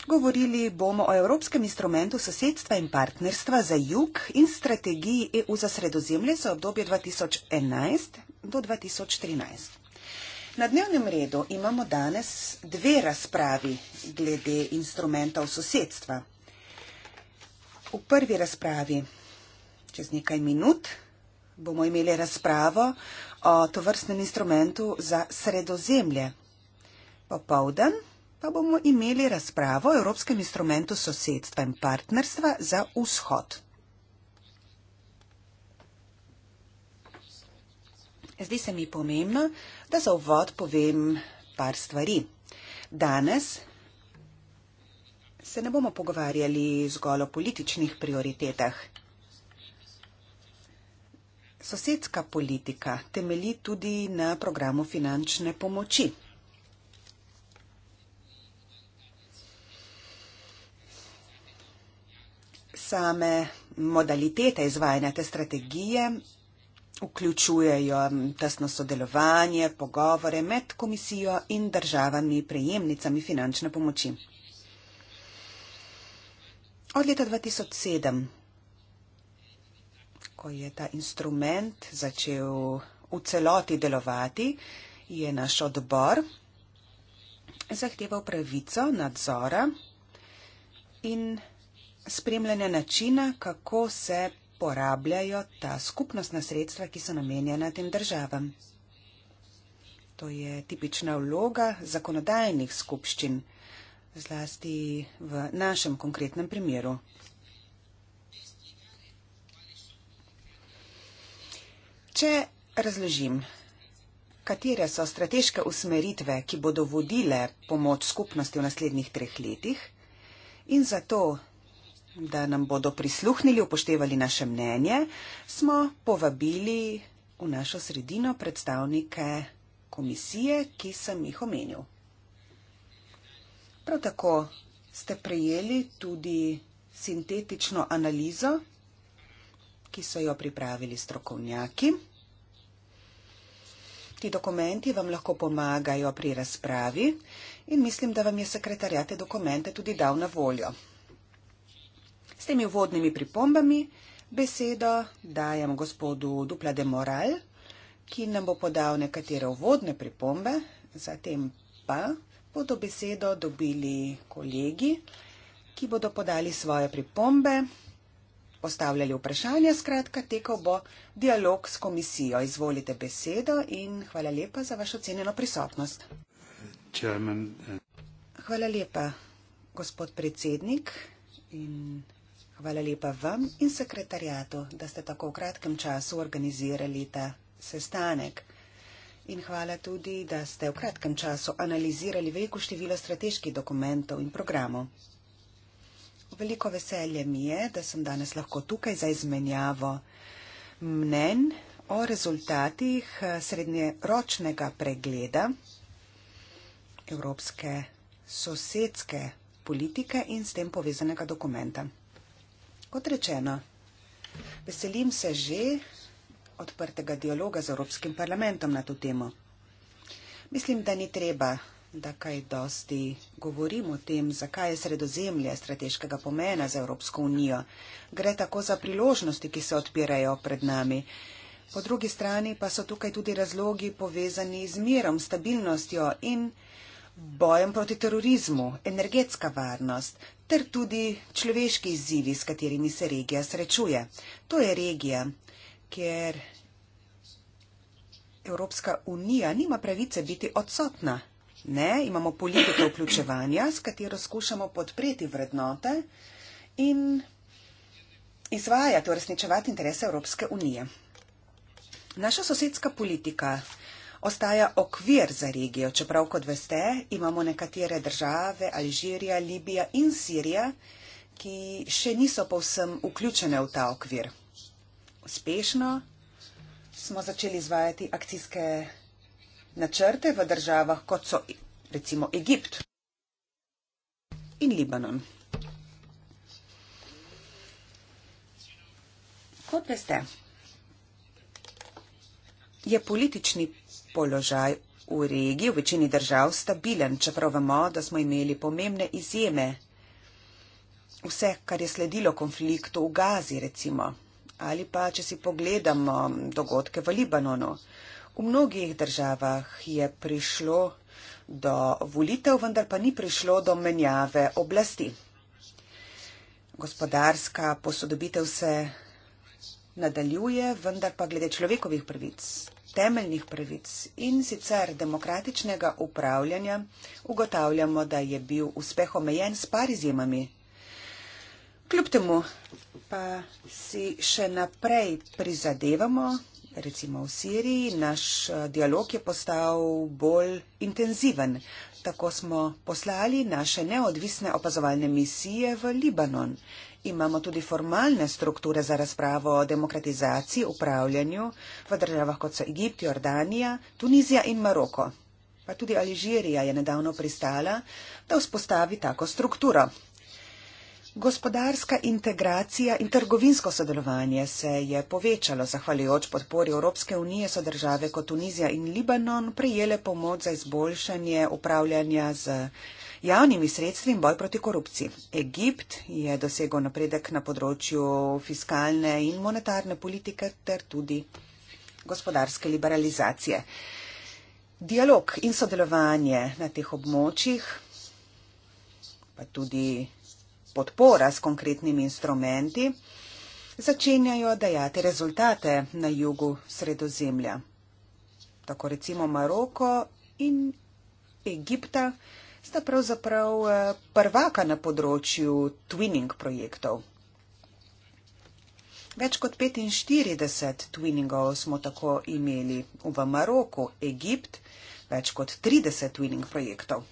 Speaker 4: Govorili bomo o Evropskem instrumentu sosedstva in partnerstva za jug in strategiji EU za sredozemlje za obdobje 2011 do 2013. Na dnevnem redu imamo danes dve razpravi glede instrumentov sosedstva. V prvi razpravi, čez nekaj minut, bomo imeli razpravo o tovrstnem instrumentu za sredozemlje. Popovdan pa bomo imeli razpravo o Evropskem instrumentu sosedstva in partnerstva za vzhod. Zdi se mi pomembno, da za uvod povem par stvari. Danes se ne bomo pogovarjali zgolj o političnih prioritetah. Sosedska politika temeli tudi na programu finančne pomoči. same modalitete izvajanja te strategije vključujejo tesno sodelovanje, pogovore med komisijo in državami prejemnicami finančne pomoči. Od leta 2007, ko je ta instrument začel v celoti delovati, je naš odbor zahteval pravico nadzora in spremljanje načina, kako se porabljajo ta skupnostna sredstva, ki so namenjena tem državam. To je tipična vloga zakonodajnih skupščin, zlasti v našem konkretnem primeru. Če razložim, katere so strateške usmeritve, ki bodo vodile pomoč skupnosti v naslednjih treh letih in zato da nam bodo prisluhnili, upoštevali naše mnenje, smo povabili v našo sredino predstavnike komisije, ki sem jih omenil. Prav tako ste prejeli tudi sintetično analizo, ki so jo pripravili strokovnjaki. Ti dokumenti vam lahko pomagajo pri razpravi in mislim, da vam je sekretarjate dokumente tudi dal na voljo. S temi uvodnimi pripombami besedo dajem gospodu Dupla de Moral, ki nam bo podal nekatere uvodne pripombe, zatem pa bodo besedo dobili kolegi, ki bodo podali svoje pripombe, postavljali vprašanja, skratka tekel bo dialog s komisijo. Izvolite besedo in hvala lepa za vašo cenjeno prisotnost.
Speaker 1: Eh.
Speaker 4: Hvala lepa, gospod predsednik. In Hvala lepa vam in sekretarjatu, da ste tako v kratkem času organizirali ta sestanek. In hvala tudi, da ste v kratkem času analizirali veliko število strateških dokumentov in programov. Veliko veselje mi je, da sem danes lahko tukaj za izmenjavo mnen o rezultatih eh, srednjeročnega pregleda evropske sosedske politike in s tem povezanega dokumenta. Kot rečeno, veselim se že odprtega dialoga z Evropskim parlamentom na to temo. Mislim, da ni treba, da kaj dosti govorim o tem, zakaj je sredozemlje strateškega pomena za Evropsko unijo. Gre tako za priložnosti, ki se odpirajo pred nami. Po drugi strani pa so tukaj tudi razlogi povezani z mirom, stabilnostjo in bojem proti terorizmu, energetska varnost, ter tudi človeški izzivi, s katerimi se regija srečuje. To je regija, kjer Evropska unija nima pravice biti odsotna. Ne, imamo politiko vključevanja, s katero skušamo podpreti vrednote in izvajati, uresničevati interese Evropske unije. Naša sosedska politika ostaja okvir za regijo, čeprav, kot veste, imamo nekatere države, Alžirija, Libija in Sirija, ki še niso povsem vključene v ta okvir. Uspešno smo začeli izvajati akcijske načrte v državah, kot so e, recimo Egipt in Libanon. Kot veste, je politični položaj v regiji v večini držav stabilen, čeprav vemo, da smo imeli pomembne izjeme. Vse, kar je sledilo konfliktu v Gazi, recimo, ali pa če si pogledamo dogodke v Libanonu. V mnogih državah je prišlo do volitev, vendar pa ni prišlo do menjave oblasti. Gospodarska posodobitev se nadaljuje, vendar pa glede človekovih pravic temeljnih pravic in sicer demokratičnega upravljanja, ugotavljamo, da je bil uspeh omejen s par izjemami. Kljub temu pa si še naprej prizadevamo, recimo v Siriji, naš eh, dialog je postal bolj intenziven. Tako smo poslali naše neodvisne opazovalne misije v Libanon. Imamo tudi formalne strukture za razpravo o demokratizaciji, upravljanju v državah kot so Egipt, Jordanija, Tunizija in Maroko. Pa tudi Alžirija je nedavno pristala, da vzpostavi tako strukturo. Gospodarska integracija in trgovinsko sodelovanje se je povečalo. Zahvaljujoč podpori Evropske unije so države kot Tunizija in Libanon prijele pomoč za izboljšanje upravljanja z javnimi sredstvi in boj proti korupciji. Egipt je dosegel napredek na področju fiskalne in monetarne politike ter tudi gospodarske liberalizacije. Dialog in sodelovanje na teh območjih, pa tudi podpora s konkretnimi instrumenti, začenjajo dajati rezultate na jugu sredozemlja. Tako recimo Maroko in Egipta sta pravzaprav eh, prvaka na področju twinning projektov. Več kot 45 twinningov smo tako imeli v Maroku, Egipt, več kot 30 twinning projektov.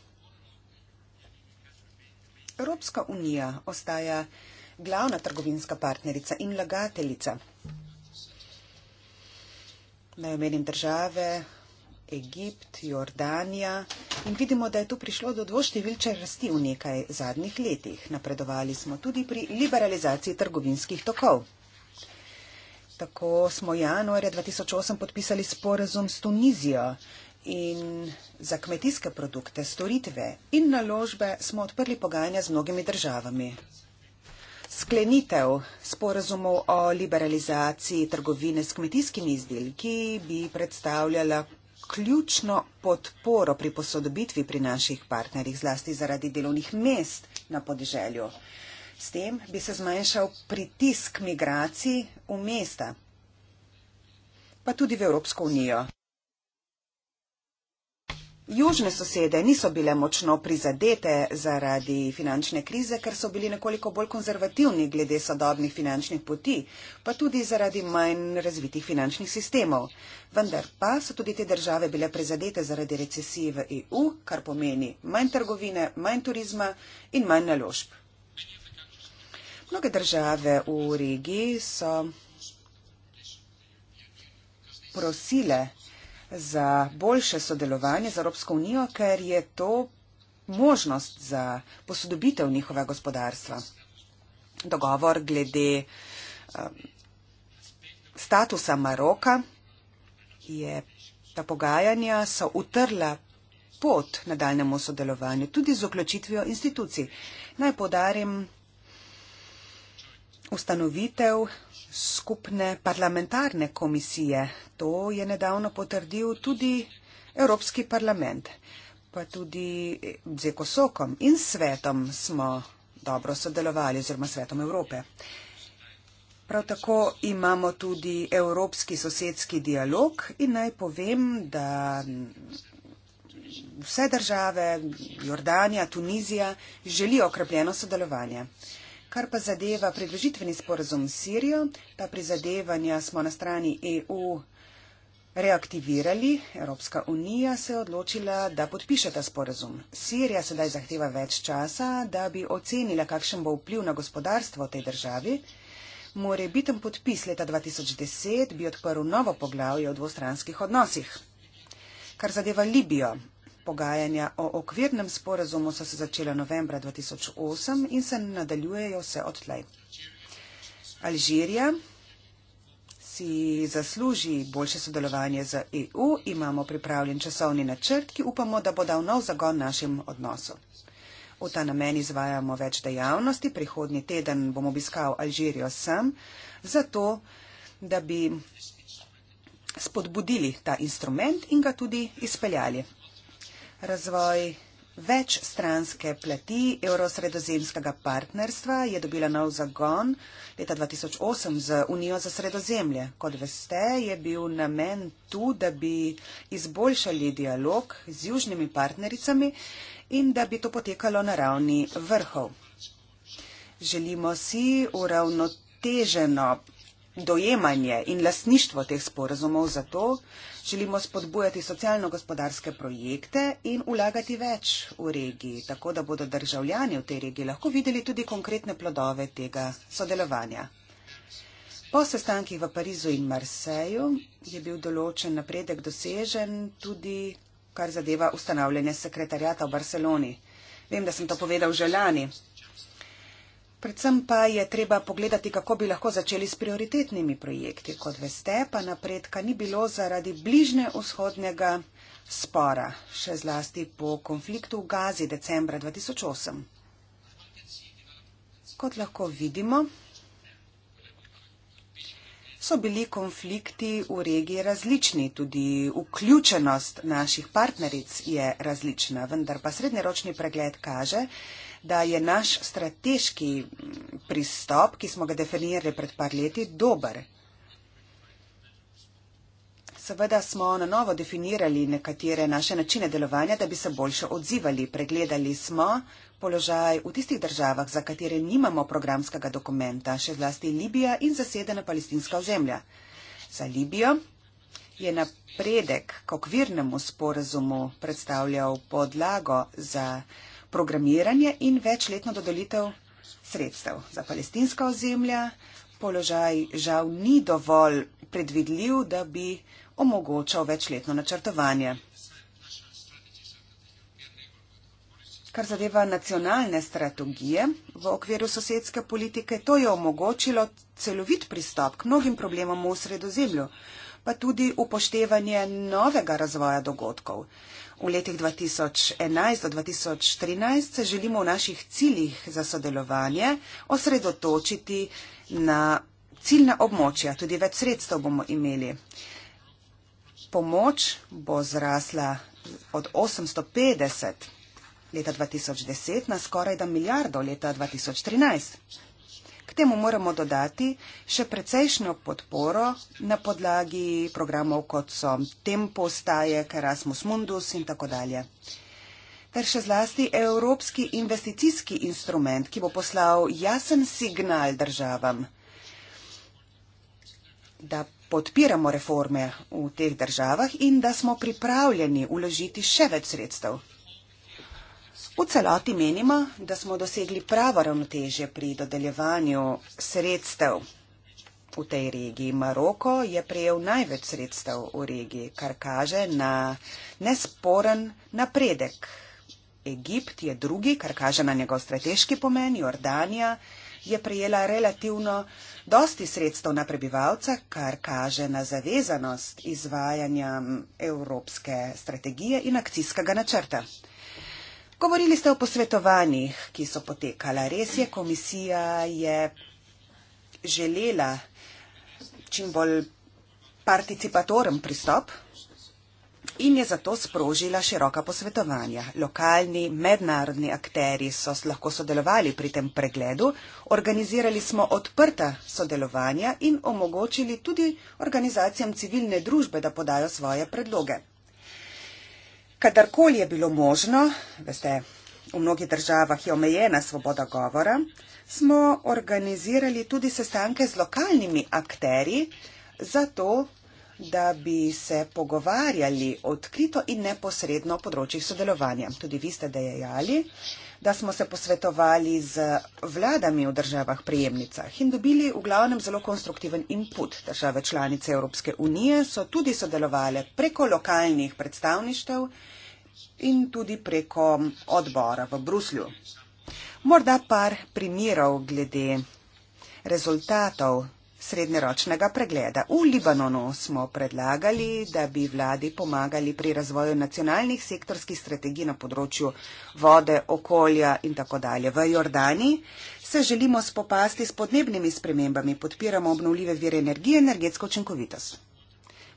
Speaker 4: Evropska unija ostaja glavna trgovinska partnerica in lagateljica. Naj omenim države Egipt, Jordanija in vidimo, da je tu prišlo do dvoštevilče rasti v nekaj zadnjih letih. Napredovali smo tudi pri liberalizaciji trgovinskih tokov. Tako smo januarja 2008 podpisali sporazum s Tunizijo in za kmetijske produkte, storitve in naložbe smo odprli pogajanja z mnogimi državami. Sklenitev sporazumov o liberalizaciji trgovine s kmetijskimi izdelki bi predstavljala ključno podporo pri posodobitvi pri naših partnerjih, zlasti zaradi delovnih mest na podeželju. S tem bi se zmanjšal pritisk migracij v mesta, pa tudi v Evropsko unijo. Južne sosede niso bile močno prizadete zaradi finančne krize, ker so bili nekoliko bolj konzervativni glede sodobnih finančnih poti, pa tudi zaradi manj razvitih finančnih sistemov. Vendar pa so tudi te države bile prizadete zaradi recesije v EU, kar pomeni manj trgovine, manj turizma in manj naložb. Mnoge države v regiji so prosile za boljše sodelovanje z Evropsko unijo, ker je to možnost za posodobitev njihovega gospodarstva. Dogovor glede um, statusa Maroka je ta pogajanja so utrla pot nadaljnemu sodelovanju, tudi z vključitvijo institucij. Naj podarim, ustanovitev skupne parlamentarne komisije. To je nedavno potrdil tudi Evropski parlament, pa tudi z Ekosokom in svetom smo dobro sodelovali oziroma svetom Evrope. Prav tako imamo tudi Evropski sosedski dialog in naj povem, da vse države, Jordanija, Tunizija, želijo okrepljeno sodelovanje. Kar pa zadeva predložitveni sporazum s Sirijo, ta prizadevanja smo na strani EU reaktivirali, Evropska unija se je odločila, da podpiše ta sporazum. Sirija sedaj zahteva več časa, da bi ocenila, kakšen bo vpliv na gospodarstvo v tej državi. More biten podpis leta 2010 bi odprl novo poglavje o dvostranskih odnosih. Kar zadeva Libijo, Pogajanja o okvirnem sporazumu so se začela novembra 2008 in se nadaljujejo vse odtlej. Alžirija si zasluži boljše sodelovanje z EU, imamo pripravljen časovni načrt, ki upamo, da bo dal nov zagon našim odnosom. V ta namen izvajamo več dejavnosti. Prihodnji teden bom obiskal Alžirijo sam, zato da bi spodbudili ta instrument in ga tudi izpeljali. Razvoj več stranske plati evrosredozemskega partnerstva je dobila nov zagon leta 2008 z Unijo za sredozemlje. Kot veste, je bil namen tu, da bi izboljšali dialog z južnimi partnericami in da bi to potekalo na ravni vrhov. Želimo si uravnoteženo dojemanje in lasništvo teh sporazumov, zato želimo spodbujati socialno-gospodarske projekte in ulagati več v regiji, tako da bodo državljani v tej regiji lahko videli tudi konkretne plodove tega sodelovanja. Po sestankih v Parizu in Marseju je bil določen napredek dosežen tudi, kar zadeva ustanavljanje sekretarjata v Barceloni. Vem, da sem to povedal že lani. Predvsem pa je treba pogledati, kako bi lahko začeli s prioritetnimi projekti. Kot veste, pa napredka ni bilo zaradi bližnje vzhodnega spora, še zlasti po konfliktu v Gazi decembra 2008. Kot lahko vidimo, so bili konflikti v regiji različni, tudi vključenost naših partneric je različna, vendar pa srednjeročni pregled kaže, da je naš strateški pristop, ki smo ga definirali pred par leti, dober. Seveda smo na novo definirali nekatere naše načine delovanja, da bi se boljše odzivali. Pregledali smo položaj v tistih državah, za katere nimamo programskega dokumenta, še zlasti Libija in zasedena palestinska ozemlja. Za Libijo je napredek k okvirnemu sporazumu predstavljal podlago za programiranje in večletno dodelitev sredstev za palestinska ozemlja. Položaj žal ni dovolj predvidljiv, da bi omogočal večletno načrtovanje. Kar zadeva nacionalne strategije v okviru sosedske politike, to je omogočilo celovit pristop k mnogim problemom v sredozemlju, pa tudi upoštevanje novega razvoja dogodkov. V letih 2011 do 2013 se želimo v naših ciljih za sodelovanje osredotočiti na ciljna območja. Tudi več sredstev bomo imeli. Pomoč bo zrasla od 850 leta 2010 na skoraj da milijardo leta 2013 temu moramo dodati še precejšno podporo na podlagi programov, kot so Tempo, Stajek, Erasmus Mundus in tako dalje. Ter še zlasti evropski investicijski instrument, ki bo poslal jasen signal državam, da podpiramo reforme v teh državah in da smo pripravljeni uložiti še več sredstev. V celoti menimo, da smo dosegli pravo ravnotežje pri dodeljevanju sredstev. V tej regiji Maroko je prejel največ sredstev v regiji, kar kaže na nesporen napredek. Egipt je drugi, kar kaže na njegov strateški pomen. Jordanija je prejela relativno dosti sredstev na prebivalca, kar kaže na zavezanost izvajanja mm, evropske strategije in akcijskega načrta. Govorili ste o posvetovanjih, ki so potekala. Res je, komisija je želela čim bolj participatoren pristop in je zato sprožila široka posvetovanja. Lokalni, mednarodni akteri so lahko sodelovali pri tem pregledu, organizirali smo odprta sodelovanja in omogočili tudi organizacijam civilne družbe, da podajo svoje predloge kadarkoli je bilo možno, veste, v mnogih državah je omejena svoboda govora, smo organizirali tudi sestanke z lokalnimi akteri, zato, da bi se pogovarjali odkrito in neposredno o področjih sodelovanja. Tudi vi ste dejali, da smo se posvetovali z vladami v državah prijemnicah in dobili v glavnem zelo konstruktiven input. Države članice Evropske unije so tudi sodelovali preko lokalnih predstavništev in tudi preko odbora v Bruslju. Morda par primerov glede rezultatov srednjeročnega pregleda. V Libanonu smo predlagali, da bi vladi pomagali pri razvoju nacionalnih sektorskih strategij na področju vode, okolja in tako dalje. V Jordani se želimo spopasti s podnebnimi spremembami, podpiramo obnovljive vire energije in energetsko učinkovitost.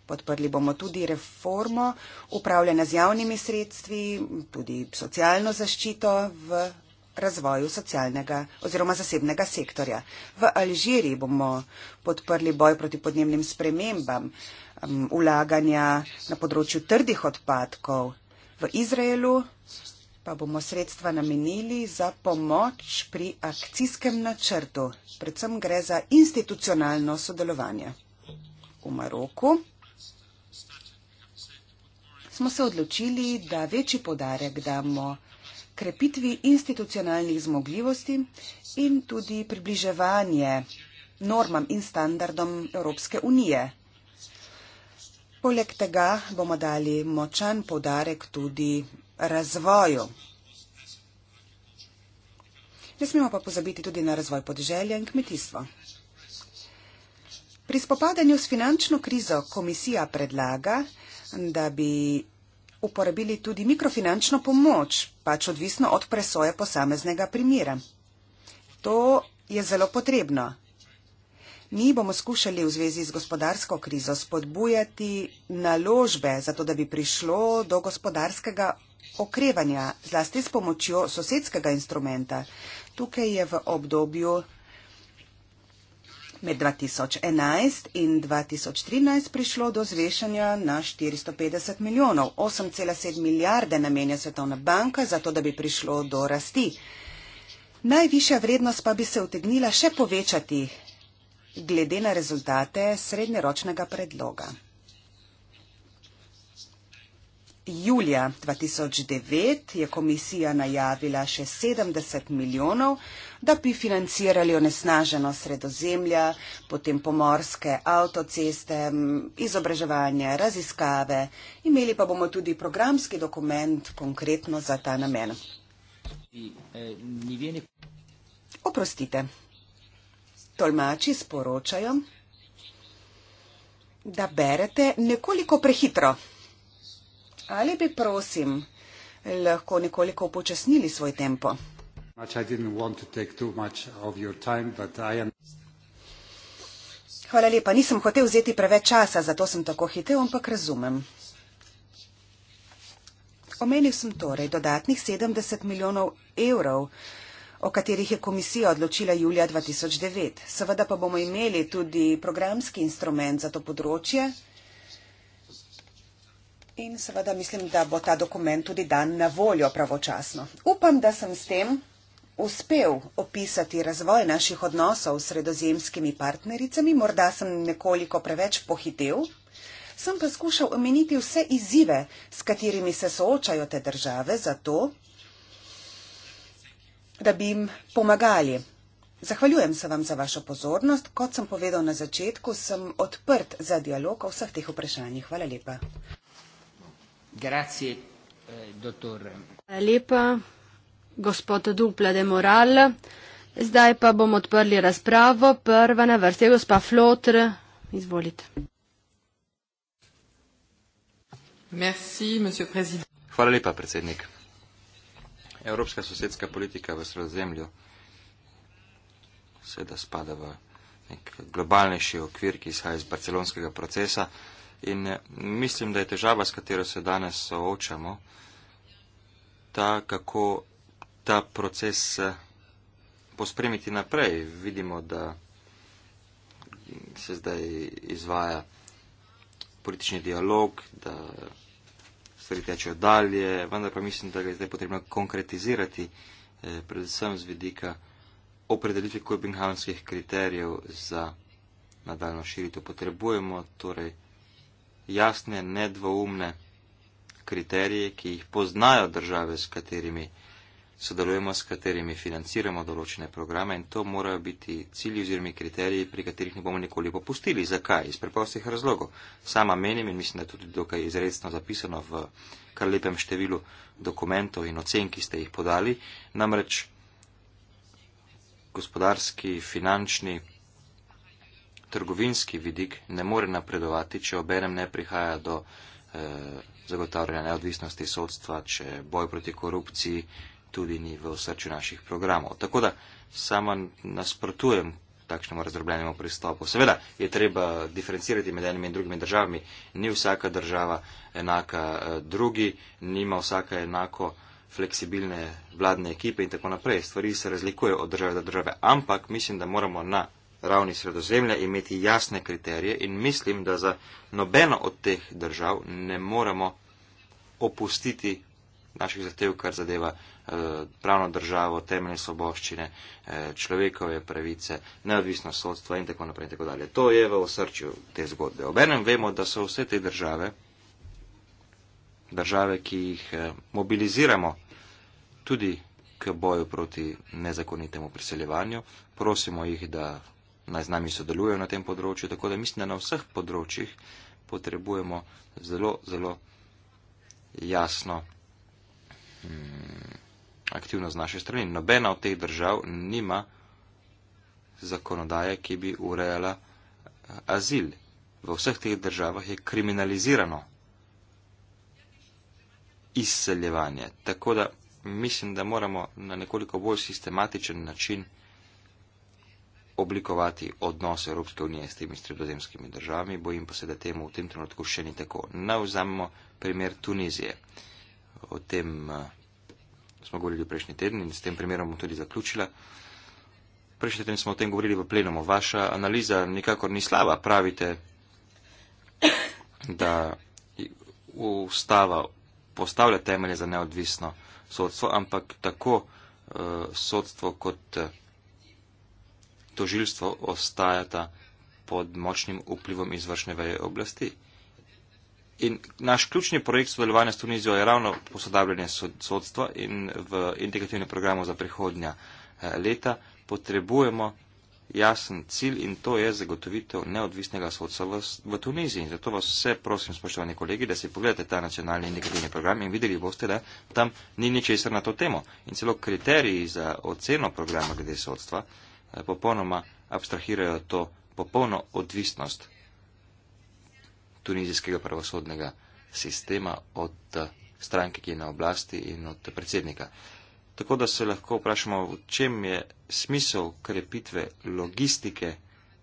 Speaker 4: Podprli bomo tudi reformo upravljanja z javnimi sredstvi, tudi socialno zaščito v razvoju socialnega oziroma zasebnega sektorja. V Alžiriji bomo podprli boj proti podnebnim spremembam, um, ulaganja na področju trdih odpadkov. V Izraelu pa bomo sredstva namenili za pomoč pri akcijskem načrtu. Predvsem gre za institucionalno sodelovanje. V Maroku smo se odločili, da večji podarek damo krepitvi institucionalnih zmogljivosti in tudi približevanje normam in standardom Evropske unije. Poleg tega bomo dali močan podarek tudi razvoju. Ne smemo pa pozabiti tudi na razvoj podeželja in kmetijstva. Pri spopadanju s finančno krizo komisija predlaga, da bi uporabili tudi mikrofinančno pomoč, pač odvisno od presoje posameznega primera. To je zelo potrebno. Mi bomo skušali v zvezi z gospodarsko krizo spodbujati naložbe, zato da bi prišlo do gospodarskega okrevanja, zlasti s pomočjo sosedskega instrumenta. Tukaj je v obdobju Med 2011 in 2013 prišlo do zvešanja na 450 milijonov. 8,7 milijarde namenja Svetovna banka za to, da bi prišlo do rasti. Najvišja vrednost pa bi se utegnila še povečati glede na rezultate srednjeročnega predloga. Julija 2009 je komisija najavila še 70 milijonov, da bi financirali onesnaženo sredozemlja, potem pomorske avtoceste, izobraževanje, raziskave. Imeli pa bomo tudi programski dokument konkretno za ta namen. E, Oprostite. Tolmači sporočajo, da berete nekoliko prehitro. Ali bi prosim lahko nekoliko upočasnili svoj tempo? much. I didn't want to take too much of your time, but I am. Hvala lepa. Nisem hotel vzeti preveč časa, zato sem tako hitel, ampak razumem. Omenil sem torej dodatnih 70 milijonov evrov, o katerih je komisija odločila julija 2009. Seveda pa bomo imeli tudi programski instrument za to področje in seveda mislim, da bo ta dokument tudi dan na voljo pravočasno. Upam, da sem s tem uspel opisati razvoj naših odnosov s sredozemskimi partnericami, morda sem nekoliko preveč pohitel, sem pa skušal omeniti vse izzive, s katerimi se soočajo te države, zato, da bi jim pomagali. Zahvaljujem se vam za vašo pozornost. Kot sem povedal na začetku, sem odprt za dialog o vseh teh vprašanjih. Hvala lepa.
Speaker 1: Grazie, eh, dottor.
Speaker 2: Hvala lepa, gospod Dupla de Moral. Zdaj pa bom odprli razpravo. Prva na vrsti je gospa Flotr. Izvolite.
Speaker 3: Merci, Hvala lepa, predsednik. Evropska sosedska politika v sredozemlju seveda spada v nek globalnejši okvir, ki izhaja iz barcelonskega procesa in eh, mislim, da je težava, s katero se danes soočamo, ta, kako ta proces eh, pospremiti naprej. Vidimo, da se zdaj izvaja politični dialog, da stvari tečejo dalje, vendar pa mislim, da ga je zdaj potrebno konkretizirati, eh, predvsem z vidika opredelitve kopenhavnskih kriterijev za nadaljno širitev. Potrebujemo torej jasne, nedvoumne kriterije, ki jih poznajo države, s katerimi sodelujemo s katerimi financiramo določene programe in to morajo biti cilji oziroma kriteriji, pri katerih ne bomo nikoli popustili. Zakaj? Iz preprostih razlogov. Sama menim in mislim, da je tudi dokaj izredno zapisano v kar lepem številu dokumentov in ocen, ki ste jih podali. Namreč gospodarski, finančni, trgovinski vidik ne more napredovati, če obenem ne prihaja do eh, zagotavljanja neodvisnosti sodstva, če boj proti korupciji tudi ni v srcu naših programov. Tako da sama nasprotujem takšnemu razdrobljenemu pristopu. Seveda je treba diferencirati med enimi in drugimi državami. Ni vsaka država enaka eh, drugi, nima vsaka enako fleksibilne vladne ekipe in tako naprej. Stvari se razlikujejo od države do države, ampak mislim, da moramo na ravni sredozemlja imeti jasne kriterije in mislim, da za nobeno od teh držav ne moremo opustiti naših zahtev, kar zadeva eh, pravno državo, temeljne svoboščine, eh, človekove pravice, neodvisnost sodstva in tako naprej. In tako to je v osrčju te zgodbe. Obenem vemo, da so vse te države, države, ki jih eh, mobiliziramo tudi k boju proti nezakonitemu priseljevanju, prosimo jih, da naj z nami sodelujejo na tem področju, tako da mislim, da na vseh področjih potrebujemo zelo, zelo jasno mm, aktivno z naše strani. Nobena od teh držav nima zakonodaje, ki bi urejala eh, azil. V vseh teh državah je kriminalizirano izseljevanje. Tako da mislim, da moramo na nekoliko bolj sistematičen način oblikovati odnose Evropske unije s temi sredozemskimi državami. Bojim pa se, da temu v tem trenutku še ni tako. Navzamemo primer Tunizije o tem uh, smo govorili prejšnji teden in s tem primerom bom tudi zaključila. Prejšnji teden smo o tem govorili v plenumu. Vaša analiza nikakor ni slaba. Pravite, da ustava postavlja temelje za neodvisno sodstvo, ampak tako uh, sodstvo kot uh, tožilstvo ostajata pod močnim vplivom izvršne veje oblasti. In naš ključni projekt sodelovanja s Tunizijo je ravno posodabljanje sodstva in v integrativnem programu za prihodnja eh, leta potrebujemo jasen cilj in to je zagotovitev neodvisnega sodstva v, v Tuniziji. Zato vas vse prosim, spoštovani kolegi, da si pogledate ta nacionalni integrativni program in videli boste, da tam ni ničesar na to temo. In celo kriteriji za oceno programa glede sodstva eh, popolnoma abstrahirajo to popolno odvisnost tunizijskega pravosodnega sistema od eh, stranke, ki je na oblasti in od predsednika. Tako da se lahko vprašamo, v čem je smisel krepitve logistike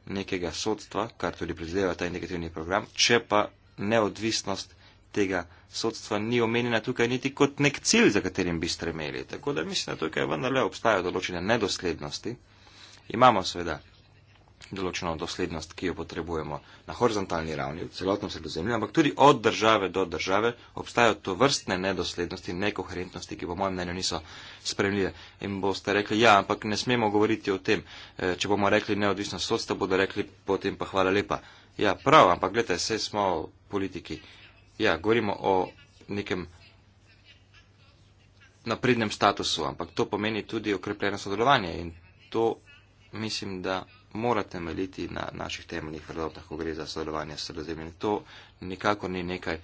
Speaker 3: nekega sodstva, kar tudi predvideva ta negativni program, če pa neodvisnost tega sodstva ni omenjena tukaj niti kot nek cilj, za katerim bi stremeli. Tako da mislim, da tukaj vendarle obstajajo določene nedoslednosti. Imamo seveda določeno doslednost, ki jo potrebujemo na horizontalni ravni, v celotnem sredozemlju, ampak tudi od države do države obstajajo to vrstne nedoslednosti, nekoherentnosti, ki po mojem mnenju niso spremljive. In boste rekli, ja, ampak ne smemo govoriti o tem, e, če bomo rekli neodvisno sodstvo, bodo rekli potem pa hvala lepa. Ja, prav, ampak gledajte, vse smo politiki. Ja, govorimo o nekem naprednem statusu, ampak to pomeni tudi okrepljeno sodelovanje in to mislim, da mora temeljiti na naših temeljnih vrednotah, ko gre za sodelovanje s sredozemljami. To nikako ni nekaj,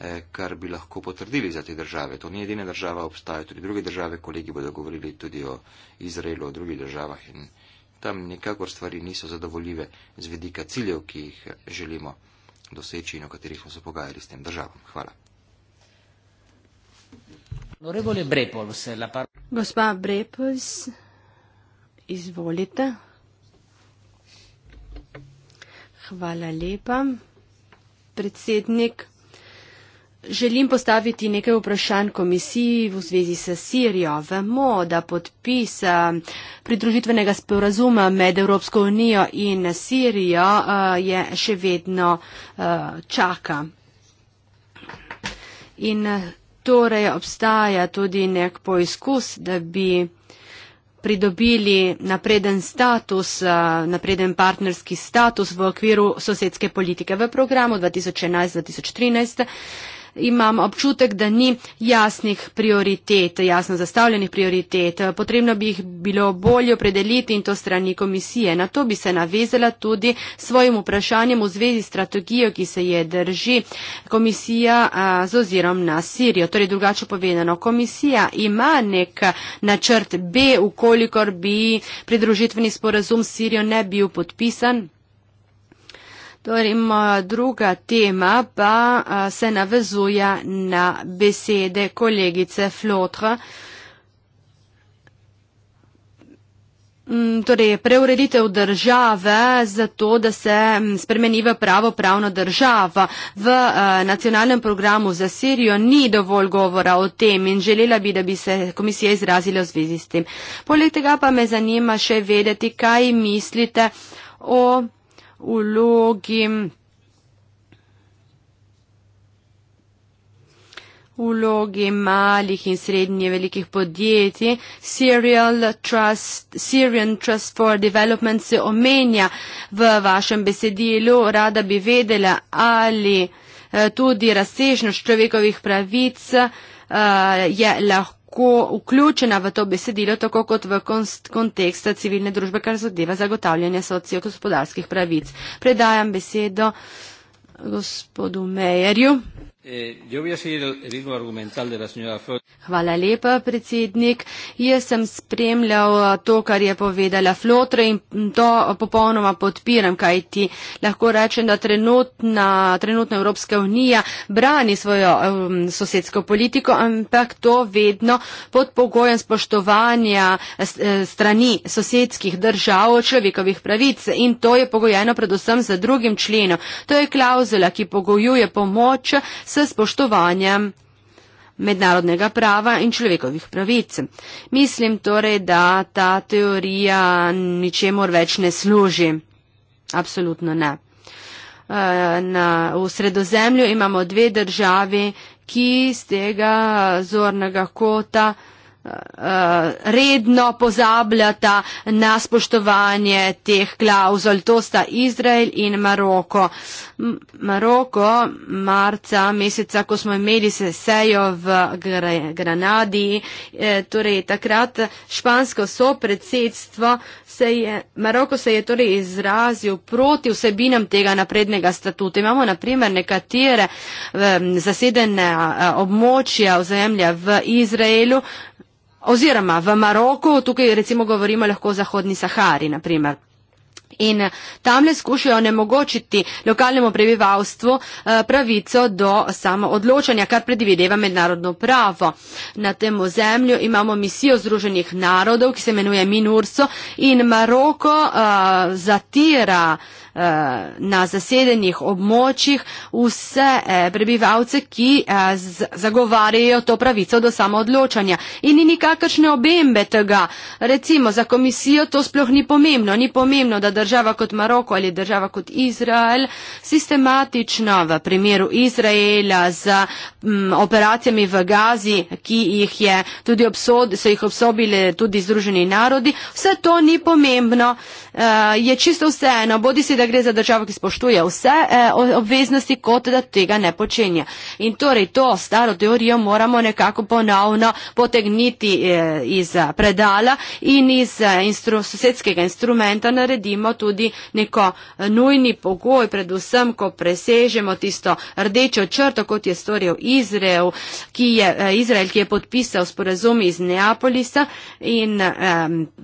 Speaker 3: eh, kar bi lahko potrdili za te države. To ni edina država, obstajajo tudi druge države, kolegi bodo govorili tudi o Izraelu, o drugih državah in tam nikakor stvari niso zadovoljive z vedika ciljev, ki jih eh, želimo doseči in o katerih smo se pogajali s tem državam. Hvala.
Speaker 2: Gospa Brepols, izvolite. Hvala lepa. Predsednik, želim postaviti nekaj vprašanj komisiji v zvezi s Sirijo. Vemo, da podpis eh, pridružitvenega sporazuma med Evropsko unijo in Sirijo eh, je še vedno eh, čaka. In torej obstaja tudi nek poizkus, da bi pridobili napreden status, eh, napreden partnerski status v okviru sosedske politike v programu 2011-2013 imam občutek, da ni jasnih prioritet, jasno zastavljenih prioritet. Potrebno bi jih bilo bolje opredeliti in to strani komisije. Na to bi se navezala tudi svojim vprašanjem v zvezi s strategijo, ki se je drži komisija a, z ozirom na Sirijo. Torej, drugače povedano, komisija ima nek načrt B, ukolikor bi pridružitveni sporazum s Sirijo ne bil podpisan. Torej, moja druga tema pa se navezuje na besede kolegice Flotra. Mm, torej, preureditev države za to, da se mm, spremeni v pravo pravno država. V nacionalnem programu za Sirijo ni dovolj govora o tem in želela bi, da bi se komisija izrazila v zvezi s tem. Poleg tega pa me zanima še vedeti, kaj mislite o vlogi, vlogi malih in srednje velikih podjetij. Serial Trust, Syrian Trust for Development se omenja v vašem besedilu. Rada bi vedela, ali eh, tudi razsežnost človekovih pravic eh, je lahko tako vključena v to besedilo, tako kot v konteksta civilne družbe, kar zadeva zagotavljanje sociogospodarskih pravic. Predajam besedo gospodu Mejerju. Eh, Hvala lepa, predsednik. Jaz sem spremljal eh, to, kar je povedala Flotre in to popolnoma podpiram, kaj ti lahko rečem, da trenutna, trenutna Evropska unija brani svojo um, sosedsko politiko, ampak to vedno pod pogojem spoštovanja eh, strani sosedskih držav človekovih pravic in to je pogojeno predvsem za drugim členom. To je klauzula, ki pogojuje pomoč s spoštovanjem mednarodnega prava in človekovih pravic. Mislim torej, da ta teorija ničemor več ne služi. Absolutno ne. Eh, na, v sredozemlju imamo dve državi, ki z tega zornega kota Eh, redno pozabljata na spoštovanje teh klauzul. To sta Izrael in Maroko. Maroko marca meseca, ko smo imeli se sejo v Granadi, eh, torej takrat špansko sopredsedstvo, se je, Maroko se je torej izrazil proti vsebinam tega naprednega statuta. Imamo naprimer nekatere eh, zasedene območja ozemlja v Izraelu, Oziroma v Maroku, tukaj recimo govorimo lahko o Zahodni Sahari, naprimer. In eh, tam le skušajo onemogočiti lokalnemu prebivalstvu eh, pravico do samoodločanja, kar predvideva mednarodno pravo. Na tem ozemlju imamo misijo Združenih narodov, ki se imenuje Minurso in Maroko uh, zatira uh, Eh, na zasedenih območjih vse eh, prebivalce, ki eh, zagovarjajo to pravico do samoodločanja. In ni nikakršne obembe tega. Recimo, za komisijo to sploh ni pomembno. Ni pomembno, da država kot Maroko ali država kot Izrael sistematično v primeru Izraela z mm, operacijami v Gazi, ki jih je tudi obsod, so jih obsobili tudi Združeni narodi, vse to ni pomembno. Je čisto vseeno, bodi si, da gre za državo, ki spoštuje vse eh, obveznosti, kot da tega ne počenja. In torej to staro teorijo moramo nekako ponovno potegniti eh, iz eh, predala in iz eh, instru sosedskega instrumenta naredimo tudi neko eh, nujni pogoj, predvsem, ko presežemo tisto rdečo črto, kot je storil Izrael, ki je, eh, Izrael, ki je podpisal sporazum iz Neapolisa in eh,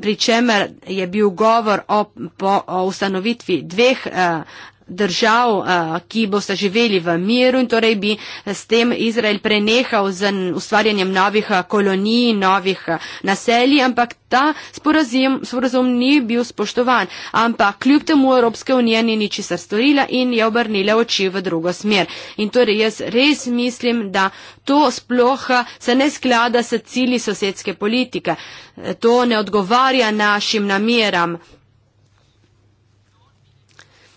Speaker 2: pri čemer je bil govor o, po, o ustanovitvi dve obeh eh, držav, eh, ki boste živeli v miru in torej bi s tem Izrael prenehal z ustvarjanjem novih eh, kolonij, novih naselij, ampak ta sporazum, sporazum ni bil spoštovan. Ampak kljub temu Evropske unije ni ničesar storila in je obrnila oči v drugo smer. In torej jaz res mislim, da to sploh se ne sklada s cili sosedske politike. To ne odgovarja našim nameram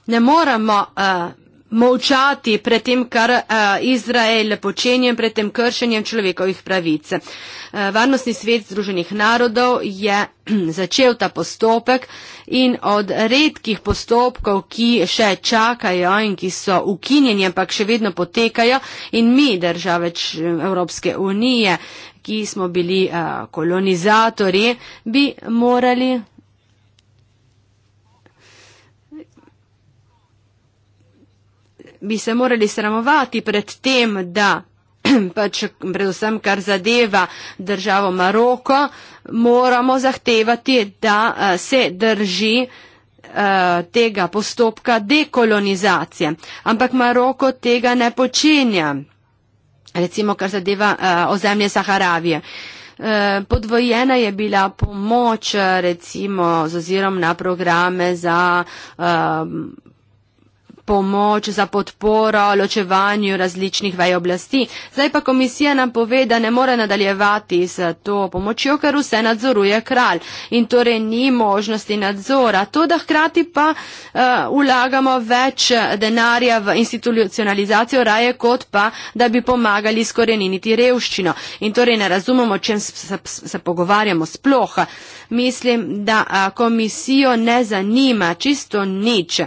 Speaker 2: ne moremo uh, molčati pred tem, kar uh, Izrael počenje, pred tem kršenjem človekovih pravic. Uh, varnostni svet Združenih narodov je začel ta postopek in od redkih postopkov, ki še čakajo in ki so ukinjeni, ampak še vedno potekajo in mi države Evropske unije, ki smo bili uh, kolonizatori, bi morali bi se morali sramovati pred tem, da pač predvsem kar zadeva državo Maroko, moramo zahtevati, da eh, se drži eh, tega postopka dekolonizacije. Ampak Maroko tega ne počenja, recimo kar zadeva eh, ozemlje Saharavije. Podvojena je bila pomoč recimo z ozirom na programe za um, pomoč, za podporo ločevanju različnih vej oblasti. Zdaj pa komisija nam pove, da ne more nadaljevati s to pomočjo, ker vse nadzoruje kralj in torej ni možnosti nadzora. To, da hkrati pa uh, eh, ulagamo več denarja v institucionalizacijo raje kot pa, da bi pomagali skoreniniti revščino. In torej ne razumemo, o čem se, se, se pogovarjamo sploh. Mislim, da a, eh, komisijo ne zanima čisto nič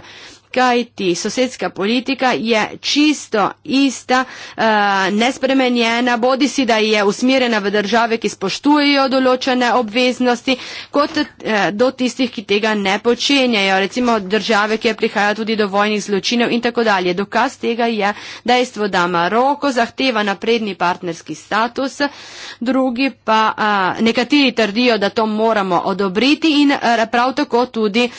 Speaker 2: kajti sosedska politika je čisto ista, eh, nespremenjena, bodi si da je usmirjena v države, ki spoštujejo določene obveznosti, kot eh, do tistih, ki tega ne počenjajo, recimo države, ki je prihajala tudi do vojnih zločinov in tako dalje. Dokaz tega je dejstvo, da Maroko zahteva napredni partnerski status, drugi pa eh, nekateri trdijo, da to moramo odobriti in prav tako tudi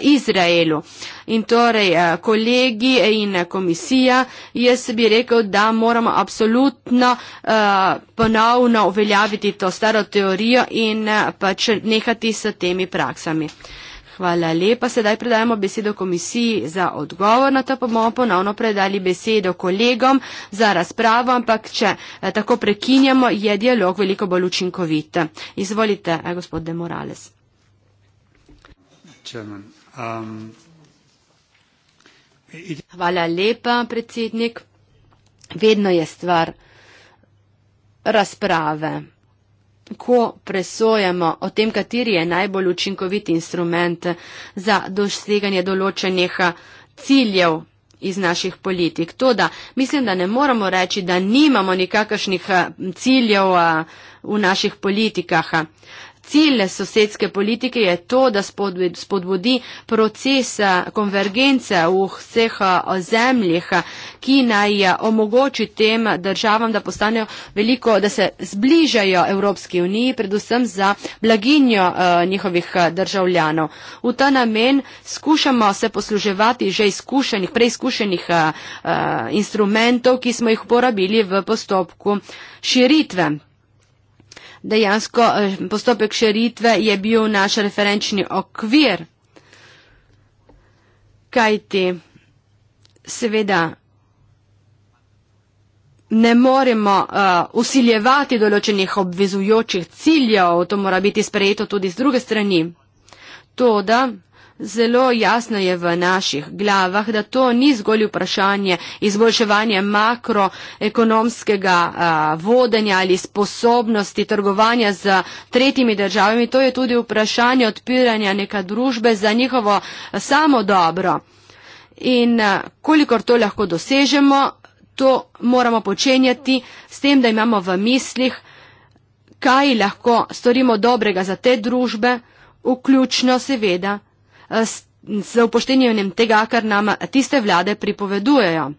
Speaker 2: Izraelu. In torej, eh, kolegi in komisija, jaz bi rekel, da moramo absolutno uh, ponovno uveljaviti to staro teorijo in eh, pač nehati s temi praksami. Hvala lepa. Sedaj predajamo besedo komisiji za odgovor. Na to pa bomo ponovno predali besedo kolegom za razpravo, ampak če tako prekinjamo, je dialog veliko bolj učinkovit. Izvolite, gospod De Morales.
Speaker 1: Čemen, um...
Speaker 2: Hvala lepa, predsednik. Vedno je stvar razprave. Ko presojamo o tem, kateri je najbolj učinkovit instrument za doseganje določenih ciljev iz naših politik. Toda mislim, da ne moramo reči, da nimamo nikakršnih eh, ciljev eh, v naših politikah. Cilj sosedske politike je to, da spodbudi proces eh, konvergence v vseh ozemljih, eh, ki naj eh, omogoči tem državam, da postanejo veliko, da se zbližajo Evropski uniji, predvsem za blaginjo njihovih državljanov. V ta namen skušamo se posluževati že izkušenih, preizkušenih instrumentov, ki smo jih uporabili v postopku širitve dejansko eh, postopek širitve je bil naš referenčni okvir. Kaj ti? Seveda. Ne moremo uh, usiljevati določenih obvezujočih ciljev, to mora biti sprejeto tudi z druge strani. Toda zelo jasno je v naših glavah, da to ni zgolj vprašanje izboljševanja makroekonomskega vodenja ali sposobnosti trgovanja z tretjimi državami, to je tudi vprašanje odpiranja neka družbe za njihovo samo dobro. In kolikor to lahko dosežemo, to moramo počenjati s tem, da imamo v mislih, kaj lahko storimo dobrega za te družbe, vključno seveda. Eh, s, s upoštenjenjem tega, kar nam tiste vlade pripovedujejo.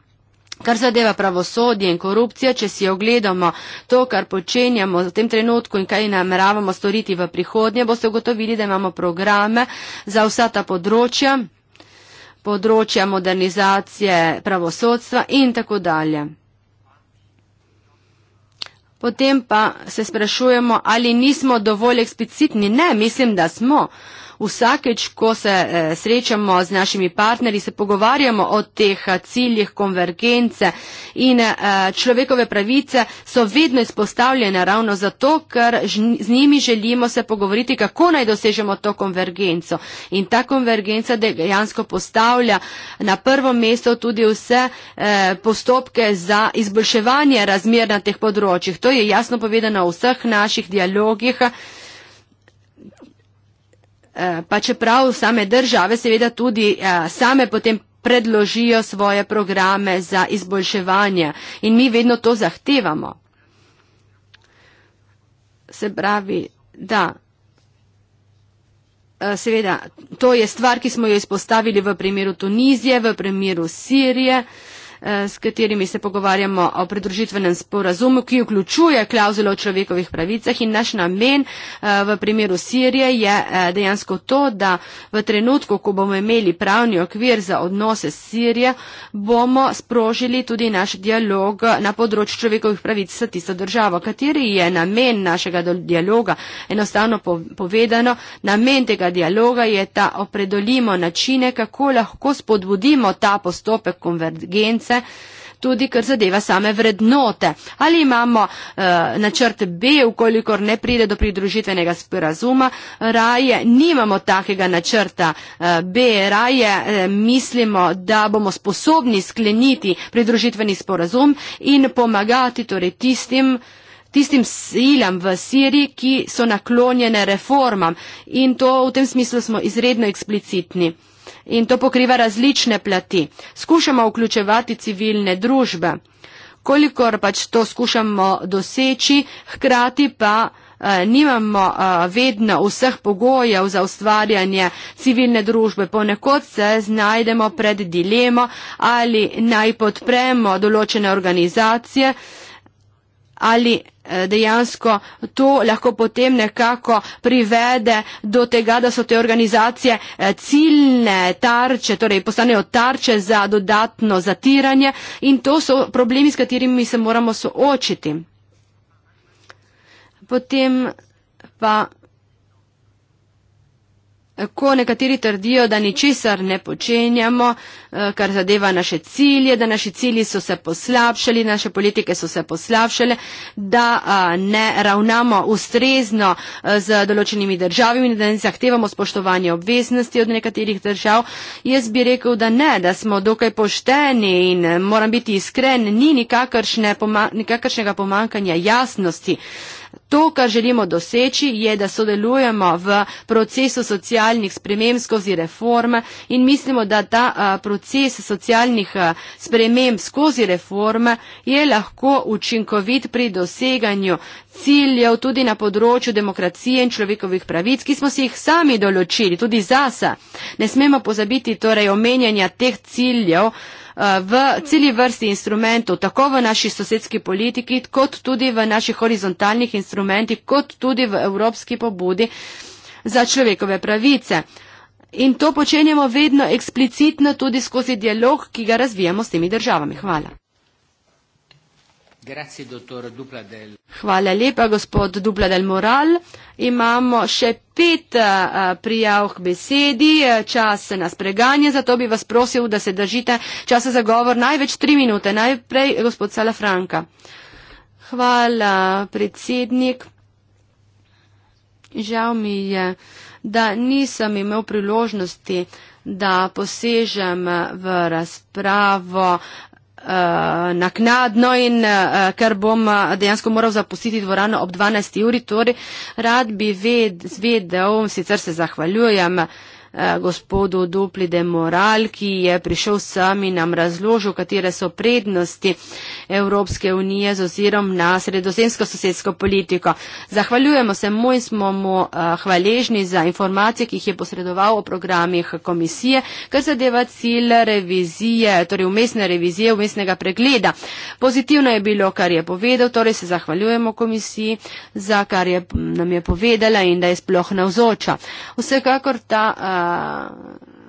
Speaker 2: Kar zadeva pravosodje in korupcijo, če si ogledamo to, kar počenjamo v tem trenutku in kaj nameravamo storiti v prihodnje, boste ugotovili, da imamo programe za vsa ta področja, področja modernizacije pravosodstva in tako dalje. Potem pa se sprašujemo, ali nismo dovolj eksplicitni. Ne, mislim, da smo. Uh, vsakeč, ko se eh, srečamo z našimi partnerji, se pogovarjamo o teh eh, ciljih konvergence in eh, človekove pravice so vedno izpostavljene ravno zato, ker z njimi želimo se pogovoriti, kako naj dosežemo to konvergenco. In ta konvergenca dejansko postavlja na prvo mesto tudi vse postopke za izboljševanje razmer na teh področjih. To je jasno povedano v vseh naših dialogih. Eh, pa čeprav same države seveda tudi eh, same potem predložijo svoje programe za izboljševanje in mi vedno to zahtevamo. Se pravi, da. Eh, seveda, to je stvar, ki smo jo izpostavili v primeru Tunizije, v primeru Sirije. Eh, s katerimi se pogovarjamo o pridružitvenem sporazumu, ki vključuje klauzulo o človekovih pravicah in naš namen eh, v primeru Sirije je eh, dejansko to, da v trenutku, ko bomo imeli pravni okvir za odnose s Sirije, bomo sprožili tudi naš dialog na področju človekovih pravic s tisto državo, kateri je namen našega dialoga. Enostavno povedano, namen tega dialoga je ta opredolimo načine, kako lahko spodbudimo ta postopek konvergence vrednote, tudi kar zadeva same vrednote. Ali imamo eh, načrt B, ukolikor ne pride do pridružitvenega sporazuma, raje nimamo takega načrta eh, B, raje eh, mislimo, da bomo sposobni skleniti pridružitveni sporazum in pomagati torej tistim, tistim silam v Siriji, ki so naklonjene reformam. In to v tem smislu smo izredno eksplicitni in to pokriva različne plati. Skušamo vključevati civilne družbe, kolikor pač to skušamo doseči, hkrati pa eh, nimamo eh, vedno vseh pogojev za ustvarjanje civilne družbe. Ponekod se znajdemo pred dilemo, ali naj podpremo določene organizacije ali ne. Eh, dejansko to lahko potem nekako privede do tega, da so te organizacije eh, ciljne tarče, torej postanejo tarče za dodatno zatiranje in to so problemi, s katerimi se moramo soočiti. Potem pa Ko nekateri trdijo, da ničesar ne počenjamo, eh, kar zadeva naše cilje, da naši cilji so se poslabšali, naše politike so se poslabšale, da ne ravnamo ustrezno eh, z določenimi državami, da ne zahtevamo spoštovanje obveznosti od nekaterih držav, jaz bi rekel, da ne, da smo dokaj pošteni in eh, moram biti iskren, ni nikakršne, nikakršnega pomankanja jasnosti. To, kar želimo doseči, je, da sodelujemo v procesu socialnih sprememb skozi reforme in mislimo, da ta a, proces socialnih a, sprememb skozi reforme je lahko učinkovit pri doseganju ciljev tudi na področju demokracije in človekovih pravic, ki smo si jih sami določili, tudi zasa. Ne smemo pozabiti torej omenjanja teh ciljev v celi vrsti instrumentov, tako v naši sosedski politiki, kot tudi v naših horizontalnih instrumentih, kot tudi v evropski pobudi za človekove pravice. In to počenjamo vedno eksplicitno tudi skozi dialog, ki ga razvijamo s temi državami. Hvala. Hvala lepa, gospod Dupla del Moral. Imamo še pet eh, prijav k besedi. Čas se nas preganja, zato bi vas prosil, da se držite časa za govor največ tri minute. Najprej gospod Salafranka. Hvala, predsednik. Žal mi je, da nisem imel priložnosti da posežem v razpravo uh, naknadno in uh, ker bom eh, dejansko moral zapustiti dvorano ob 12. uri, torej rad bi ved, zvedel, sicer se zahvaljujem. Eh, gospodu Dupli de Moral, ki je prišel sem in nam razložil, katere so prednosti Evropske unije z ozirom na sredozemsko sosedsko politiko. Zahvaljujemo se mu in smo mu eh, hvaležni za informacije, ki jih je posredoval o programih komisije, kar zadeva cilj revizije, torej umestne revizije, umestnega pregleda. Pozitivno je bilo, kar je povedal, torej se zahvaljujemo komisiji za kar je, nam je povedala in da je sploh navzoča. Vsekakor ta uh, Eh,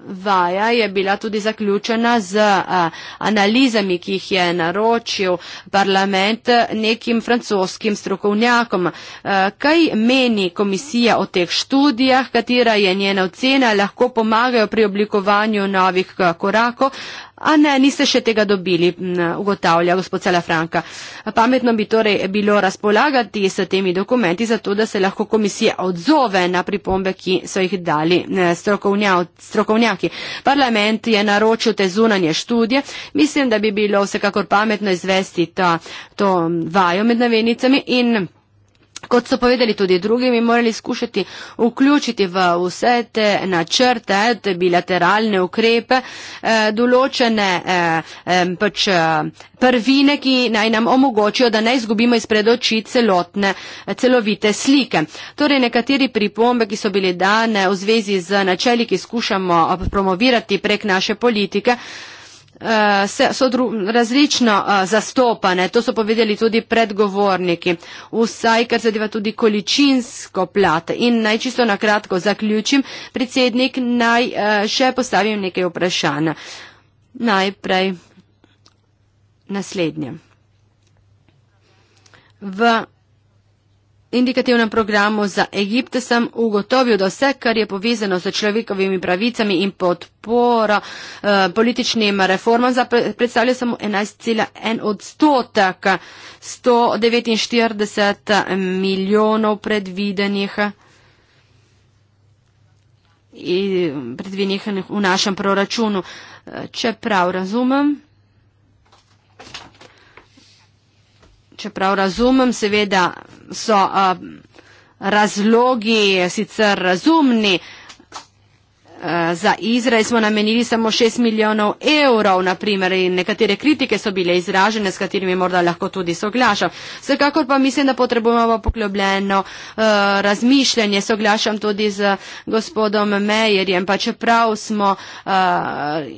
Speaker 2: vaja je bila tudi zaključena z eh, analizami, ki jih je naročil parlament nekim francoskim strokovnjakom. Eh, kaj meni komisija o teh študijah, katera je njena ocena, lahko pomagajo pri oblikovanju novih korakov A ne, niste še tega dobili, ugotavlja gospod Salafranka. Pametno bi torej bilo razpolagati s temi dokumenti, zato da se lahko komisija odzove na pripombe, ki so jih dali strokovnjaki. Parlament je naročil te zunanje študije. Mislim, da bi bilo vsekakor pametno izvesti ta, to vajo med navenicami in. Kot so povedali tudi drugi, bi morali skušati vključiti v vse te načrte, te bilateralne ukrepe, eh, določene eh, pač eh, prvine, ki naj nam omogočijo, da ne izgubimo izpred oči celotne, celovite slike. Torej, nekateri pripombe, ki so bili dane v zvezi z načeli, ki skušamo eh, promovirati prek naše politike, eh, Eh, se, so dru, različno uh, zastopane, to so povedali tudi predgovorniki, vsaj kar zadeva tudi količinsko plat. In naj čisto na kratko zaključim, predsednik, naj uh, še postavim nekaj vprašanj. Najprej naslednje. V indikativnem programu za Egipt sem ugotovil, da vse, kar je povezano s človekovimi pravicami in podporo eh, političnim reformam, predstavlja samo 11,1 odstotek 149 milijonov predvidenih eh, predvidenih v našem proračunu. Eh, če prav razumem, čeprav razumem, seveda so uh, razlogi sicer razumni, uh, Eh, za Izrael smo namenili samo 6 milijonov evrov, naprimer, in nekatere kritike so bile izražene, s katerimi morda lahko tudi soglašam. Vsekakor pa mislim, da potrebujemo poglobljeno uh, razmišljanje. Soglašam tudi z gospodom Mejerjem, pa čeprav smo uh,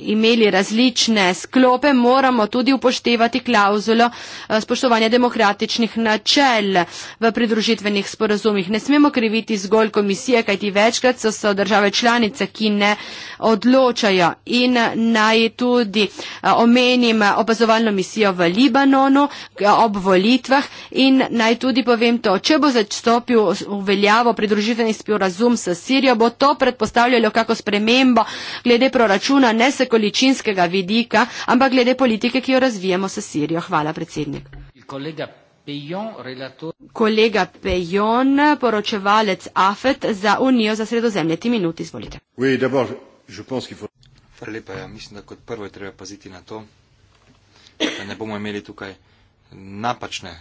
Speaker 2: imeli različne sklope, moramo tudi upoštevati klauzulo uh, spoštovanja demokratičnih načel v pridružitvenih sporazumih. Ne smemo kriviti zgolj komisije, kajti večkrat so, so države članice, ki ne odločajo. In naj tudi eh, omenim eh, opazovalno misijo v Libanonu eh, ob volitvah in naj tudi povem to, če bo začstopil v veljavo pridružitveni sporazum s Sirijo, bo to predpostavljalo kako spremembo glede proračuna, ne se količinskega vidika, ampak glede politike, ki jo razvijamo s Sirijo. Hvala, predsednik. Kolega Pejon, poročevalec AFET za Unijo za sredozemlje. Ti minuti, izvolite.
Speaker 3: Hvala lepa. Ja. Mislim, da kot prvo je treba paziti na to, da ne bomo imeli tukaj napačne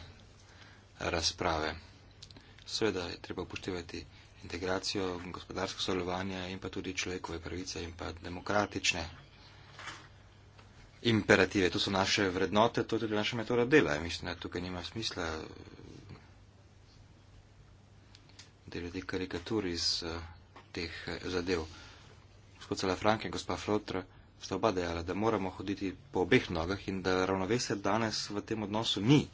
Speaker 3: razprave. Seveda je treba upoštevati integracijo, gospodarsko sodelovanje in pa tudi človekove pravice in pa demokratične imperative, to so naše vrednote, to je tudi naša metoda dela. Mislim, da tukaj nima smisla delati karikatur iz uh, teh eh, zadev. Gospod Salafrank in gospa Flotra sta oba dejala, da moramo hoditi po obeh nogah in da ravnovesje danes v tem odnosu ni.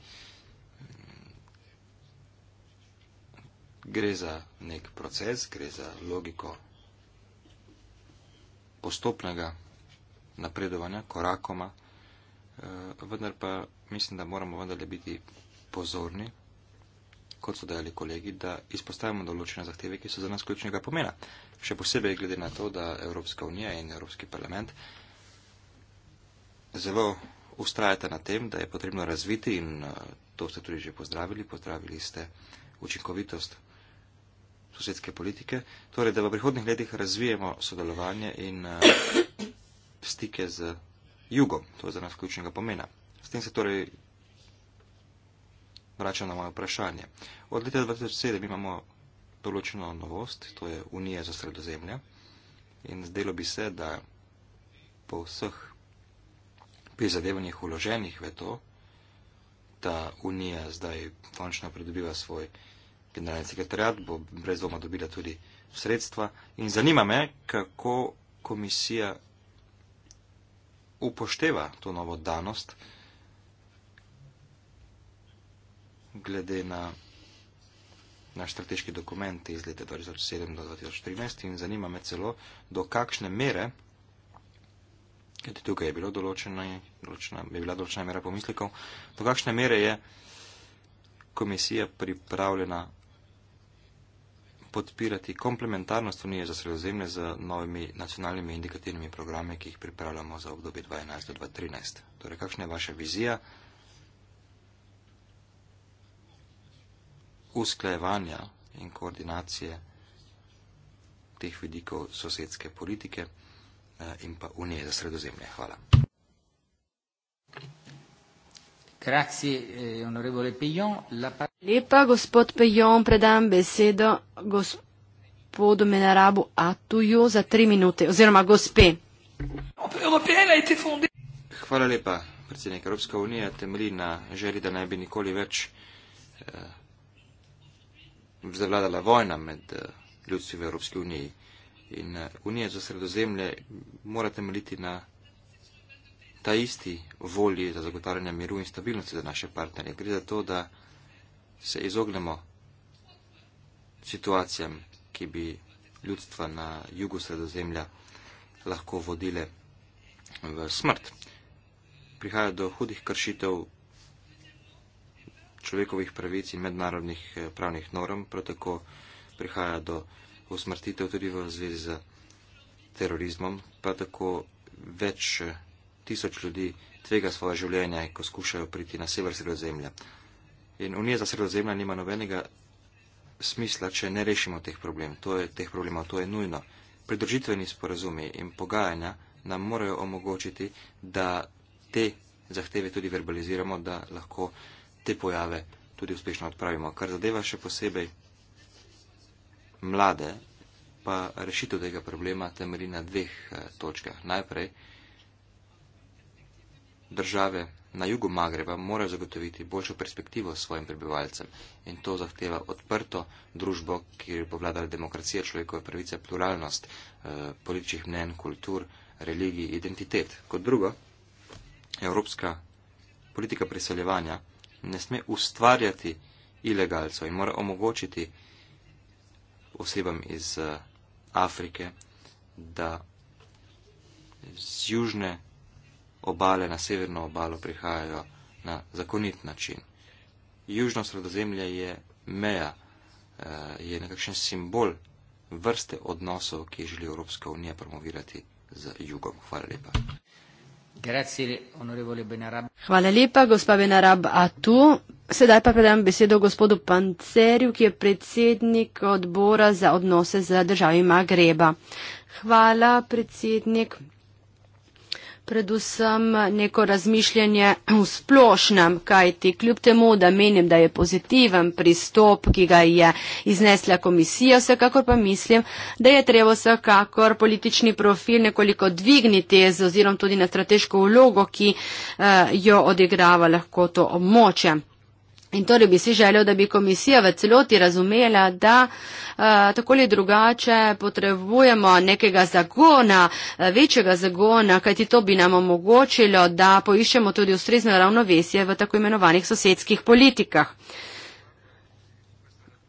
Speaker 3: Gre za nek proces, gre za logiko postopnega napredovanja, korakoma, eh, vendar pa mislim, da moramo vendarle biti pozorni, kot so dejali kolegi, da izpostavimo določene zahteve, ki so za nas ključnega pomena. Še posebej glede na to, da Evropska unija in Evropski parlament zelo ustrajata na tem, da je potrebno razviti in eh, to ste tudi že pozdravili, pozdravili ste učinkovitost sosedske politike, torej da v prihodnih letih razvijemo sodelovanje in eh, stike z jugom. To je za nas ključnega pomena. S tem se torej vračam na moje vprašanje. Od leta 2007 imamo določeno novost, to je Unija za sredozemlje. In zdelo bi se, da po vseh prizadevanjih uloženih v to, ta Unija zdaj končno pridobiva svoj generalni sekretariat, bo brez dvoma dobila tudi sredstva. In zanima me, kako komisija upošteva to novo danost, glede na naš strateški dokument iz leta 2007 do 2013 in zanima me celo, do kakšne mere, kajti tukaj je, bilo določena, določena, je bila določena mera pomislekov, do kakšne mere je komisija pripravljena podpirati komplementarnost unije za sredozemlje z novimi nacionalnimi indikativnimi programe, ki jih pripravljamo za obdobje 2011 do 2013. Torej, kakšna je vaša vizija usklajevanja in koordinacije teh vidikov sosedske politike eh, in pa unije za sredozemlje? Hvala. Grazie, eh,
Speaker 1: onorevole Pejon. La...
Speaker 2: Lepa, gospod Pejon, predam besedo gospodu Menarabu Atuju za tri minute, oziroma gospe.
Speaker 3: Hvala lepa, predsednik. Evropska unija temelji na želji, da naj bi nikoli več eh, zavladala vojna med eh, ljudstvi v Evropski uniji. In eh, unija za sredozemlje mora temeljiti na ta isti volji za zagotavljanje miru in stabilnosti za naše partnerje. Gre za to, da se izognemo situacijam, ki bi ljudstva na jugu sredozemlja lahko vodile v smrt. Prihaja do hudih kršitev človekovih pravic in mednarodnih eh, pravnih norm, prav tako prihaja do usmrtitev tudi v zvezi z terorizmom, pa tako več eh, tisoč ljudi tvega svoje življenje, ko skušajo priti na sever sredozemlja. In unija za sredozemlja nima nobenega smisla, če ne rešimo teh, problem. to je, teh problemov. To je nujno. Pridružitveni sporazumi in pogajanja nam morajo omogočiti, da te zahteve tudi verbaliziramo, da lahko te pojave tudi uspešno odpravimo. Kar zadeva še posebej mlade, pa rešitev tega problema temelji na dveh eh, točkah. Najprej Države na jugu Magreba morajo zagotoviti boljšo perspektivo svojim prebivalcem in to zahteva odprto družbo, kjer bo vladala demokracija, človekove pravice, pluralnost eh, političnih mnen, kultur, religij, identitet. Kot drugo, evropska politika priseljevanja ne sme ustvarjati ilegalcev in mora omogočiti osebam iz eh, Afrike, da z južne obale, na severno obalo prihajajo na zakonit način. Južno sredozemlje je meja, eh, je nekakšen simbol vrste odnosov, ki želi Evropska unija promovirati z jugom. Hvala lepa.
Speaker 2: Hvala lepa, gospa Benarab Atu. Sedaj pa predam besedo gospodu Pancerju, ki je predsednik odbora za odnose z državi Magreba. Hvala, predsednik predvsem neko razmišljanje v splošnem, kajti kljub temu, da menim, da je pozitiven pristop, ki ga je iznesla komisija, vsekakor pa mislim, da je treba vsekakor politični profil nekoliko dvigniti z ozirom tudi na strateško vlogo, ki eh, jo odigrava lahko to območje. In torej bi si želel, da bi komisija v celoti razumela, da eh, tako ali drugače potrebujemo nekega zagona, eh, večjega zagona, kajti to bi nam omogočilo, da poiščemo tudi ustrezno ravnovesje v tako imenovanih sosedskih politikah.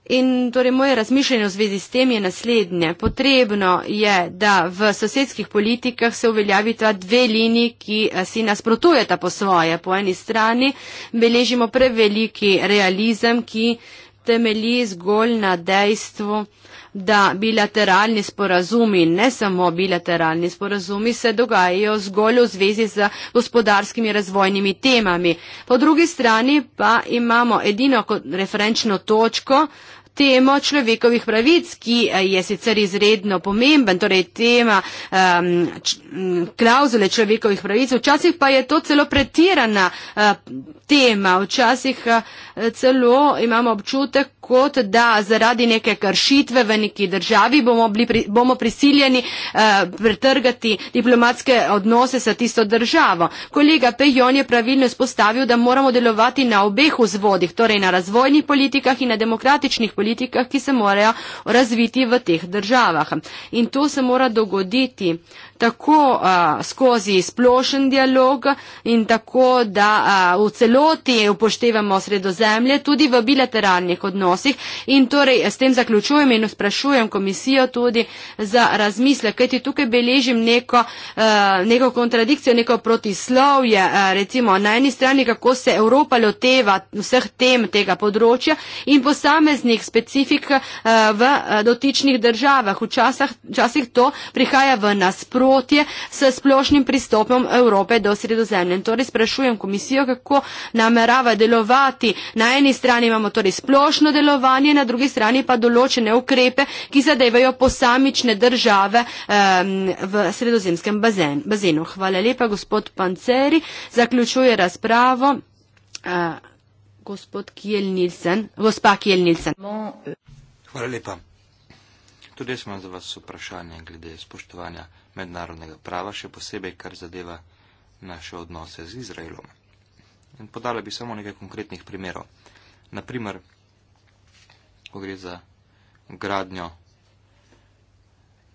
Speaker 2: In torej moje razmišljanje v zvezi s tem je naslednje. Potrebno je, da v sosedskih politikah se uveljavita dve liniji, ki eh, si nasprotujeta po svoje. Po eni strani beležimo preveliki realizem, ki temelji zgolj na dejstvu, da bilateralni sporazumi, ne samo bilateralni sporazumi, se dogajajo zgolj v zvezi z gospodarskimi razvojnimi temami. Po drugi strani pa imamo edino referenčno točko, temo človekovih pravic, ki eh, je sicer izredno pomemben, torej tema um, č, klauzule človekovih pravic. Včasih pa je to celo pretirana uh, tema, včasih uh, celo imamo občutek, kot da zaradi neke kršitve v neki državi bomo, bili, bomo prisiljeni eh, pretrgati diplomatske odnose s tisto državo. Kolega Pejon je pravilno izpostavil, da moramo delovati na obeh vzvodih, torej na razvojnih politikah in na demokratičnih politikah, ki se morajo razviti v teh državah. In to se mora dogoditi tako uh, skozi splošen dialog in tako, da uh, v celoti upoštevamo sredozemlje tudi v bilateralnih odnosih. In torej s tem zaključujem in sprašujem komisijo tudi za razmisle, kajti tukaj beležim neko, uh, neko kontradikcijo, neko protislovje, uh, recimo na eni strani, kako se Evropa loteva vseh tem tega področja in posameznih specifik uh, v uh, dotičnih državah. Včasih to prihaja v nasprotje nasprotje s splošnim pristopom Evrope do sredozemlja. Torej sprašujem komisijo, kako namerava delovati. Na eni strani imamo torej splošno delovanje, na drugi strani pa določene ukrepe, ki zadevajo posamične države um, v sredozemskem bazen, bazenu. Hvala lepa, gospod Panceri. Zaključuje razpravo. Uh, gospod Kiel Nilsen, gospa Kiel Nilsen.
Speaker 3: Hvala lepa. Tudi jaz imam za vas vprašanje glede spoštovanja mednarodnega prava, še posebej, kar zadeva naše odnose z Izraelom. In podala bi samo nekaj konkretnih primerov. Naprimer, ko gre za gradnjo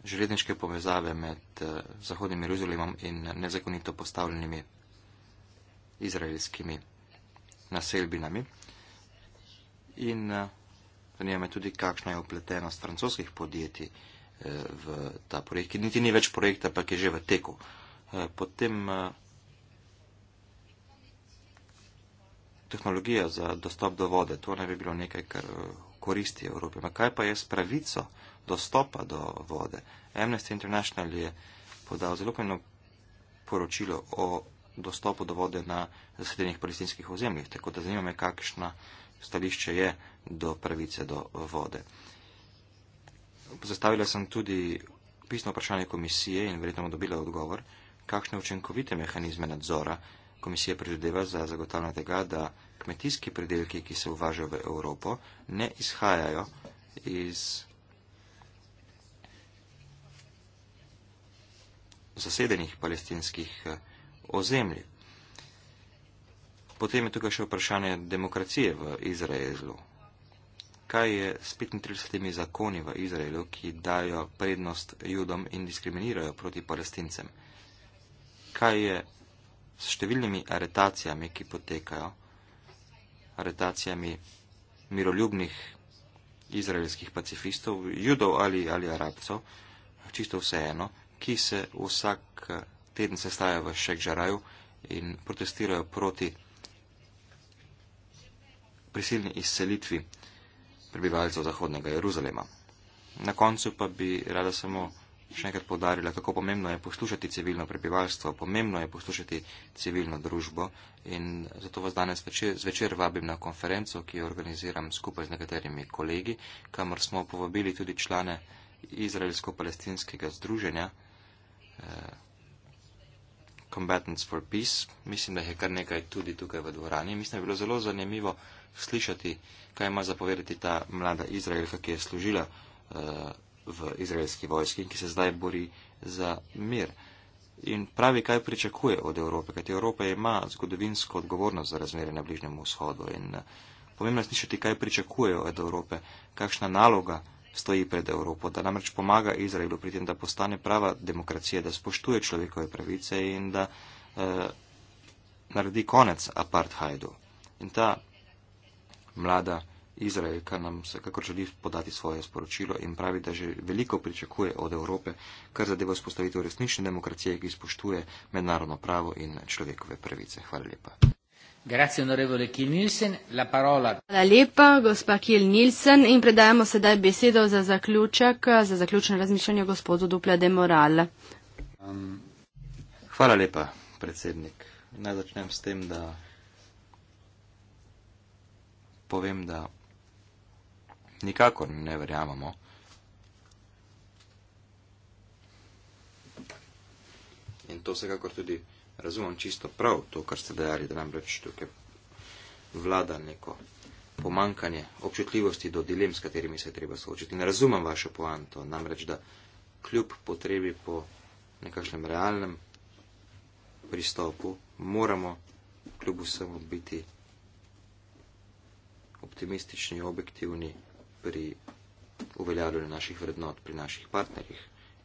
Speaker 3: železniške povezave med eh, Zahodnim Jeruzalemom in nezakonito postavljenimi izraelskimi naselbinami. In eh, zanima me tudi, kakšna je opletenost francoskih podjetij v ta projekt, ki niti ni več projekta, ampak je že v teku. Eh, potem eh, tehnologija za dostop do vode, to naj bi bilo nekaj, kar eh, koristi Evropi. Ma kaj pa je s pravico dostopa do vode? Amnesty International je podal zelo pomembno poročilo o dostopu do vode na zasedenih palestinskih ozemljih, tako da zanima me, kakšno stališče je do pravice do vode. Zastavila sem tudi pisno vprašanje komisije in verjetno bom dobila odgovor, kakšne učinkovite mehanizme nadzora komisija predvideva za zagotavljanje tega, da kmetijski predelki, ki se uvažajo v Evropo, ne izhajajo iz zasedenih palestinskih eh, ozemlji. Potem je tukaj še vprašanje demokracije v Izraelu kaj je s 35 zakoni v Izraelu, ki dajo prednost judom in diskriminirajo proti palestincem? Kaj je s številnimi aretacijami, ki potekajo, aretacijami miroljubnih izraelskih pacifistov, judov ali, ali arabcev, čisto vseeno, ki se vsak teden sestajajo v Šekžaraju in protestirajo proti prisilni izselitvi prebivalcev Zahodnega Jeruzalema. Na koncu pa bi rada samo še enkrat podarila, kako pomembno je poslušati civilno prebivalstvo, pomembno je poslušati civilno družbo in zato vas danes večer, zvečer vabim na konferenco, ki jo organiziram skupaj z nekaterimi kolegi, kamor smo povabili tudi člane Izraelsko-Palestinskega združenja eh, Combatants for Peace. Mislim, da je kar nekaj tudi tukaj v dvorani. Mislim, da bi bilo zelo zanimivo slišati, kaj ima zapovedati ta mlada Izraelka, ki je služila uh, v izraelski vojski in ki se zdaj bori za mir. In pravi, kaj pričakuje od Evrope, kajti Evropa ima zgodovinsko odgovornost za razmere na Bližnjem vzhodu. In eh, pomembno je slišati, kaj pričakuje od Evrope, kakšna naloga stoji pred Evropo, da namreč pomaga Izraelu pri tem, da postane prava demokracija, da spoštuje človekove pravice in da eh, naredi konec apartheidu. In ta mlada Izraelka nam vsekakor želi podati svoje sporočilo in pravi, da že veliko pričakuje od Evrope, kar zadeva vzpostavitev resnične demokracije, ki spoštuje mednarodno pravo in človekove pravice. Hvala lepa.
Speaker 1: Grazie, onorevole Kiel Nielsen. La parola.
Speaker 2: Hvala lepa, gospa Kiel Nielsen. In predajamo sedaj besedo za zaključek, za zaključno razmišljanje gospodu Dupla de Moral.
Speaker 3: Um, hvala lepa, predsednik. Naj začnem s tem, da povem, da nikakor ne verjamemo. In to vsekakor tudi razumem čisto prav, to, kar ste dejali, da nam reč tukaj vlada neko pomankanje občutljivosti do dilem, s katerimi se je treba soočiti. Ne razumem vaše poanto, namreč, da kljub potrebi po nekakšnem realnem pristopu moramo kljub vsemu biti optimistični, objektivni pri uveljavljanju naših vrednot pri naših partnerjih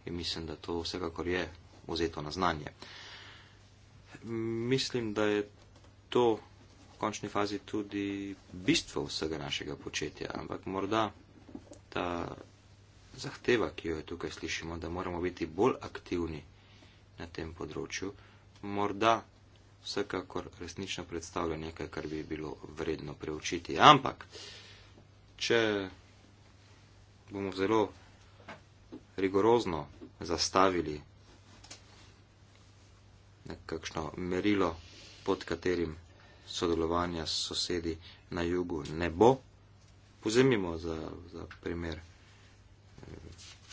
Speaker 3: in mislim, da to vsekakor je vzeto na znanje. Mislim, da je to v končni fazi tudi bistvo vsega našega početja, ampak morda ta zahteva, ki jo je tukaj slišimo, da moramo biti bolj aktivni na tem področju, morda vsekakor resnično predstavlja nekaj, kar bi bilo vredno preučiti. Ampak, če bomo zelo rigorozno zastavili nekakšno merilo, pod katerim sodelovanja s sosedi na jugu ne bo, pozemimo za, za primer eh,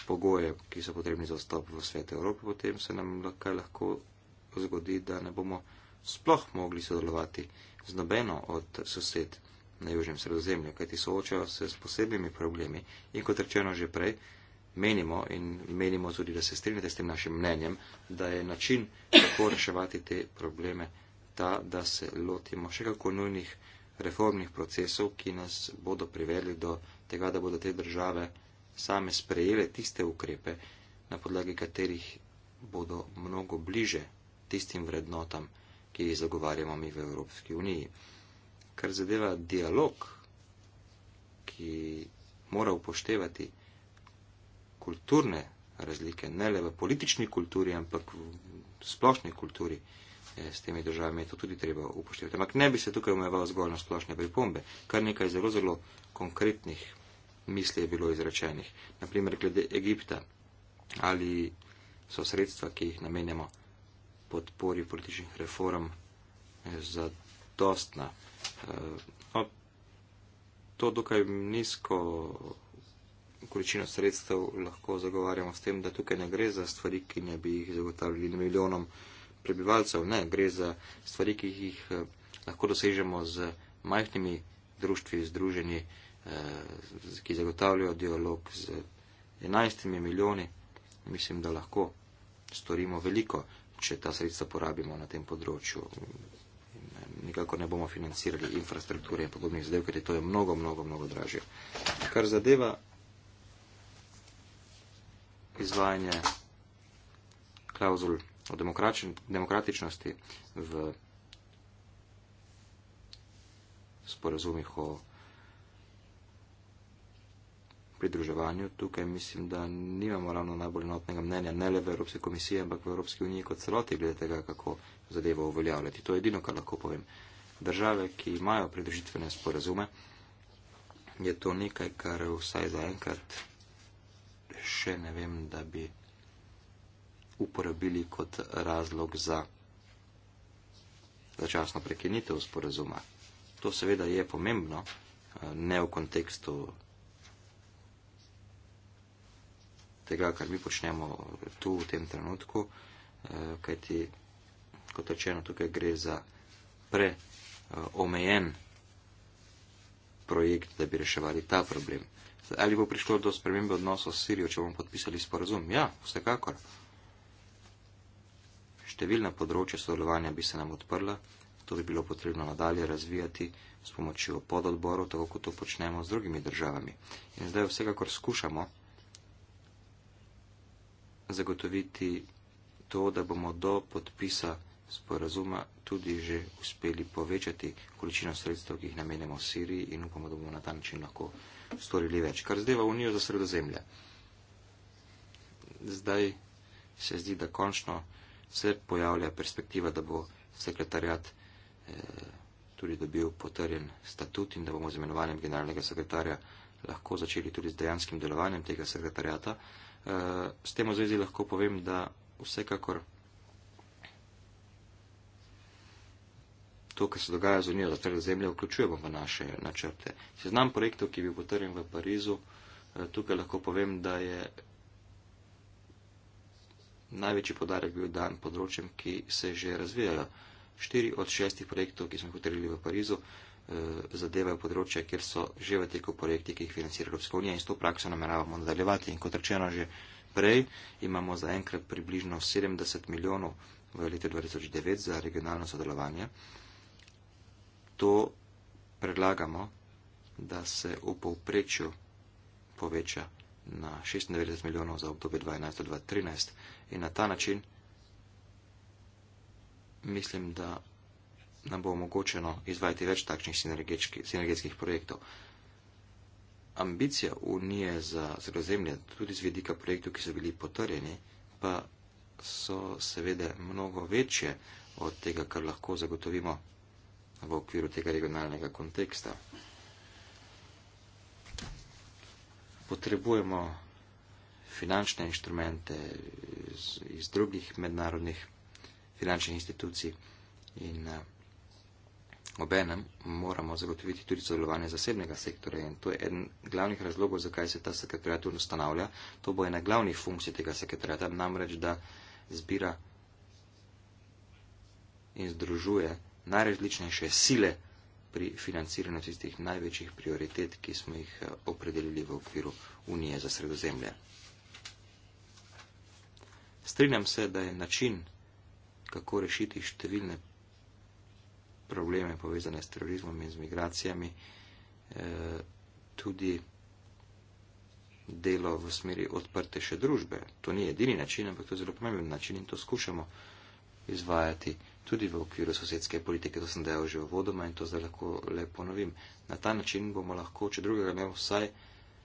Speaker 3: pogoje, ki so potrebni za vstop v svet Evrope, potem se nam lahko zgodi, da ne bomo sploh mogli sodelovati z nobeno od sosed na južnem sredozemlju, kajti soočajo se s posebnimi problemi in kot rečeno že prej, menimo in menimo tudi, da se strinjate s tem našim mnenjem, da je način, kako reševati te probleme, ta, da se lotimo še kako nujnih reformnih procesov, ki nas bodo privedli do tega, da bodo te države same sprejele tiste ukrepe, na podlagi katerih bodo mnogo bliže tistim vrednotam, ki jih zagovarjamo mi v Evropski uniji. Kar zadeva dialog, ki mora upoštevati kulturne razlike, ne le v politični kulturi, ampak v splošni kulturi eh, s temi državami, je to tudi treba upoštevati. Ampak ne bi se tukaj omejeval zgolj na splošne pripombe. Kar nekaj zelo, zelo konkretnih misli je bilo izrečenih. Naprimer, glede Egipta ali so sredstva, ki jih namenjamo podpori političnih reform zadostna. Eh, no, to dokaj nizko količino sredstev lahko zagovarjamo s tem, da tukaj ne gre za stvari, ki ne bi jih zagotavljali milijonom prebivalcev. Ne, gre za stvari, ki jih eh, lahko dosežemo z majhnimi društvi, združeni, eh, ki zagotavljajo dialog z 11 milijoni. Mislim, da lahko storimo veliko če ta sredstva porabimo na tem področju. Nikako ne bomo financirali infrastrukture in podobnih zadev, ker je to mnogo, mnogo, mnogo dražje. Kar zadeva izvajanje klauzul o demokratičnosti v sporazumih o pridruževanju. Tukaj mislim, da nimamo ravno najbolj enotnega mnenja, ne le v Evropske komisije, ampak v Evropski uniji kot celoti, glede tega, kako zadevo uveljavljati. To je edino, kar lahko povem. Države, ki imajo pridružitvene sporazume, je to nekaj, kar vsaj zaenkrat še ne vem, da bi uporabili kot razlog za začasno prekinitev sporazuma. To seveda je pomembno, eh, ne v kontekstu tega, kar mi počnemo tu v tem trenutku, eh, kajti, kot rečeno, tukaj gre za preomejen eh, projekt, da bi reševali ta problem. Ali bo prišlo do spremembe odnosov s Sirijo, če bomo podpisali sporazum? Ja, vsekakor. Številna področja sodelovanja bi se nam odprla, to bi bilo potrebno nadalje razvijati s pomočjo pododborov, tako kot to počnemo z drugimi državami. In zdaj vsekakor skušamo zagotoviti to, da bomo do podpisa sporazuma tudi že uspeli povečati količino sredstev, ki jih namenjamo Siriji in upamo, da bomo na ta način lahko storili več. Kar zdeva Unijo za sredozemlje. Zdaj se zdi, da končno se pojavlja perspektiva, da bo sekretarjat eh, tudi dobil potrjen statut in da bomo z imenovanjem generalnega sekretarja lahko začeli tudi z dejanskim delovanjem tega sekretarjata. Eh, s tem v zvezi lahko povem, da vsekakor to, kar se dogaja z unijo za trg zemlje, vključujemo v naše načrte. Seznam projektov, ki bi potrjen v Parizu, eh, tukaj lahko povem, da je največji podarek bil dan področjem, ki se že razvijajo. Štiri od šestih projektov, ki smo jih potrjeli v Parizu, Eh, zadevajo področje, kjer so že v teku projekti, ki jih financira Evropska unija in s to prakso nameravamo nadaljevati. In kot rečeno že prej, imamo za enkrat približno 70 milijonov v letu 2009 za regionalno sodelovanje. To predlagamo, da se v povprečju poveča na 96 milijonov za obdobje 2012-2013 in na ta način mislim, da nam bo omogočeno izvajati več takšnih sinergetskih projektov. Ambicija unije za sredozemlje, tudi z vedika projektov, ki so bili potrjeni, pa so seveda mnogo večje od tega, kar lahko zagotovimo v okviru tega regionalnega konteksta. Potrebujemo finančne inštrumente iz, iz drugih mednarodnih finančnih institucij in uh, Obenem moramo zagotoviti tudi sodelovanje zasebnega sektorja in to je eden glavnih razlogov, zakaj se ta sekretarjat ustanavlja. To bo ena glavnih funkcij tega sekretarjata, namreč da zbira in združuje najrazličnejše sile pri financiranju tistih največjih prioritet, ki smo jih eh, opredelili v okviru Unije za sredozemlje. Strinjam se, da je način, kako rešiti številne probleme povezane s terorizmom in z migracijami, eh, tudi delo v smeri odprte še družbe. To ni edini način, ampak to je zelo pomemben način in to skušamo izvajati tudi v okviru sosedske politike. To sem dejal že v vodoma in to zdaj lahko le ponovim. Na ta način bomo lahko, če drugega ne, vsaj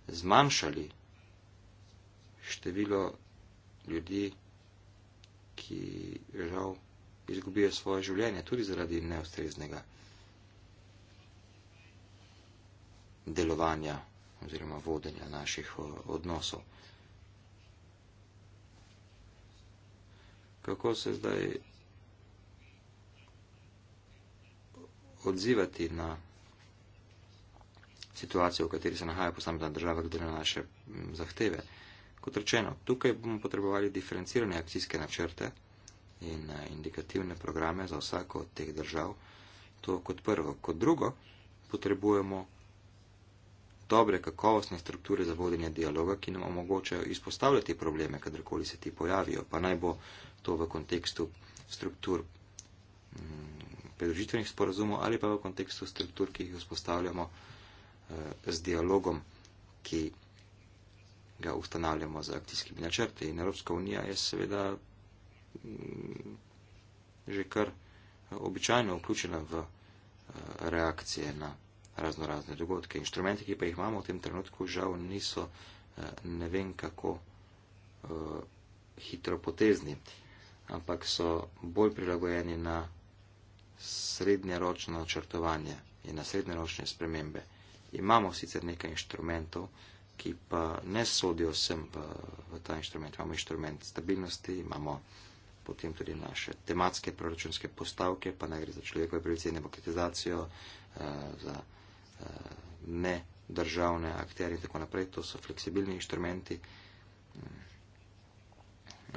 Speaker 3: zmanjšali število ljudi, ki žal izgubijo svoje življenje tudi zaradi neustreznega delovanja oziroma vodenja naših odnosov. Kako se zdaj odzivati na situacijo, v kateri se nahaja posamezna država, glede na naše zahteve? Kot rečeno, tukaj bomo potrebovali diferencirane akcijske načrte in eh, indikativne programe za vsako od teh držav. To kot prvo. Kot drugo, potrebujemo dobre, kakovostne strukture za vodenje dialoga, ki nam omogočajo izpostavljati probleme, kadarkoli se ti pojavijo, pa naj bo to v kontekstu struktur mm, pridružitvenih sporazumov ali pa v kontekstu struktur, ki jih vzpostavljamo eh, z dialogom, ki ga ustanavljamo z akcijskimi načrti. In Evropska unija je seveda Mm, že kar eh, običajno vključena v eh, reakcije na razno razne dogodke. Inštrumenti, ki pa jih imamo v tem trenutku, žal niso eh, ne vem kako hitro potezni, ampak so bolj prilagojeni na srednjeročno načrtovanje in na srednjeročne spremembe. Imamo sicer nekaj inštrumentov, ki pa ne sodijo sem v, v ta inštrument. Imamo inštrument stabilnosti, imamo uh, potem tudi naše tematske proračunske postavke, pa naj gre za človekove pravice in demokratizacijo, eh, za eh, ne državne akterje in tako naprej. To so fleksibilni inštrumenti, mm.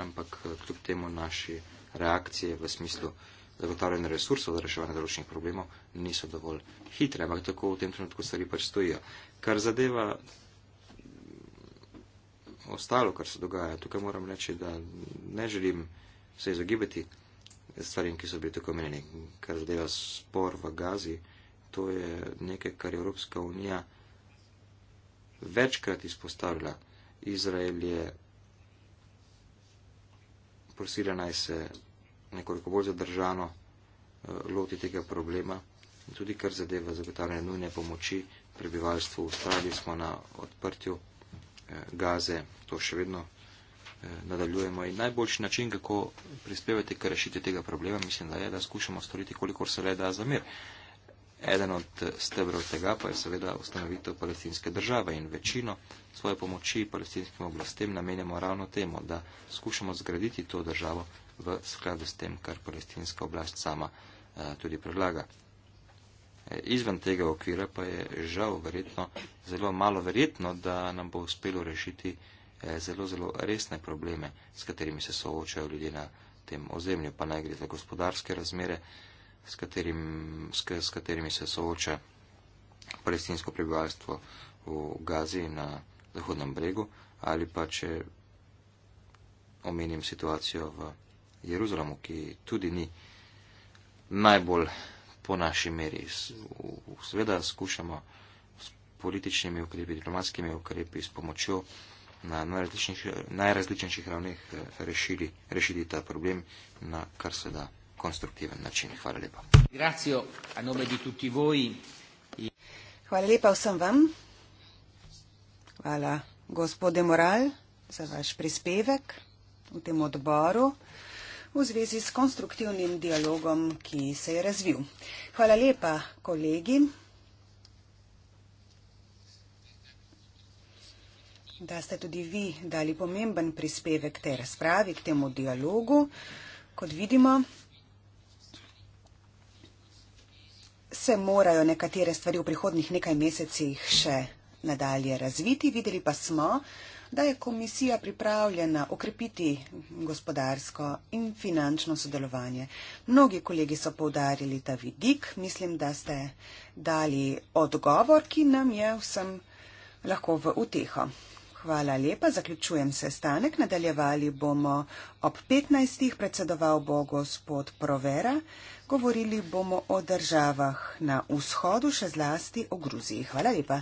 Speaker 3: ampak eh, kljub temu naši reakcije v smislu zagotavljanja resursov za reševanje določenih problemov niso dovolj hitre, ampak tako v tem trenutku stvari pač stojijo. Kar zadeva ostalo, kar se dogaja, tukaj moram reči, da ne želim se izogibati stvarim, ki so bili tako omenjeni. Kar zadeva spor v Gazi, to je nekaj, kar je Evropska unija večkrat izpostavila. Izrael je prosila naj se nekoliko bolj zadržano eh, loti tega problema. Tudi kar zadeva zagotavljanje nujne pomoči prebivalstvu v Avstraliji, smo na odprtju eh, Gaze, to še vedno nadaljujemo. In najboljši način, kako prispevati k rešitvi tega problema, mislim, da je, da skušamo storiti, kolikor se le da za mir. Eden od stebrov tega pa je seveda ustanovitev palestinske države in večino svoje pomoči palestinskim oblastem namenjamo ravno temu, da skušamo zgraditi to državo v skladu s tem, kar palestinska oblast sama eh, tudi predlaga. E, izven tega okvira pa je žal verjetno, zelo malo verjetno, da nam bo uspelo rešiti Eh, zelo, zelo resne probleme, s katerimi se soočajo ljudje na tem ozemlju, pa naj gre za gospodarske razmere, s, katerim, s, s katerimi se sooča palestinsko prebivalstvo v Gazi na Zahodnem bregu, ali pa če omenim situacijo v Jeruzalemu, ki tudi ni najbolj po naši meri. Sveda skušamo s političnimi ukrepi, diplomatskimi ukrepi, s pomočjo na najrazličnejših, najrazličnejših ravneh eh, rešili, rešili ta problem na kar se da konstruktiven način. Hvala lepa.
Speaker 4: Hvala lepa vsem vam. Hvala gospode Moral za vaš prispevek v tem odboru v zvezi s konstruktivnim dialogom, ki se je razvil. Hvala lepa kolegi. da ste tudi vi dali pomemben prispevek tej razpravi, k temu dialogu. Kot vidimo, se morajo nekatere stvari v prihodnih nekaj mesecih še nadalje razviti. Videli pa smo, da je komisija pripravljena okrepiti gospodarsko in finančno sodelovanje. Mnogi kolegi so povdarjali ta vidik. Mislim, da ste dali odgovor, ki nam je vsem lahko v uteho. Hvala lepa, zaključujem sestanek. Nadaljevali bomo ob 15. predsedoval bo gospod Provera. Govorili bomo o državah na vzhodu, še zlasti o Gruziji. Hvala lepa.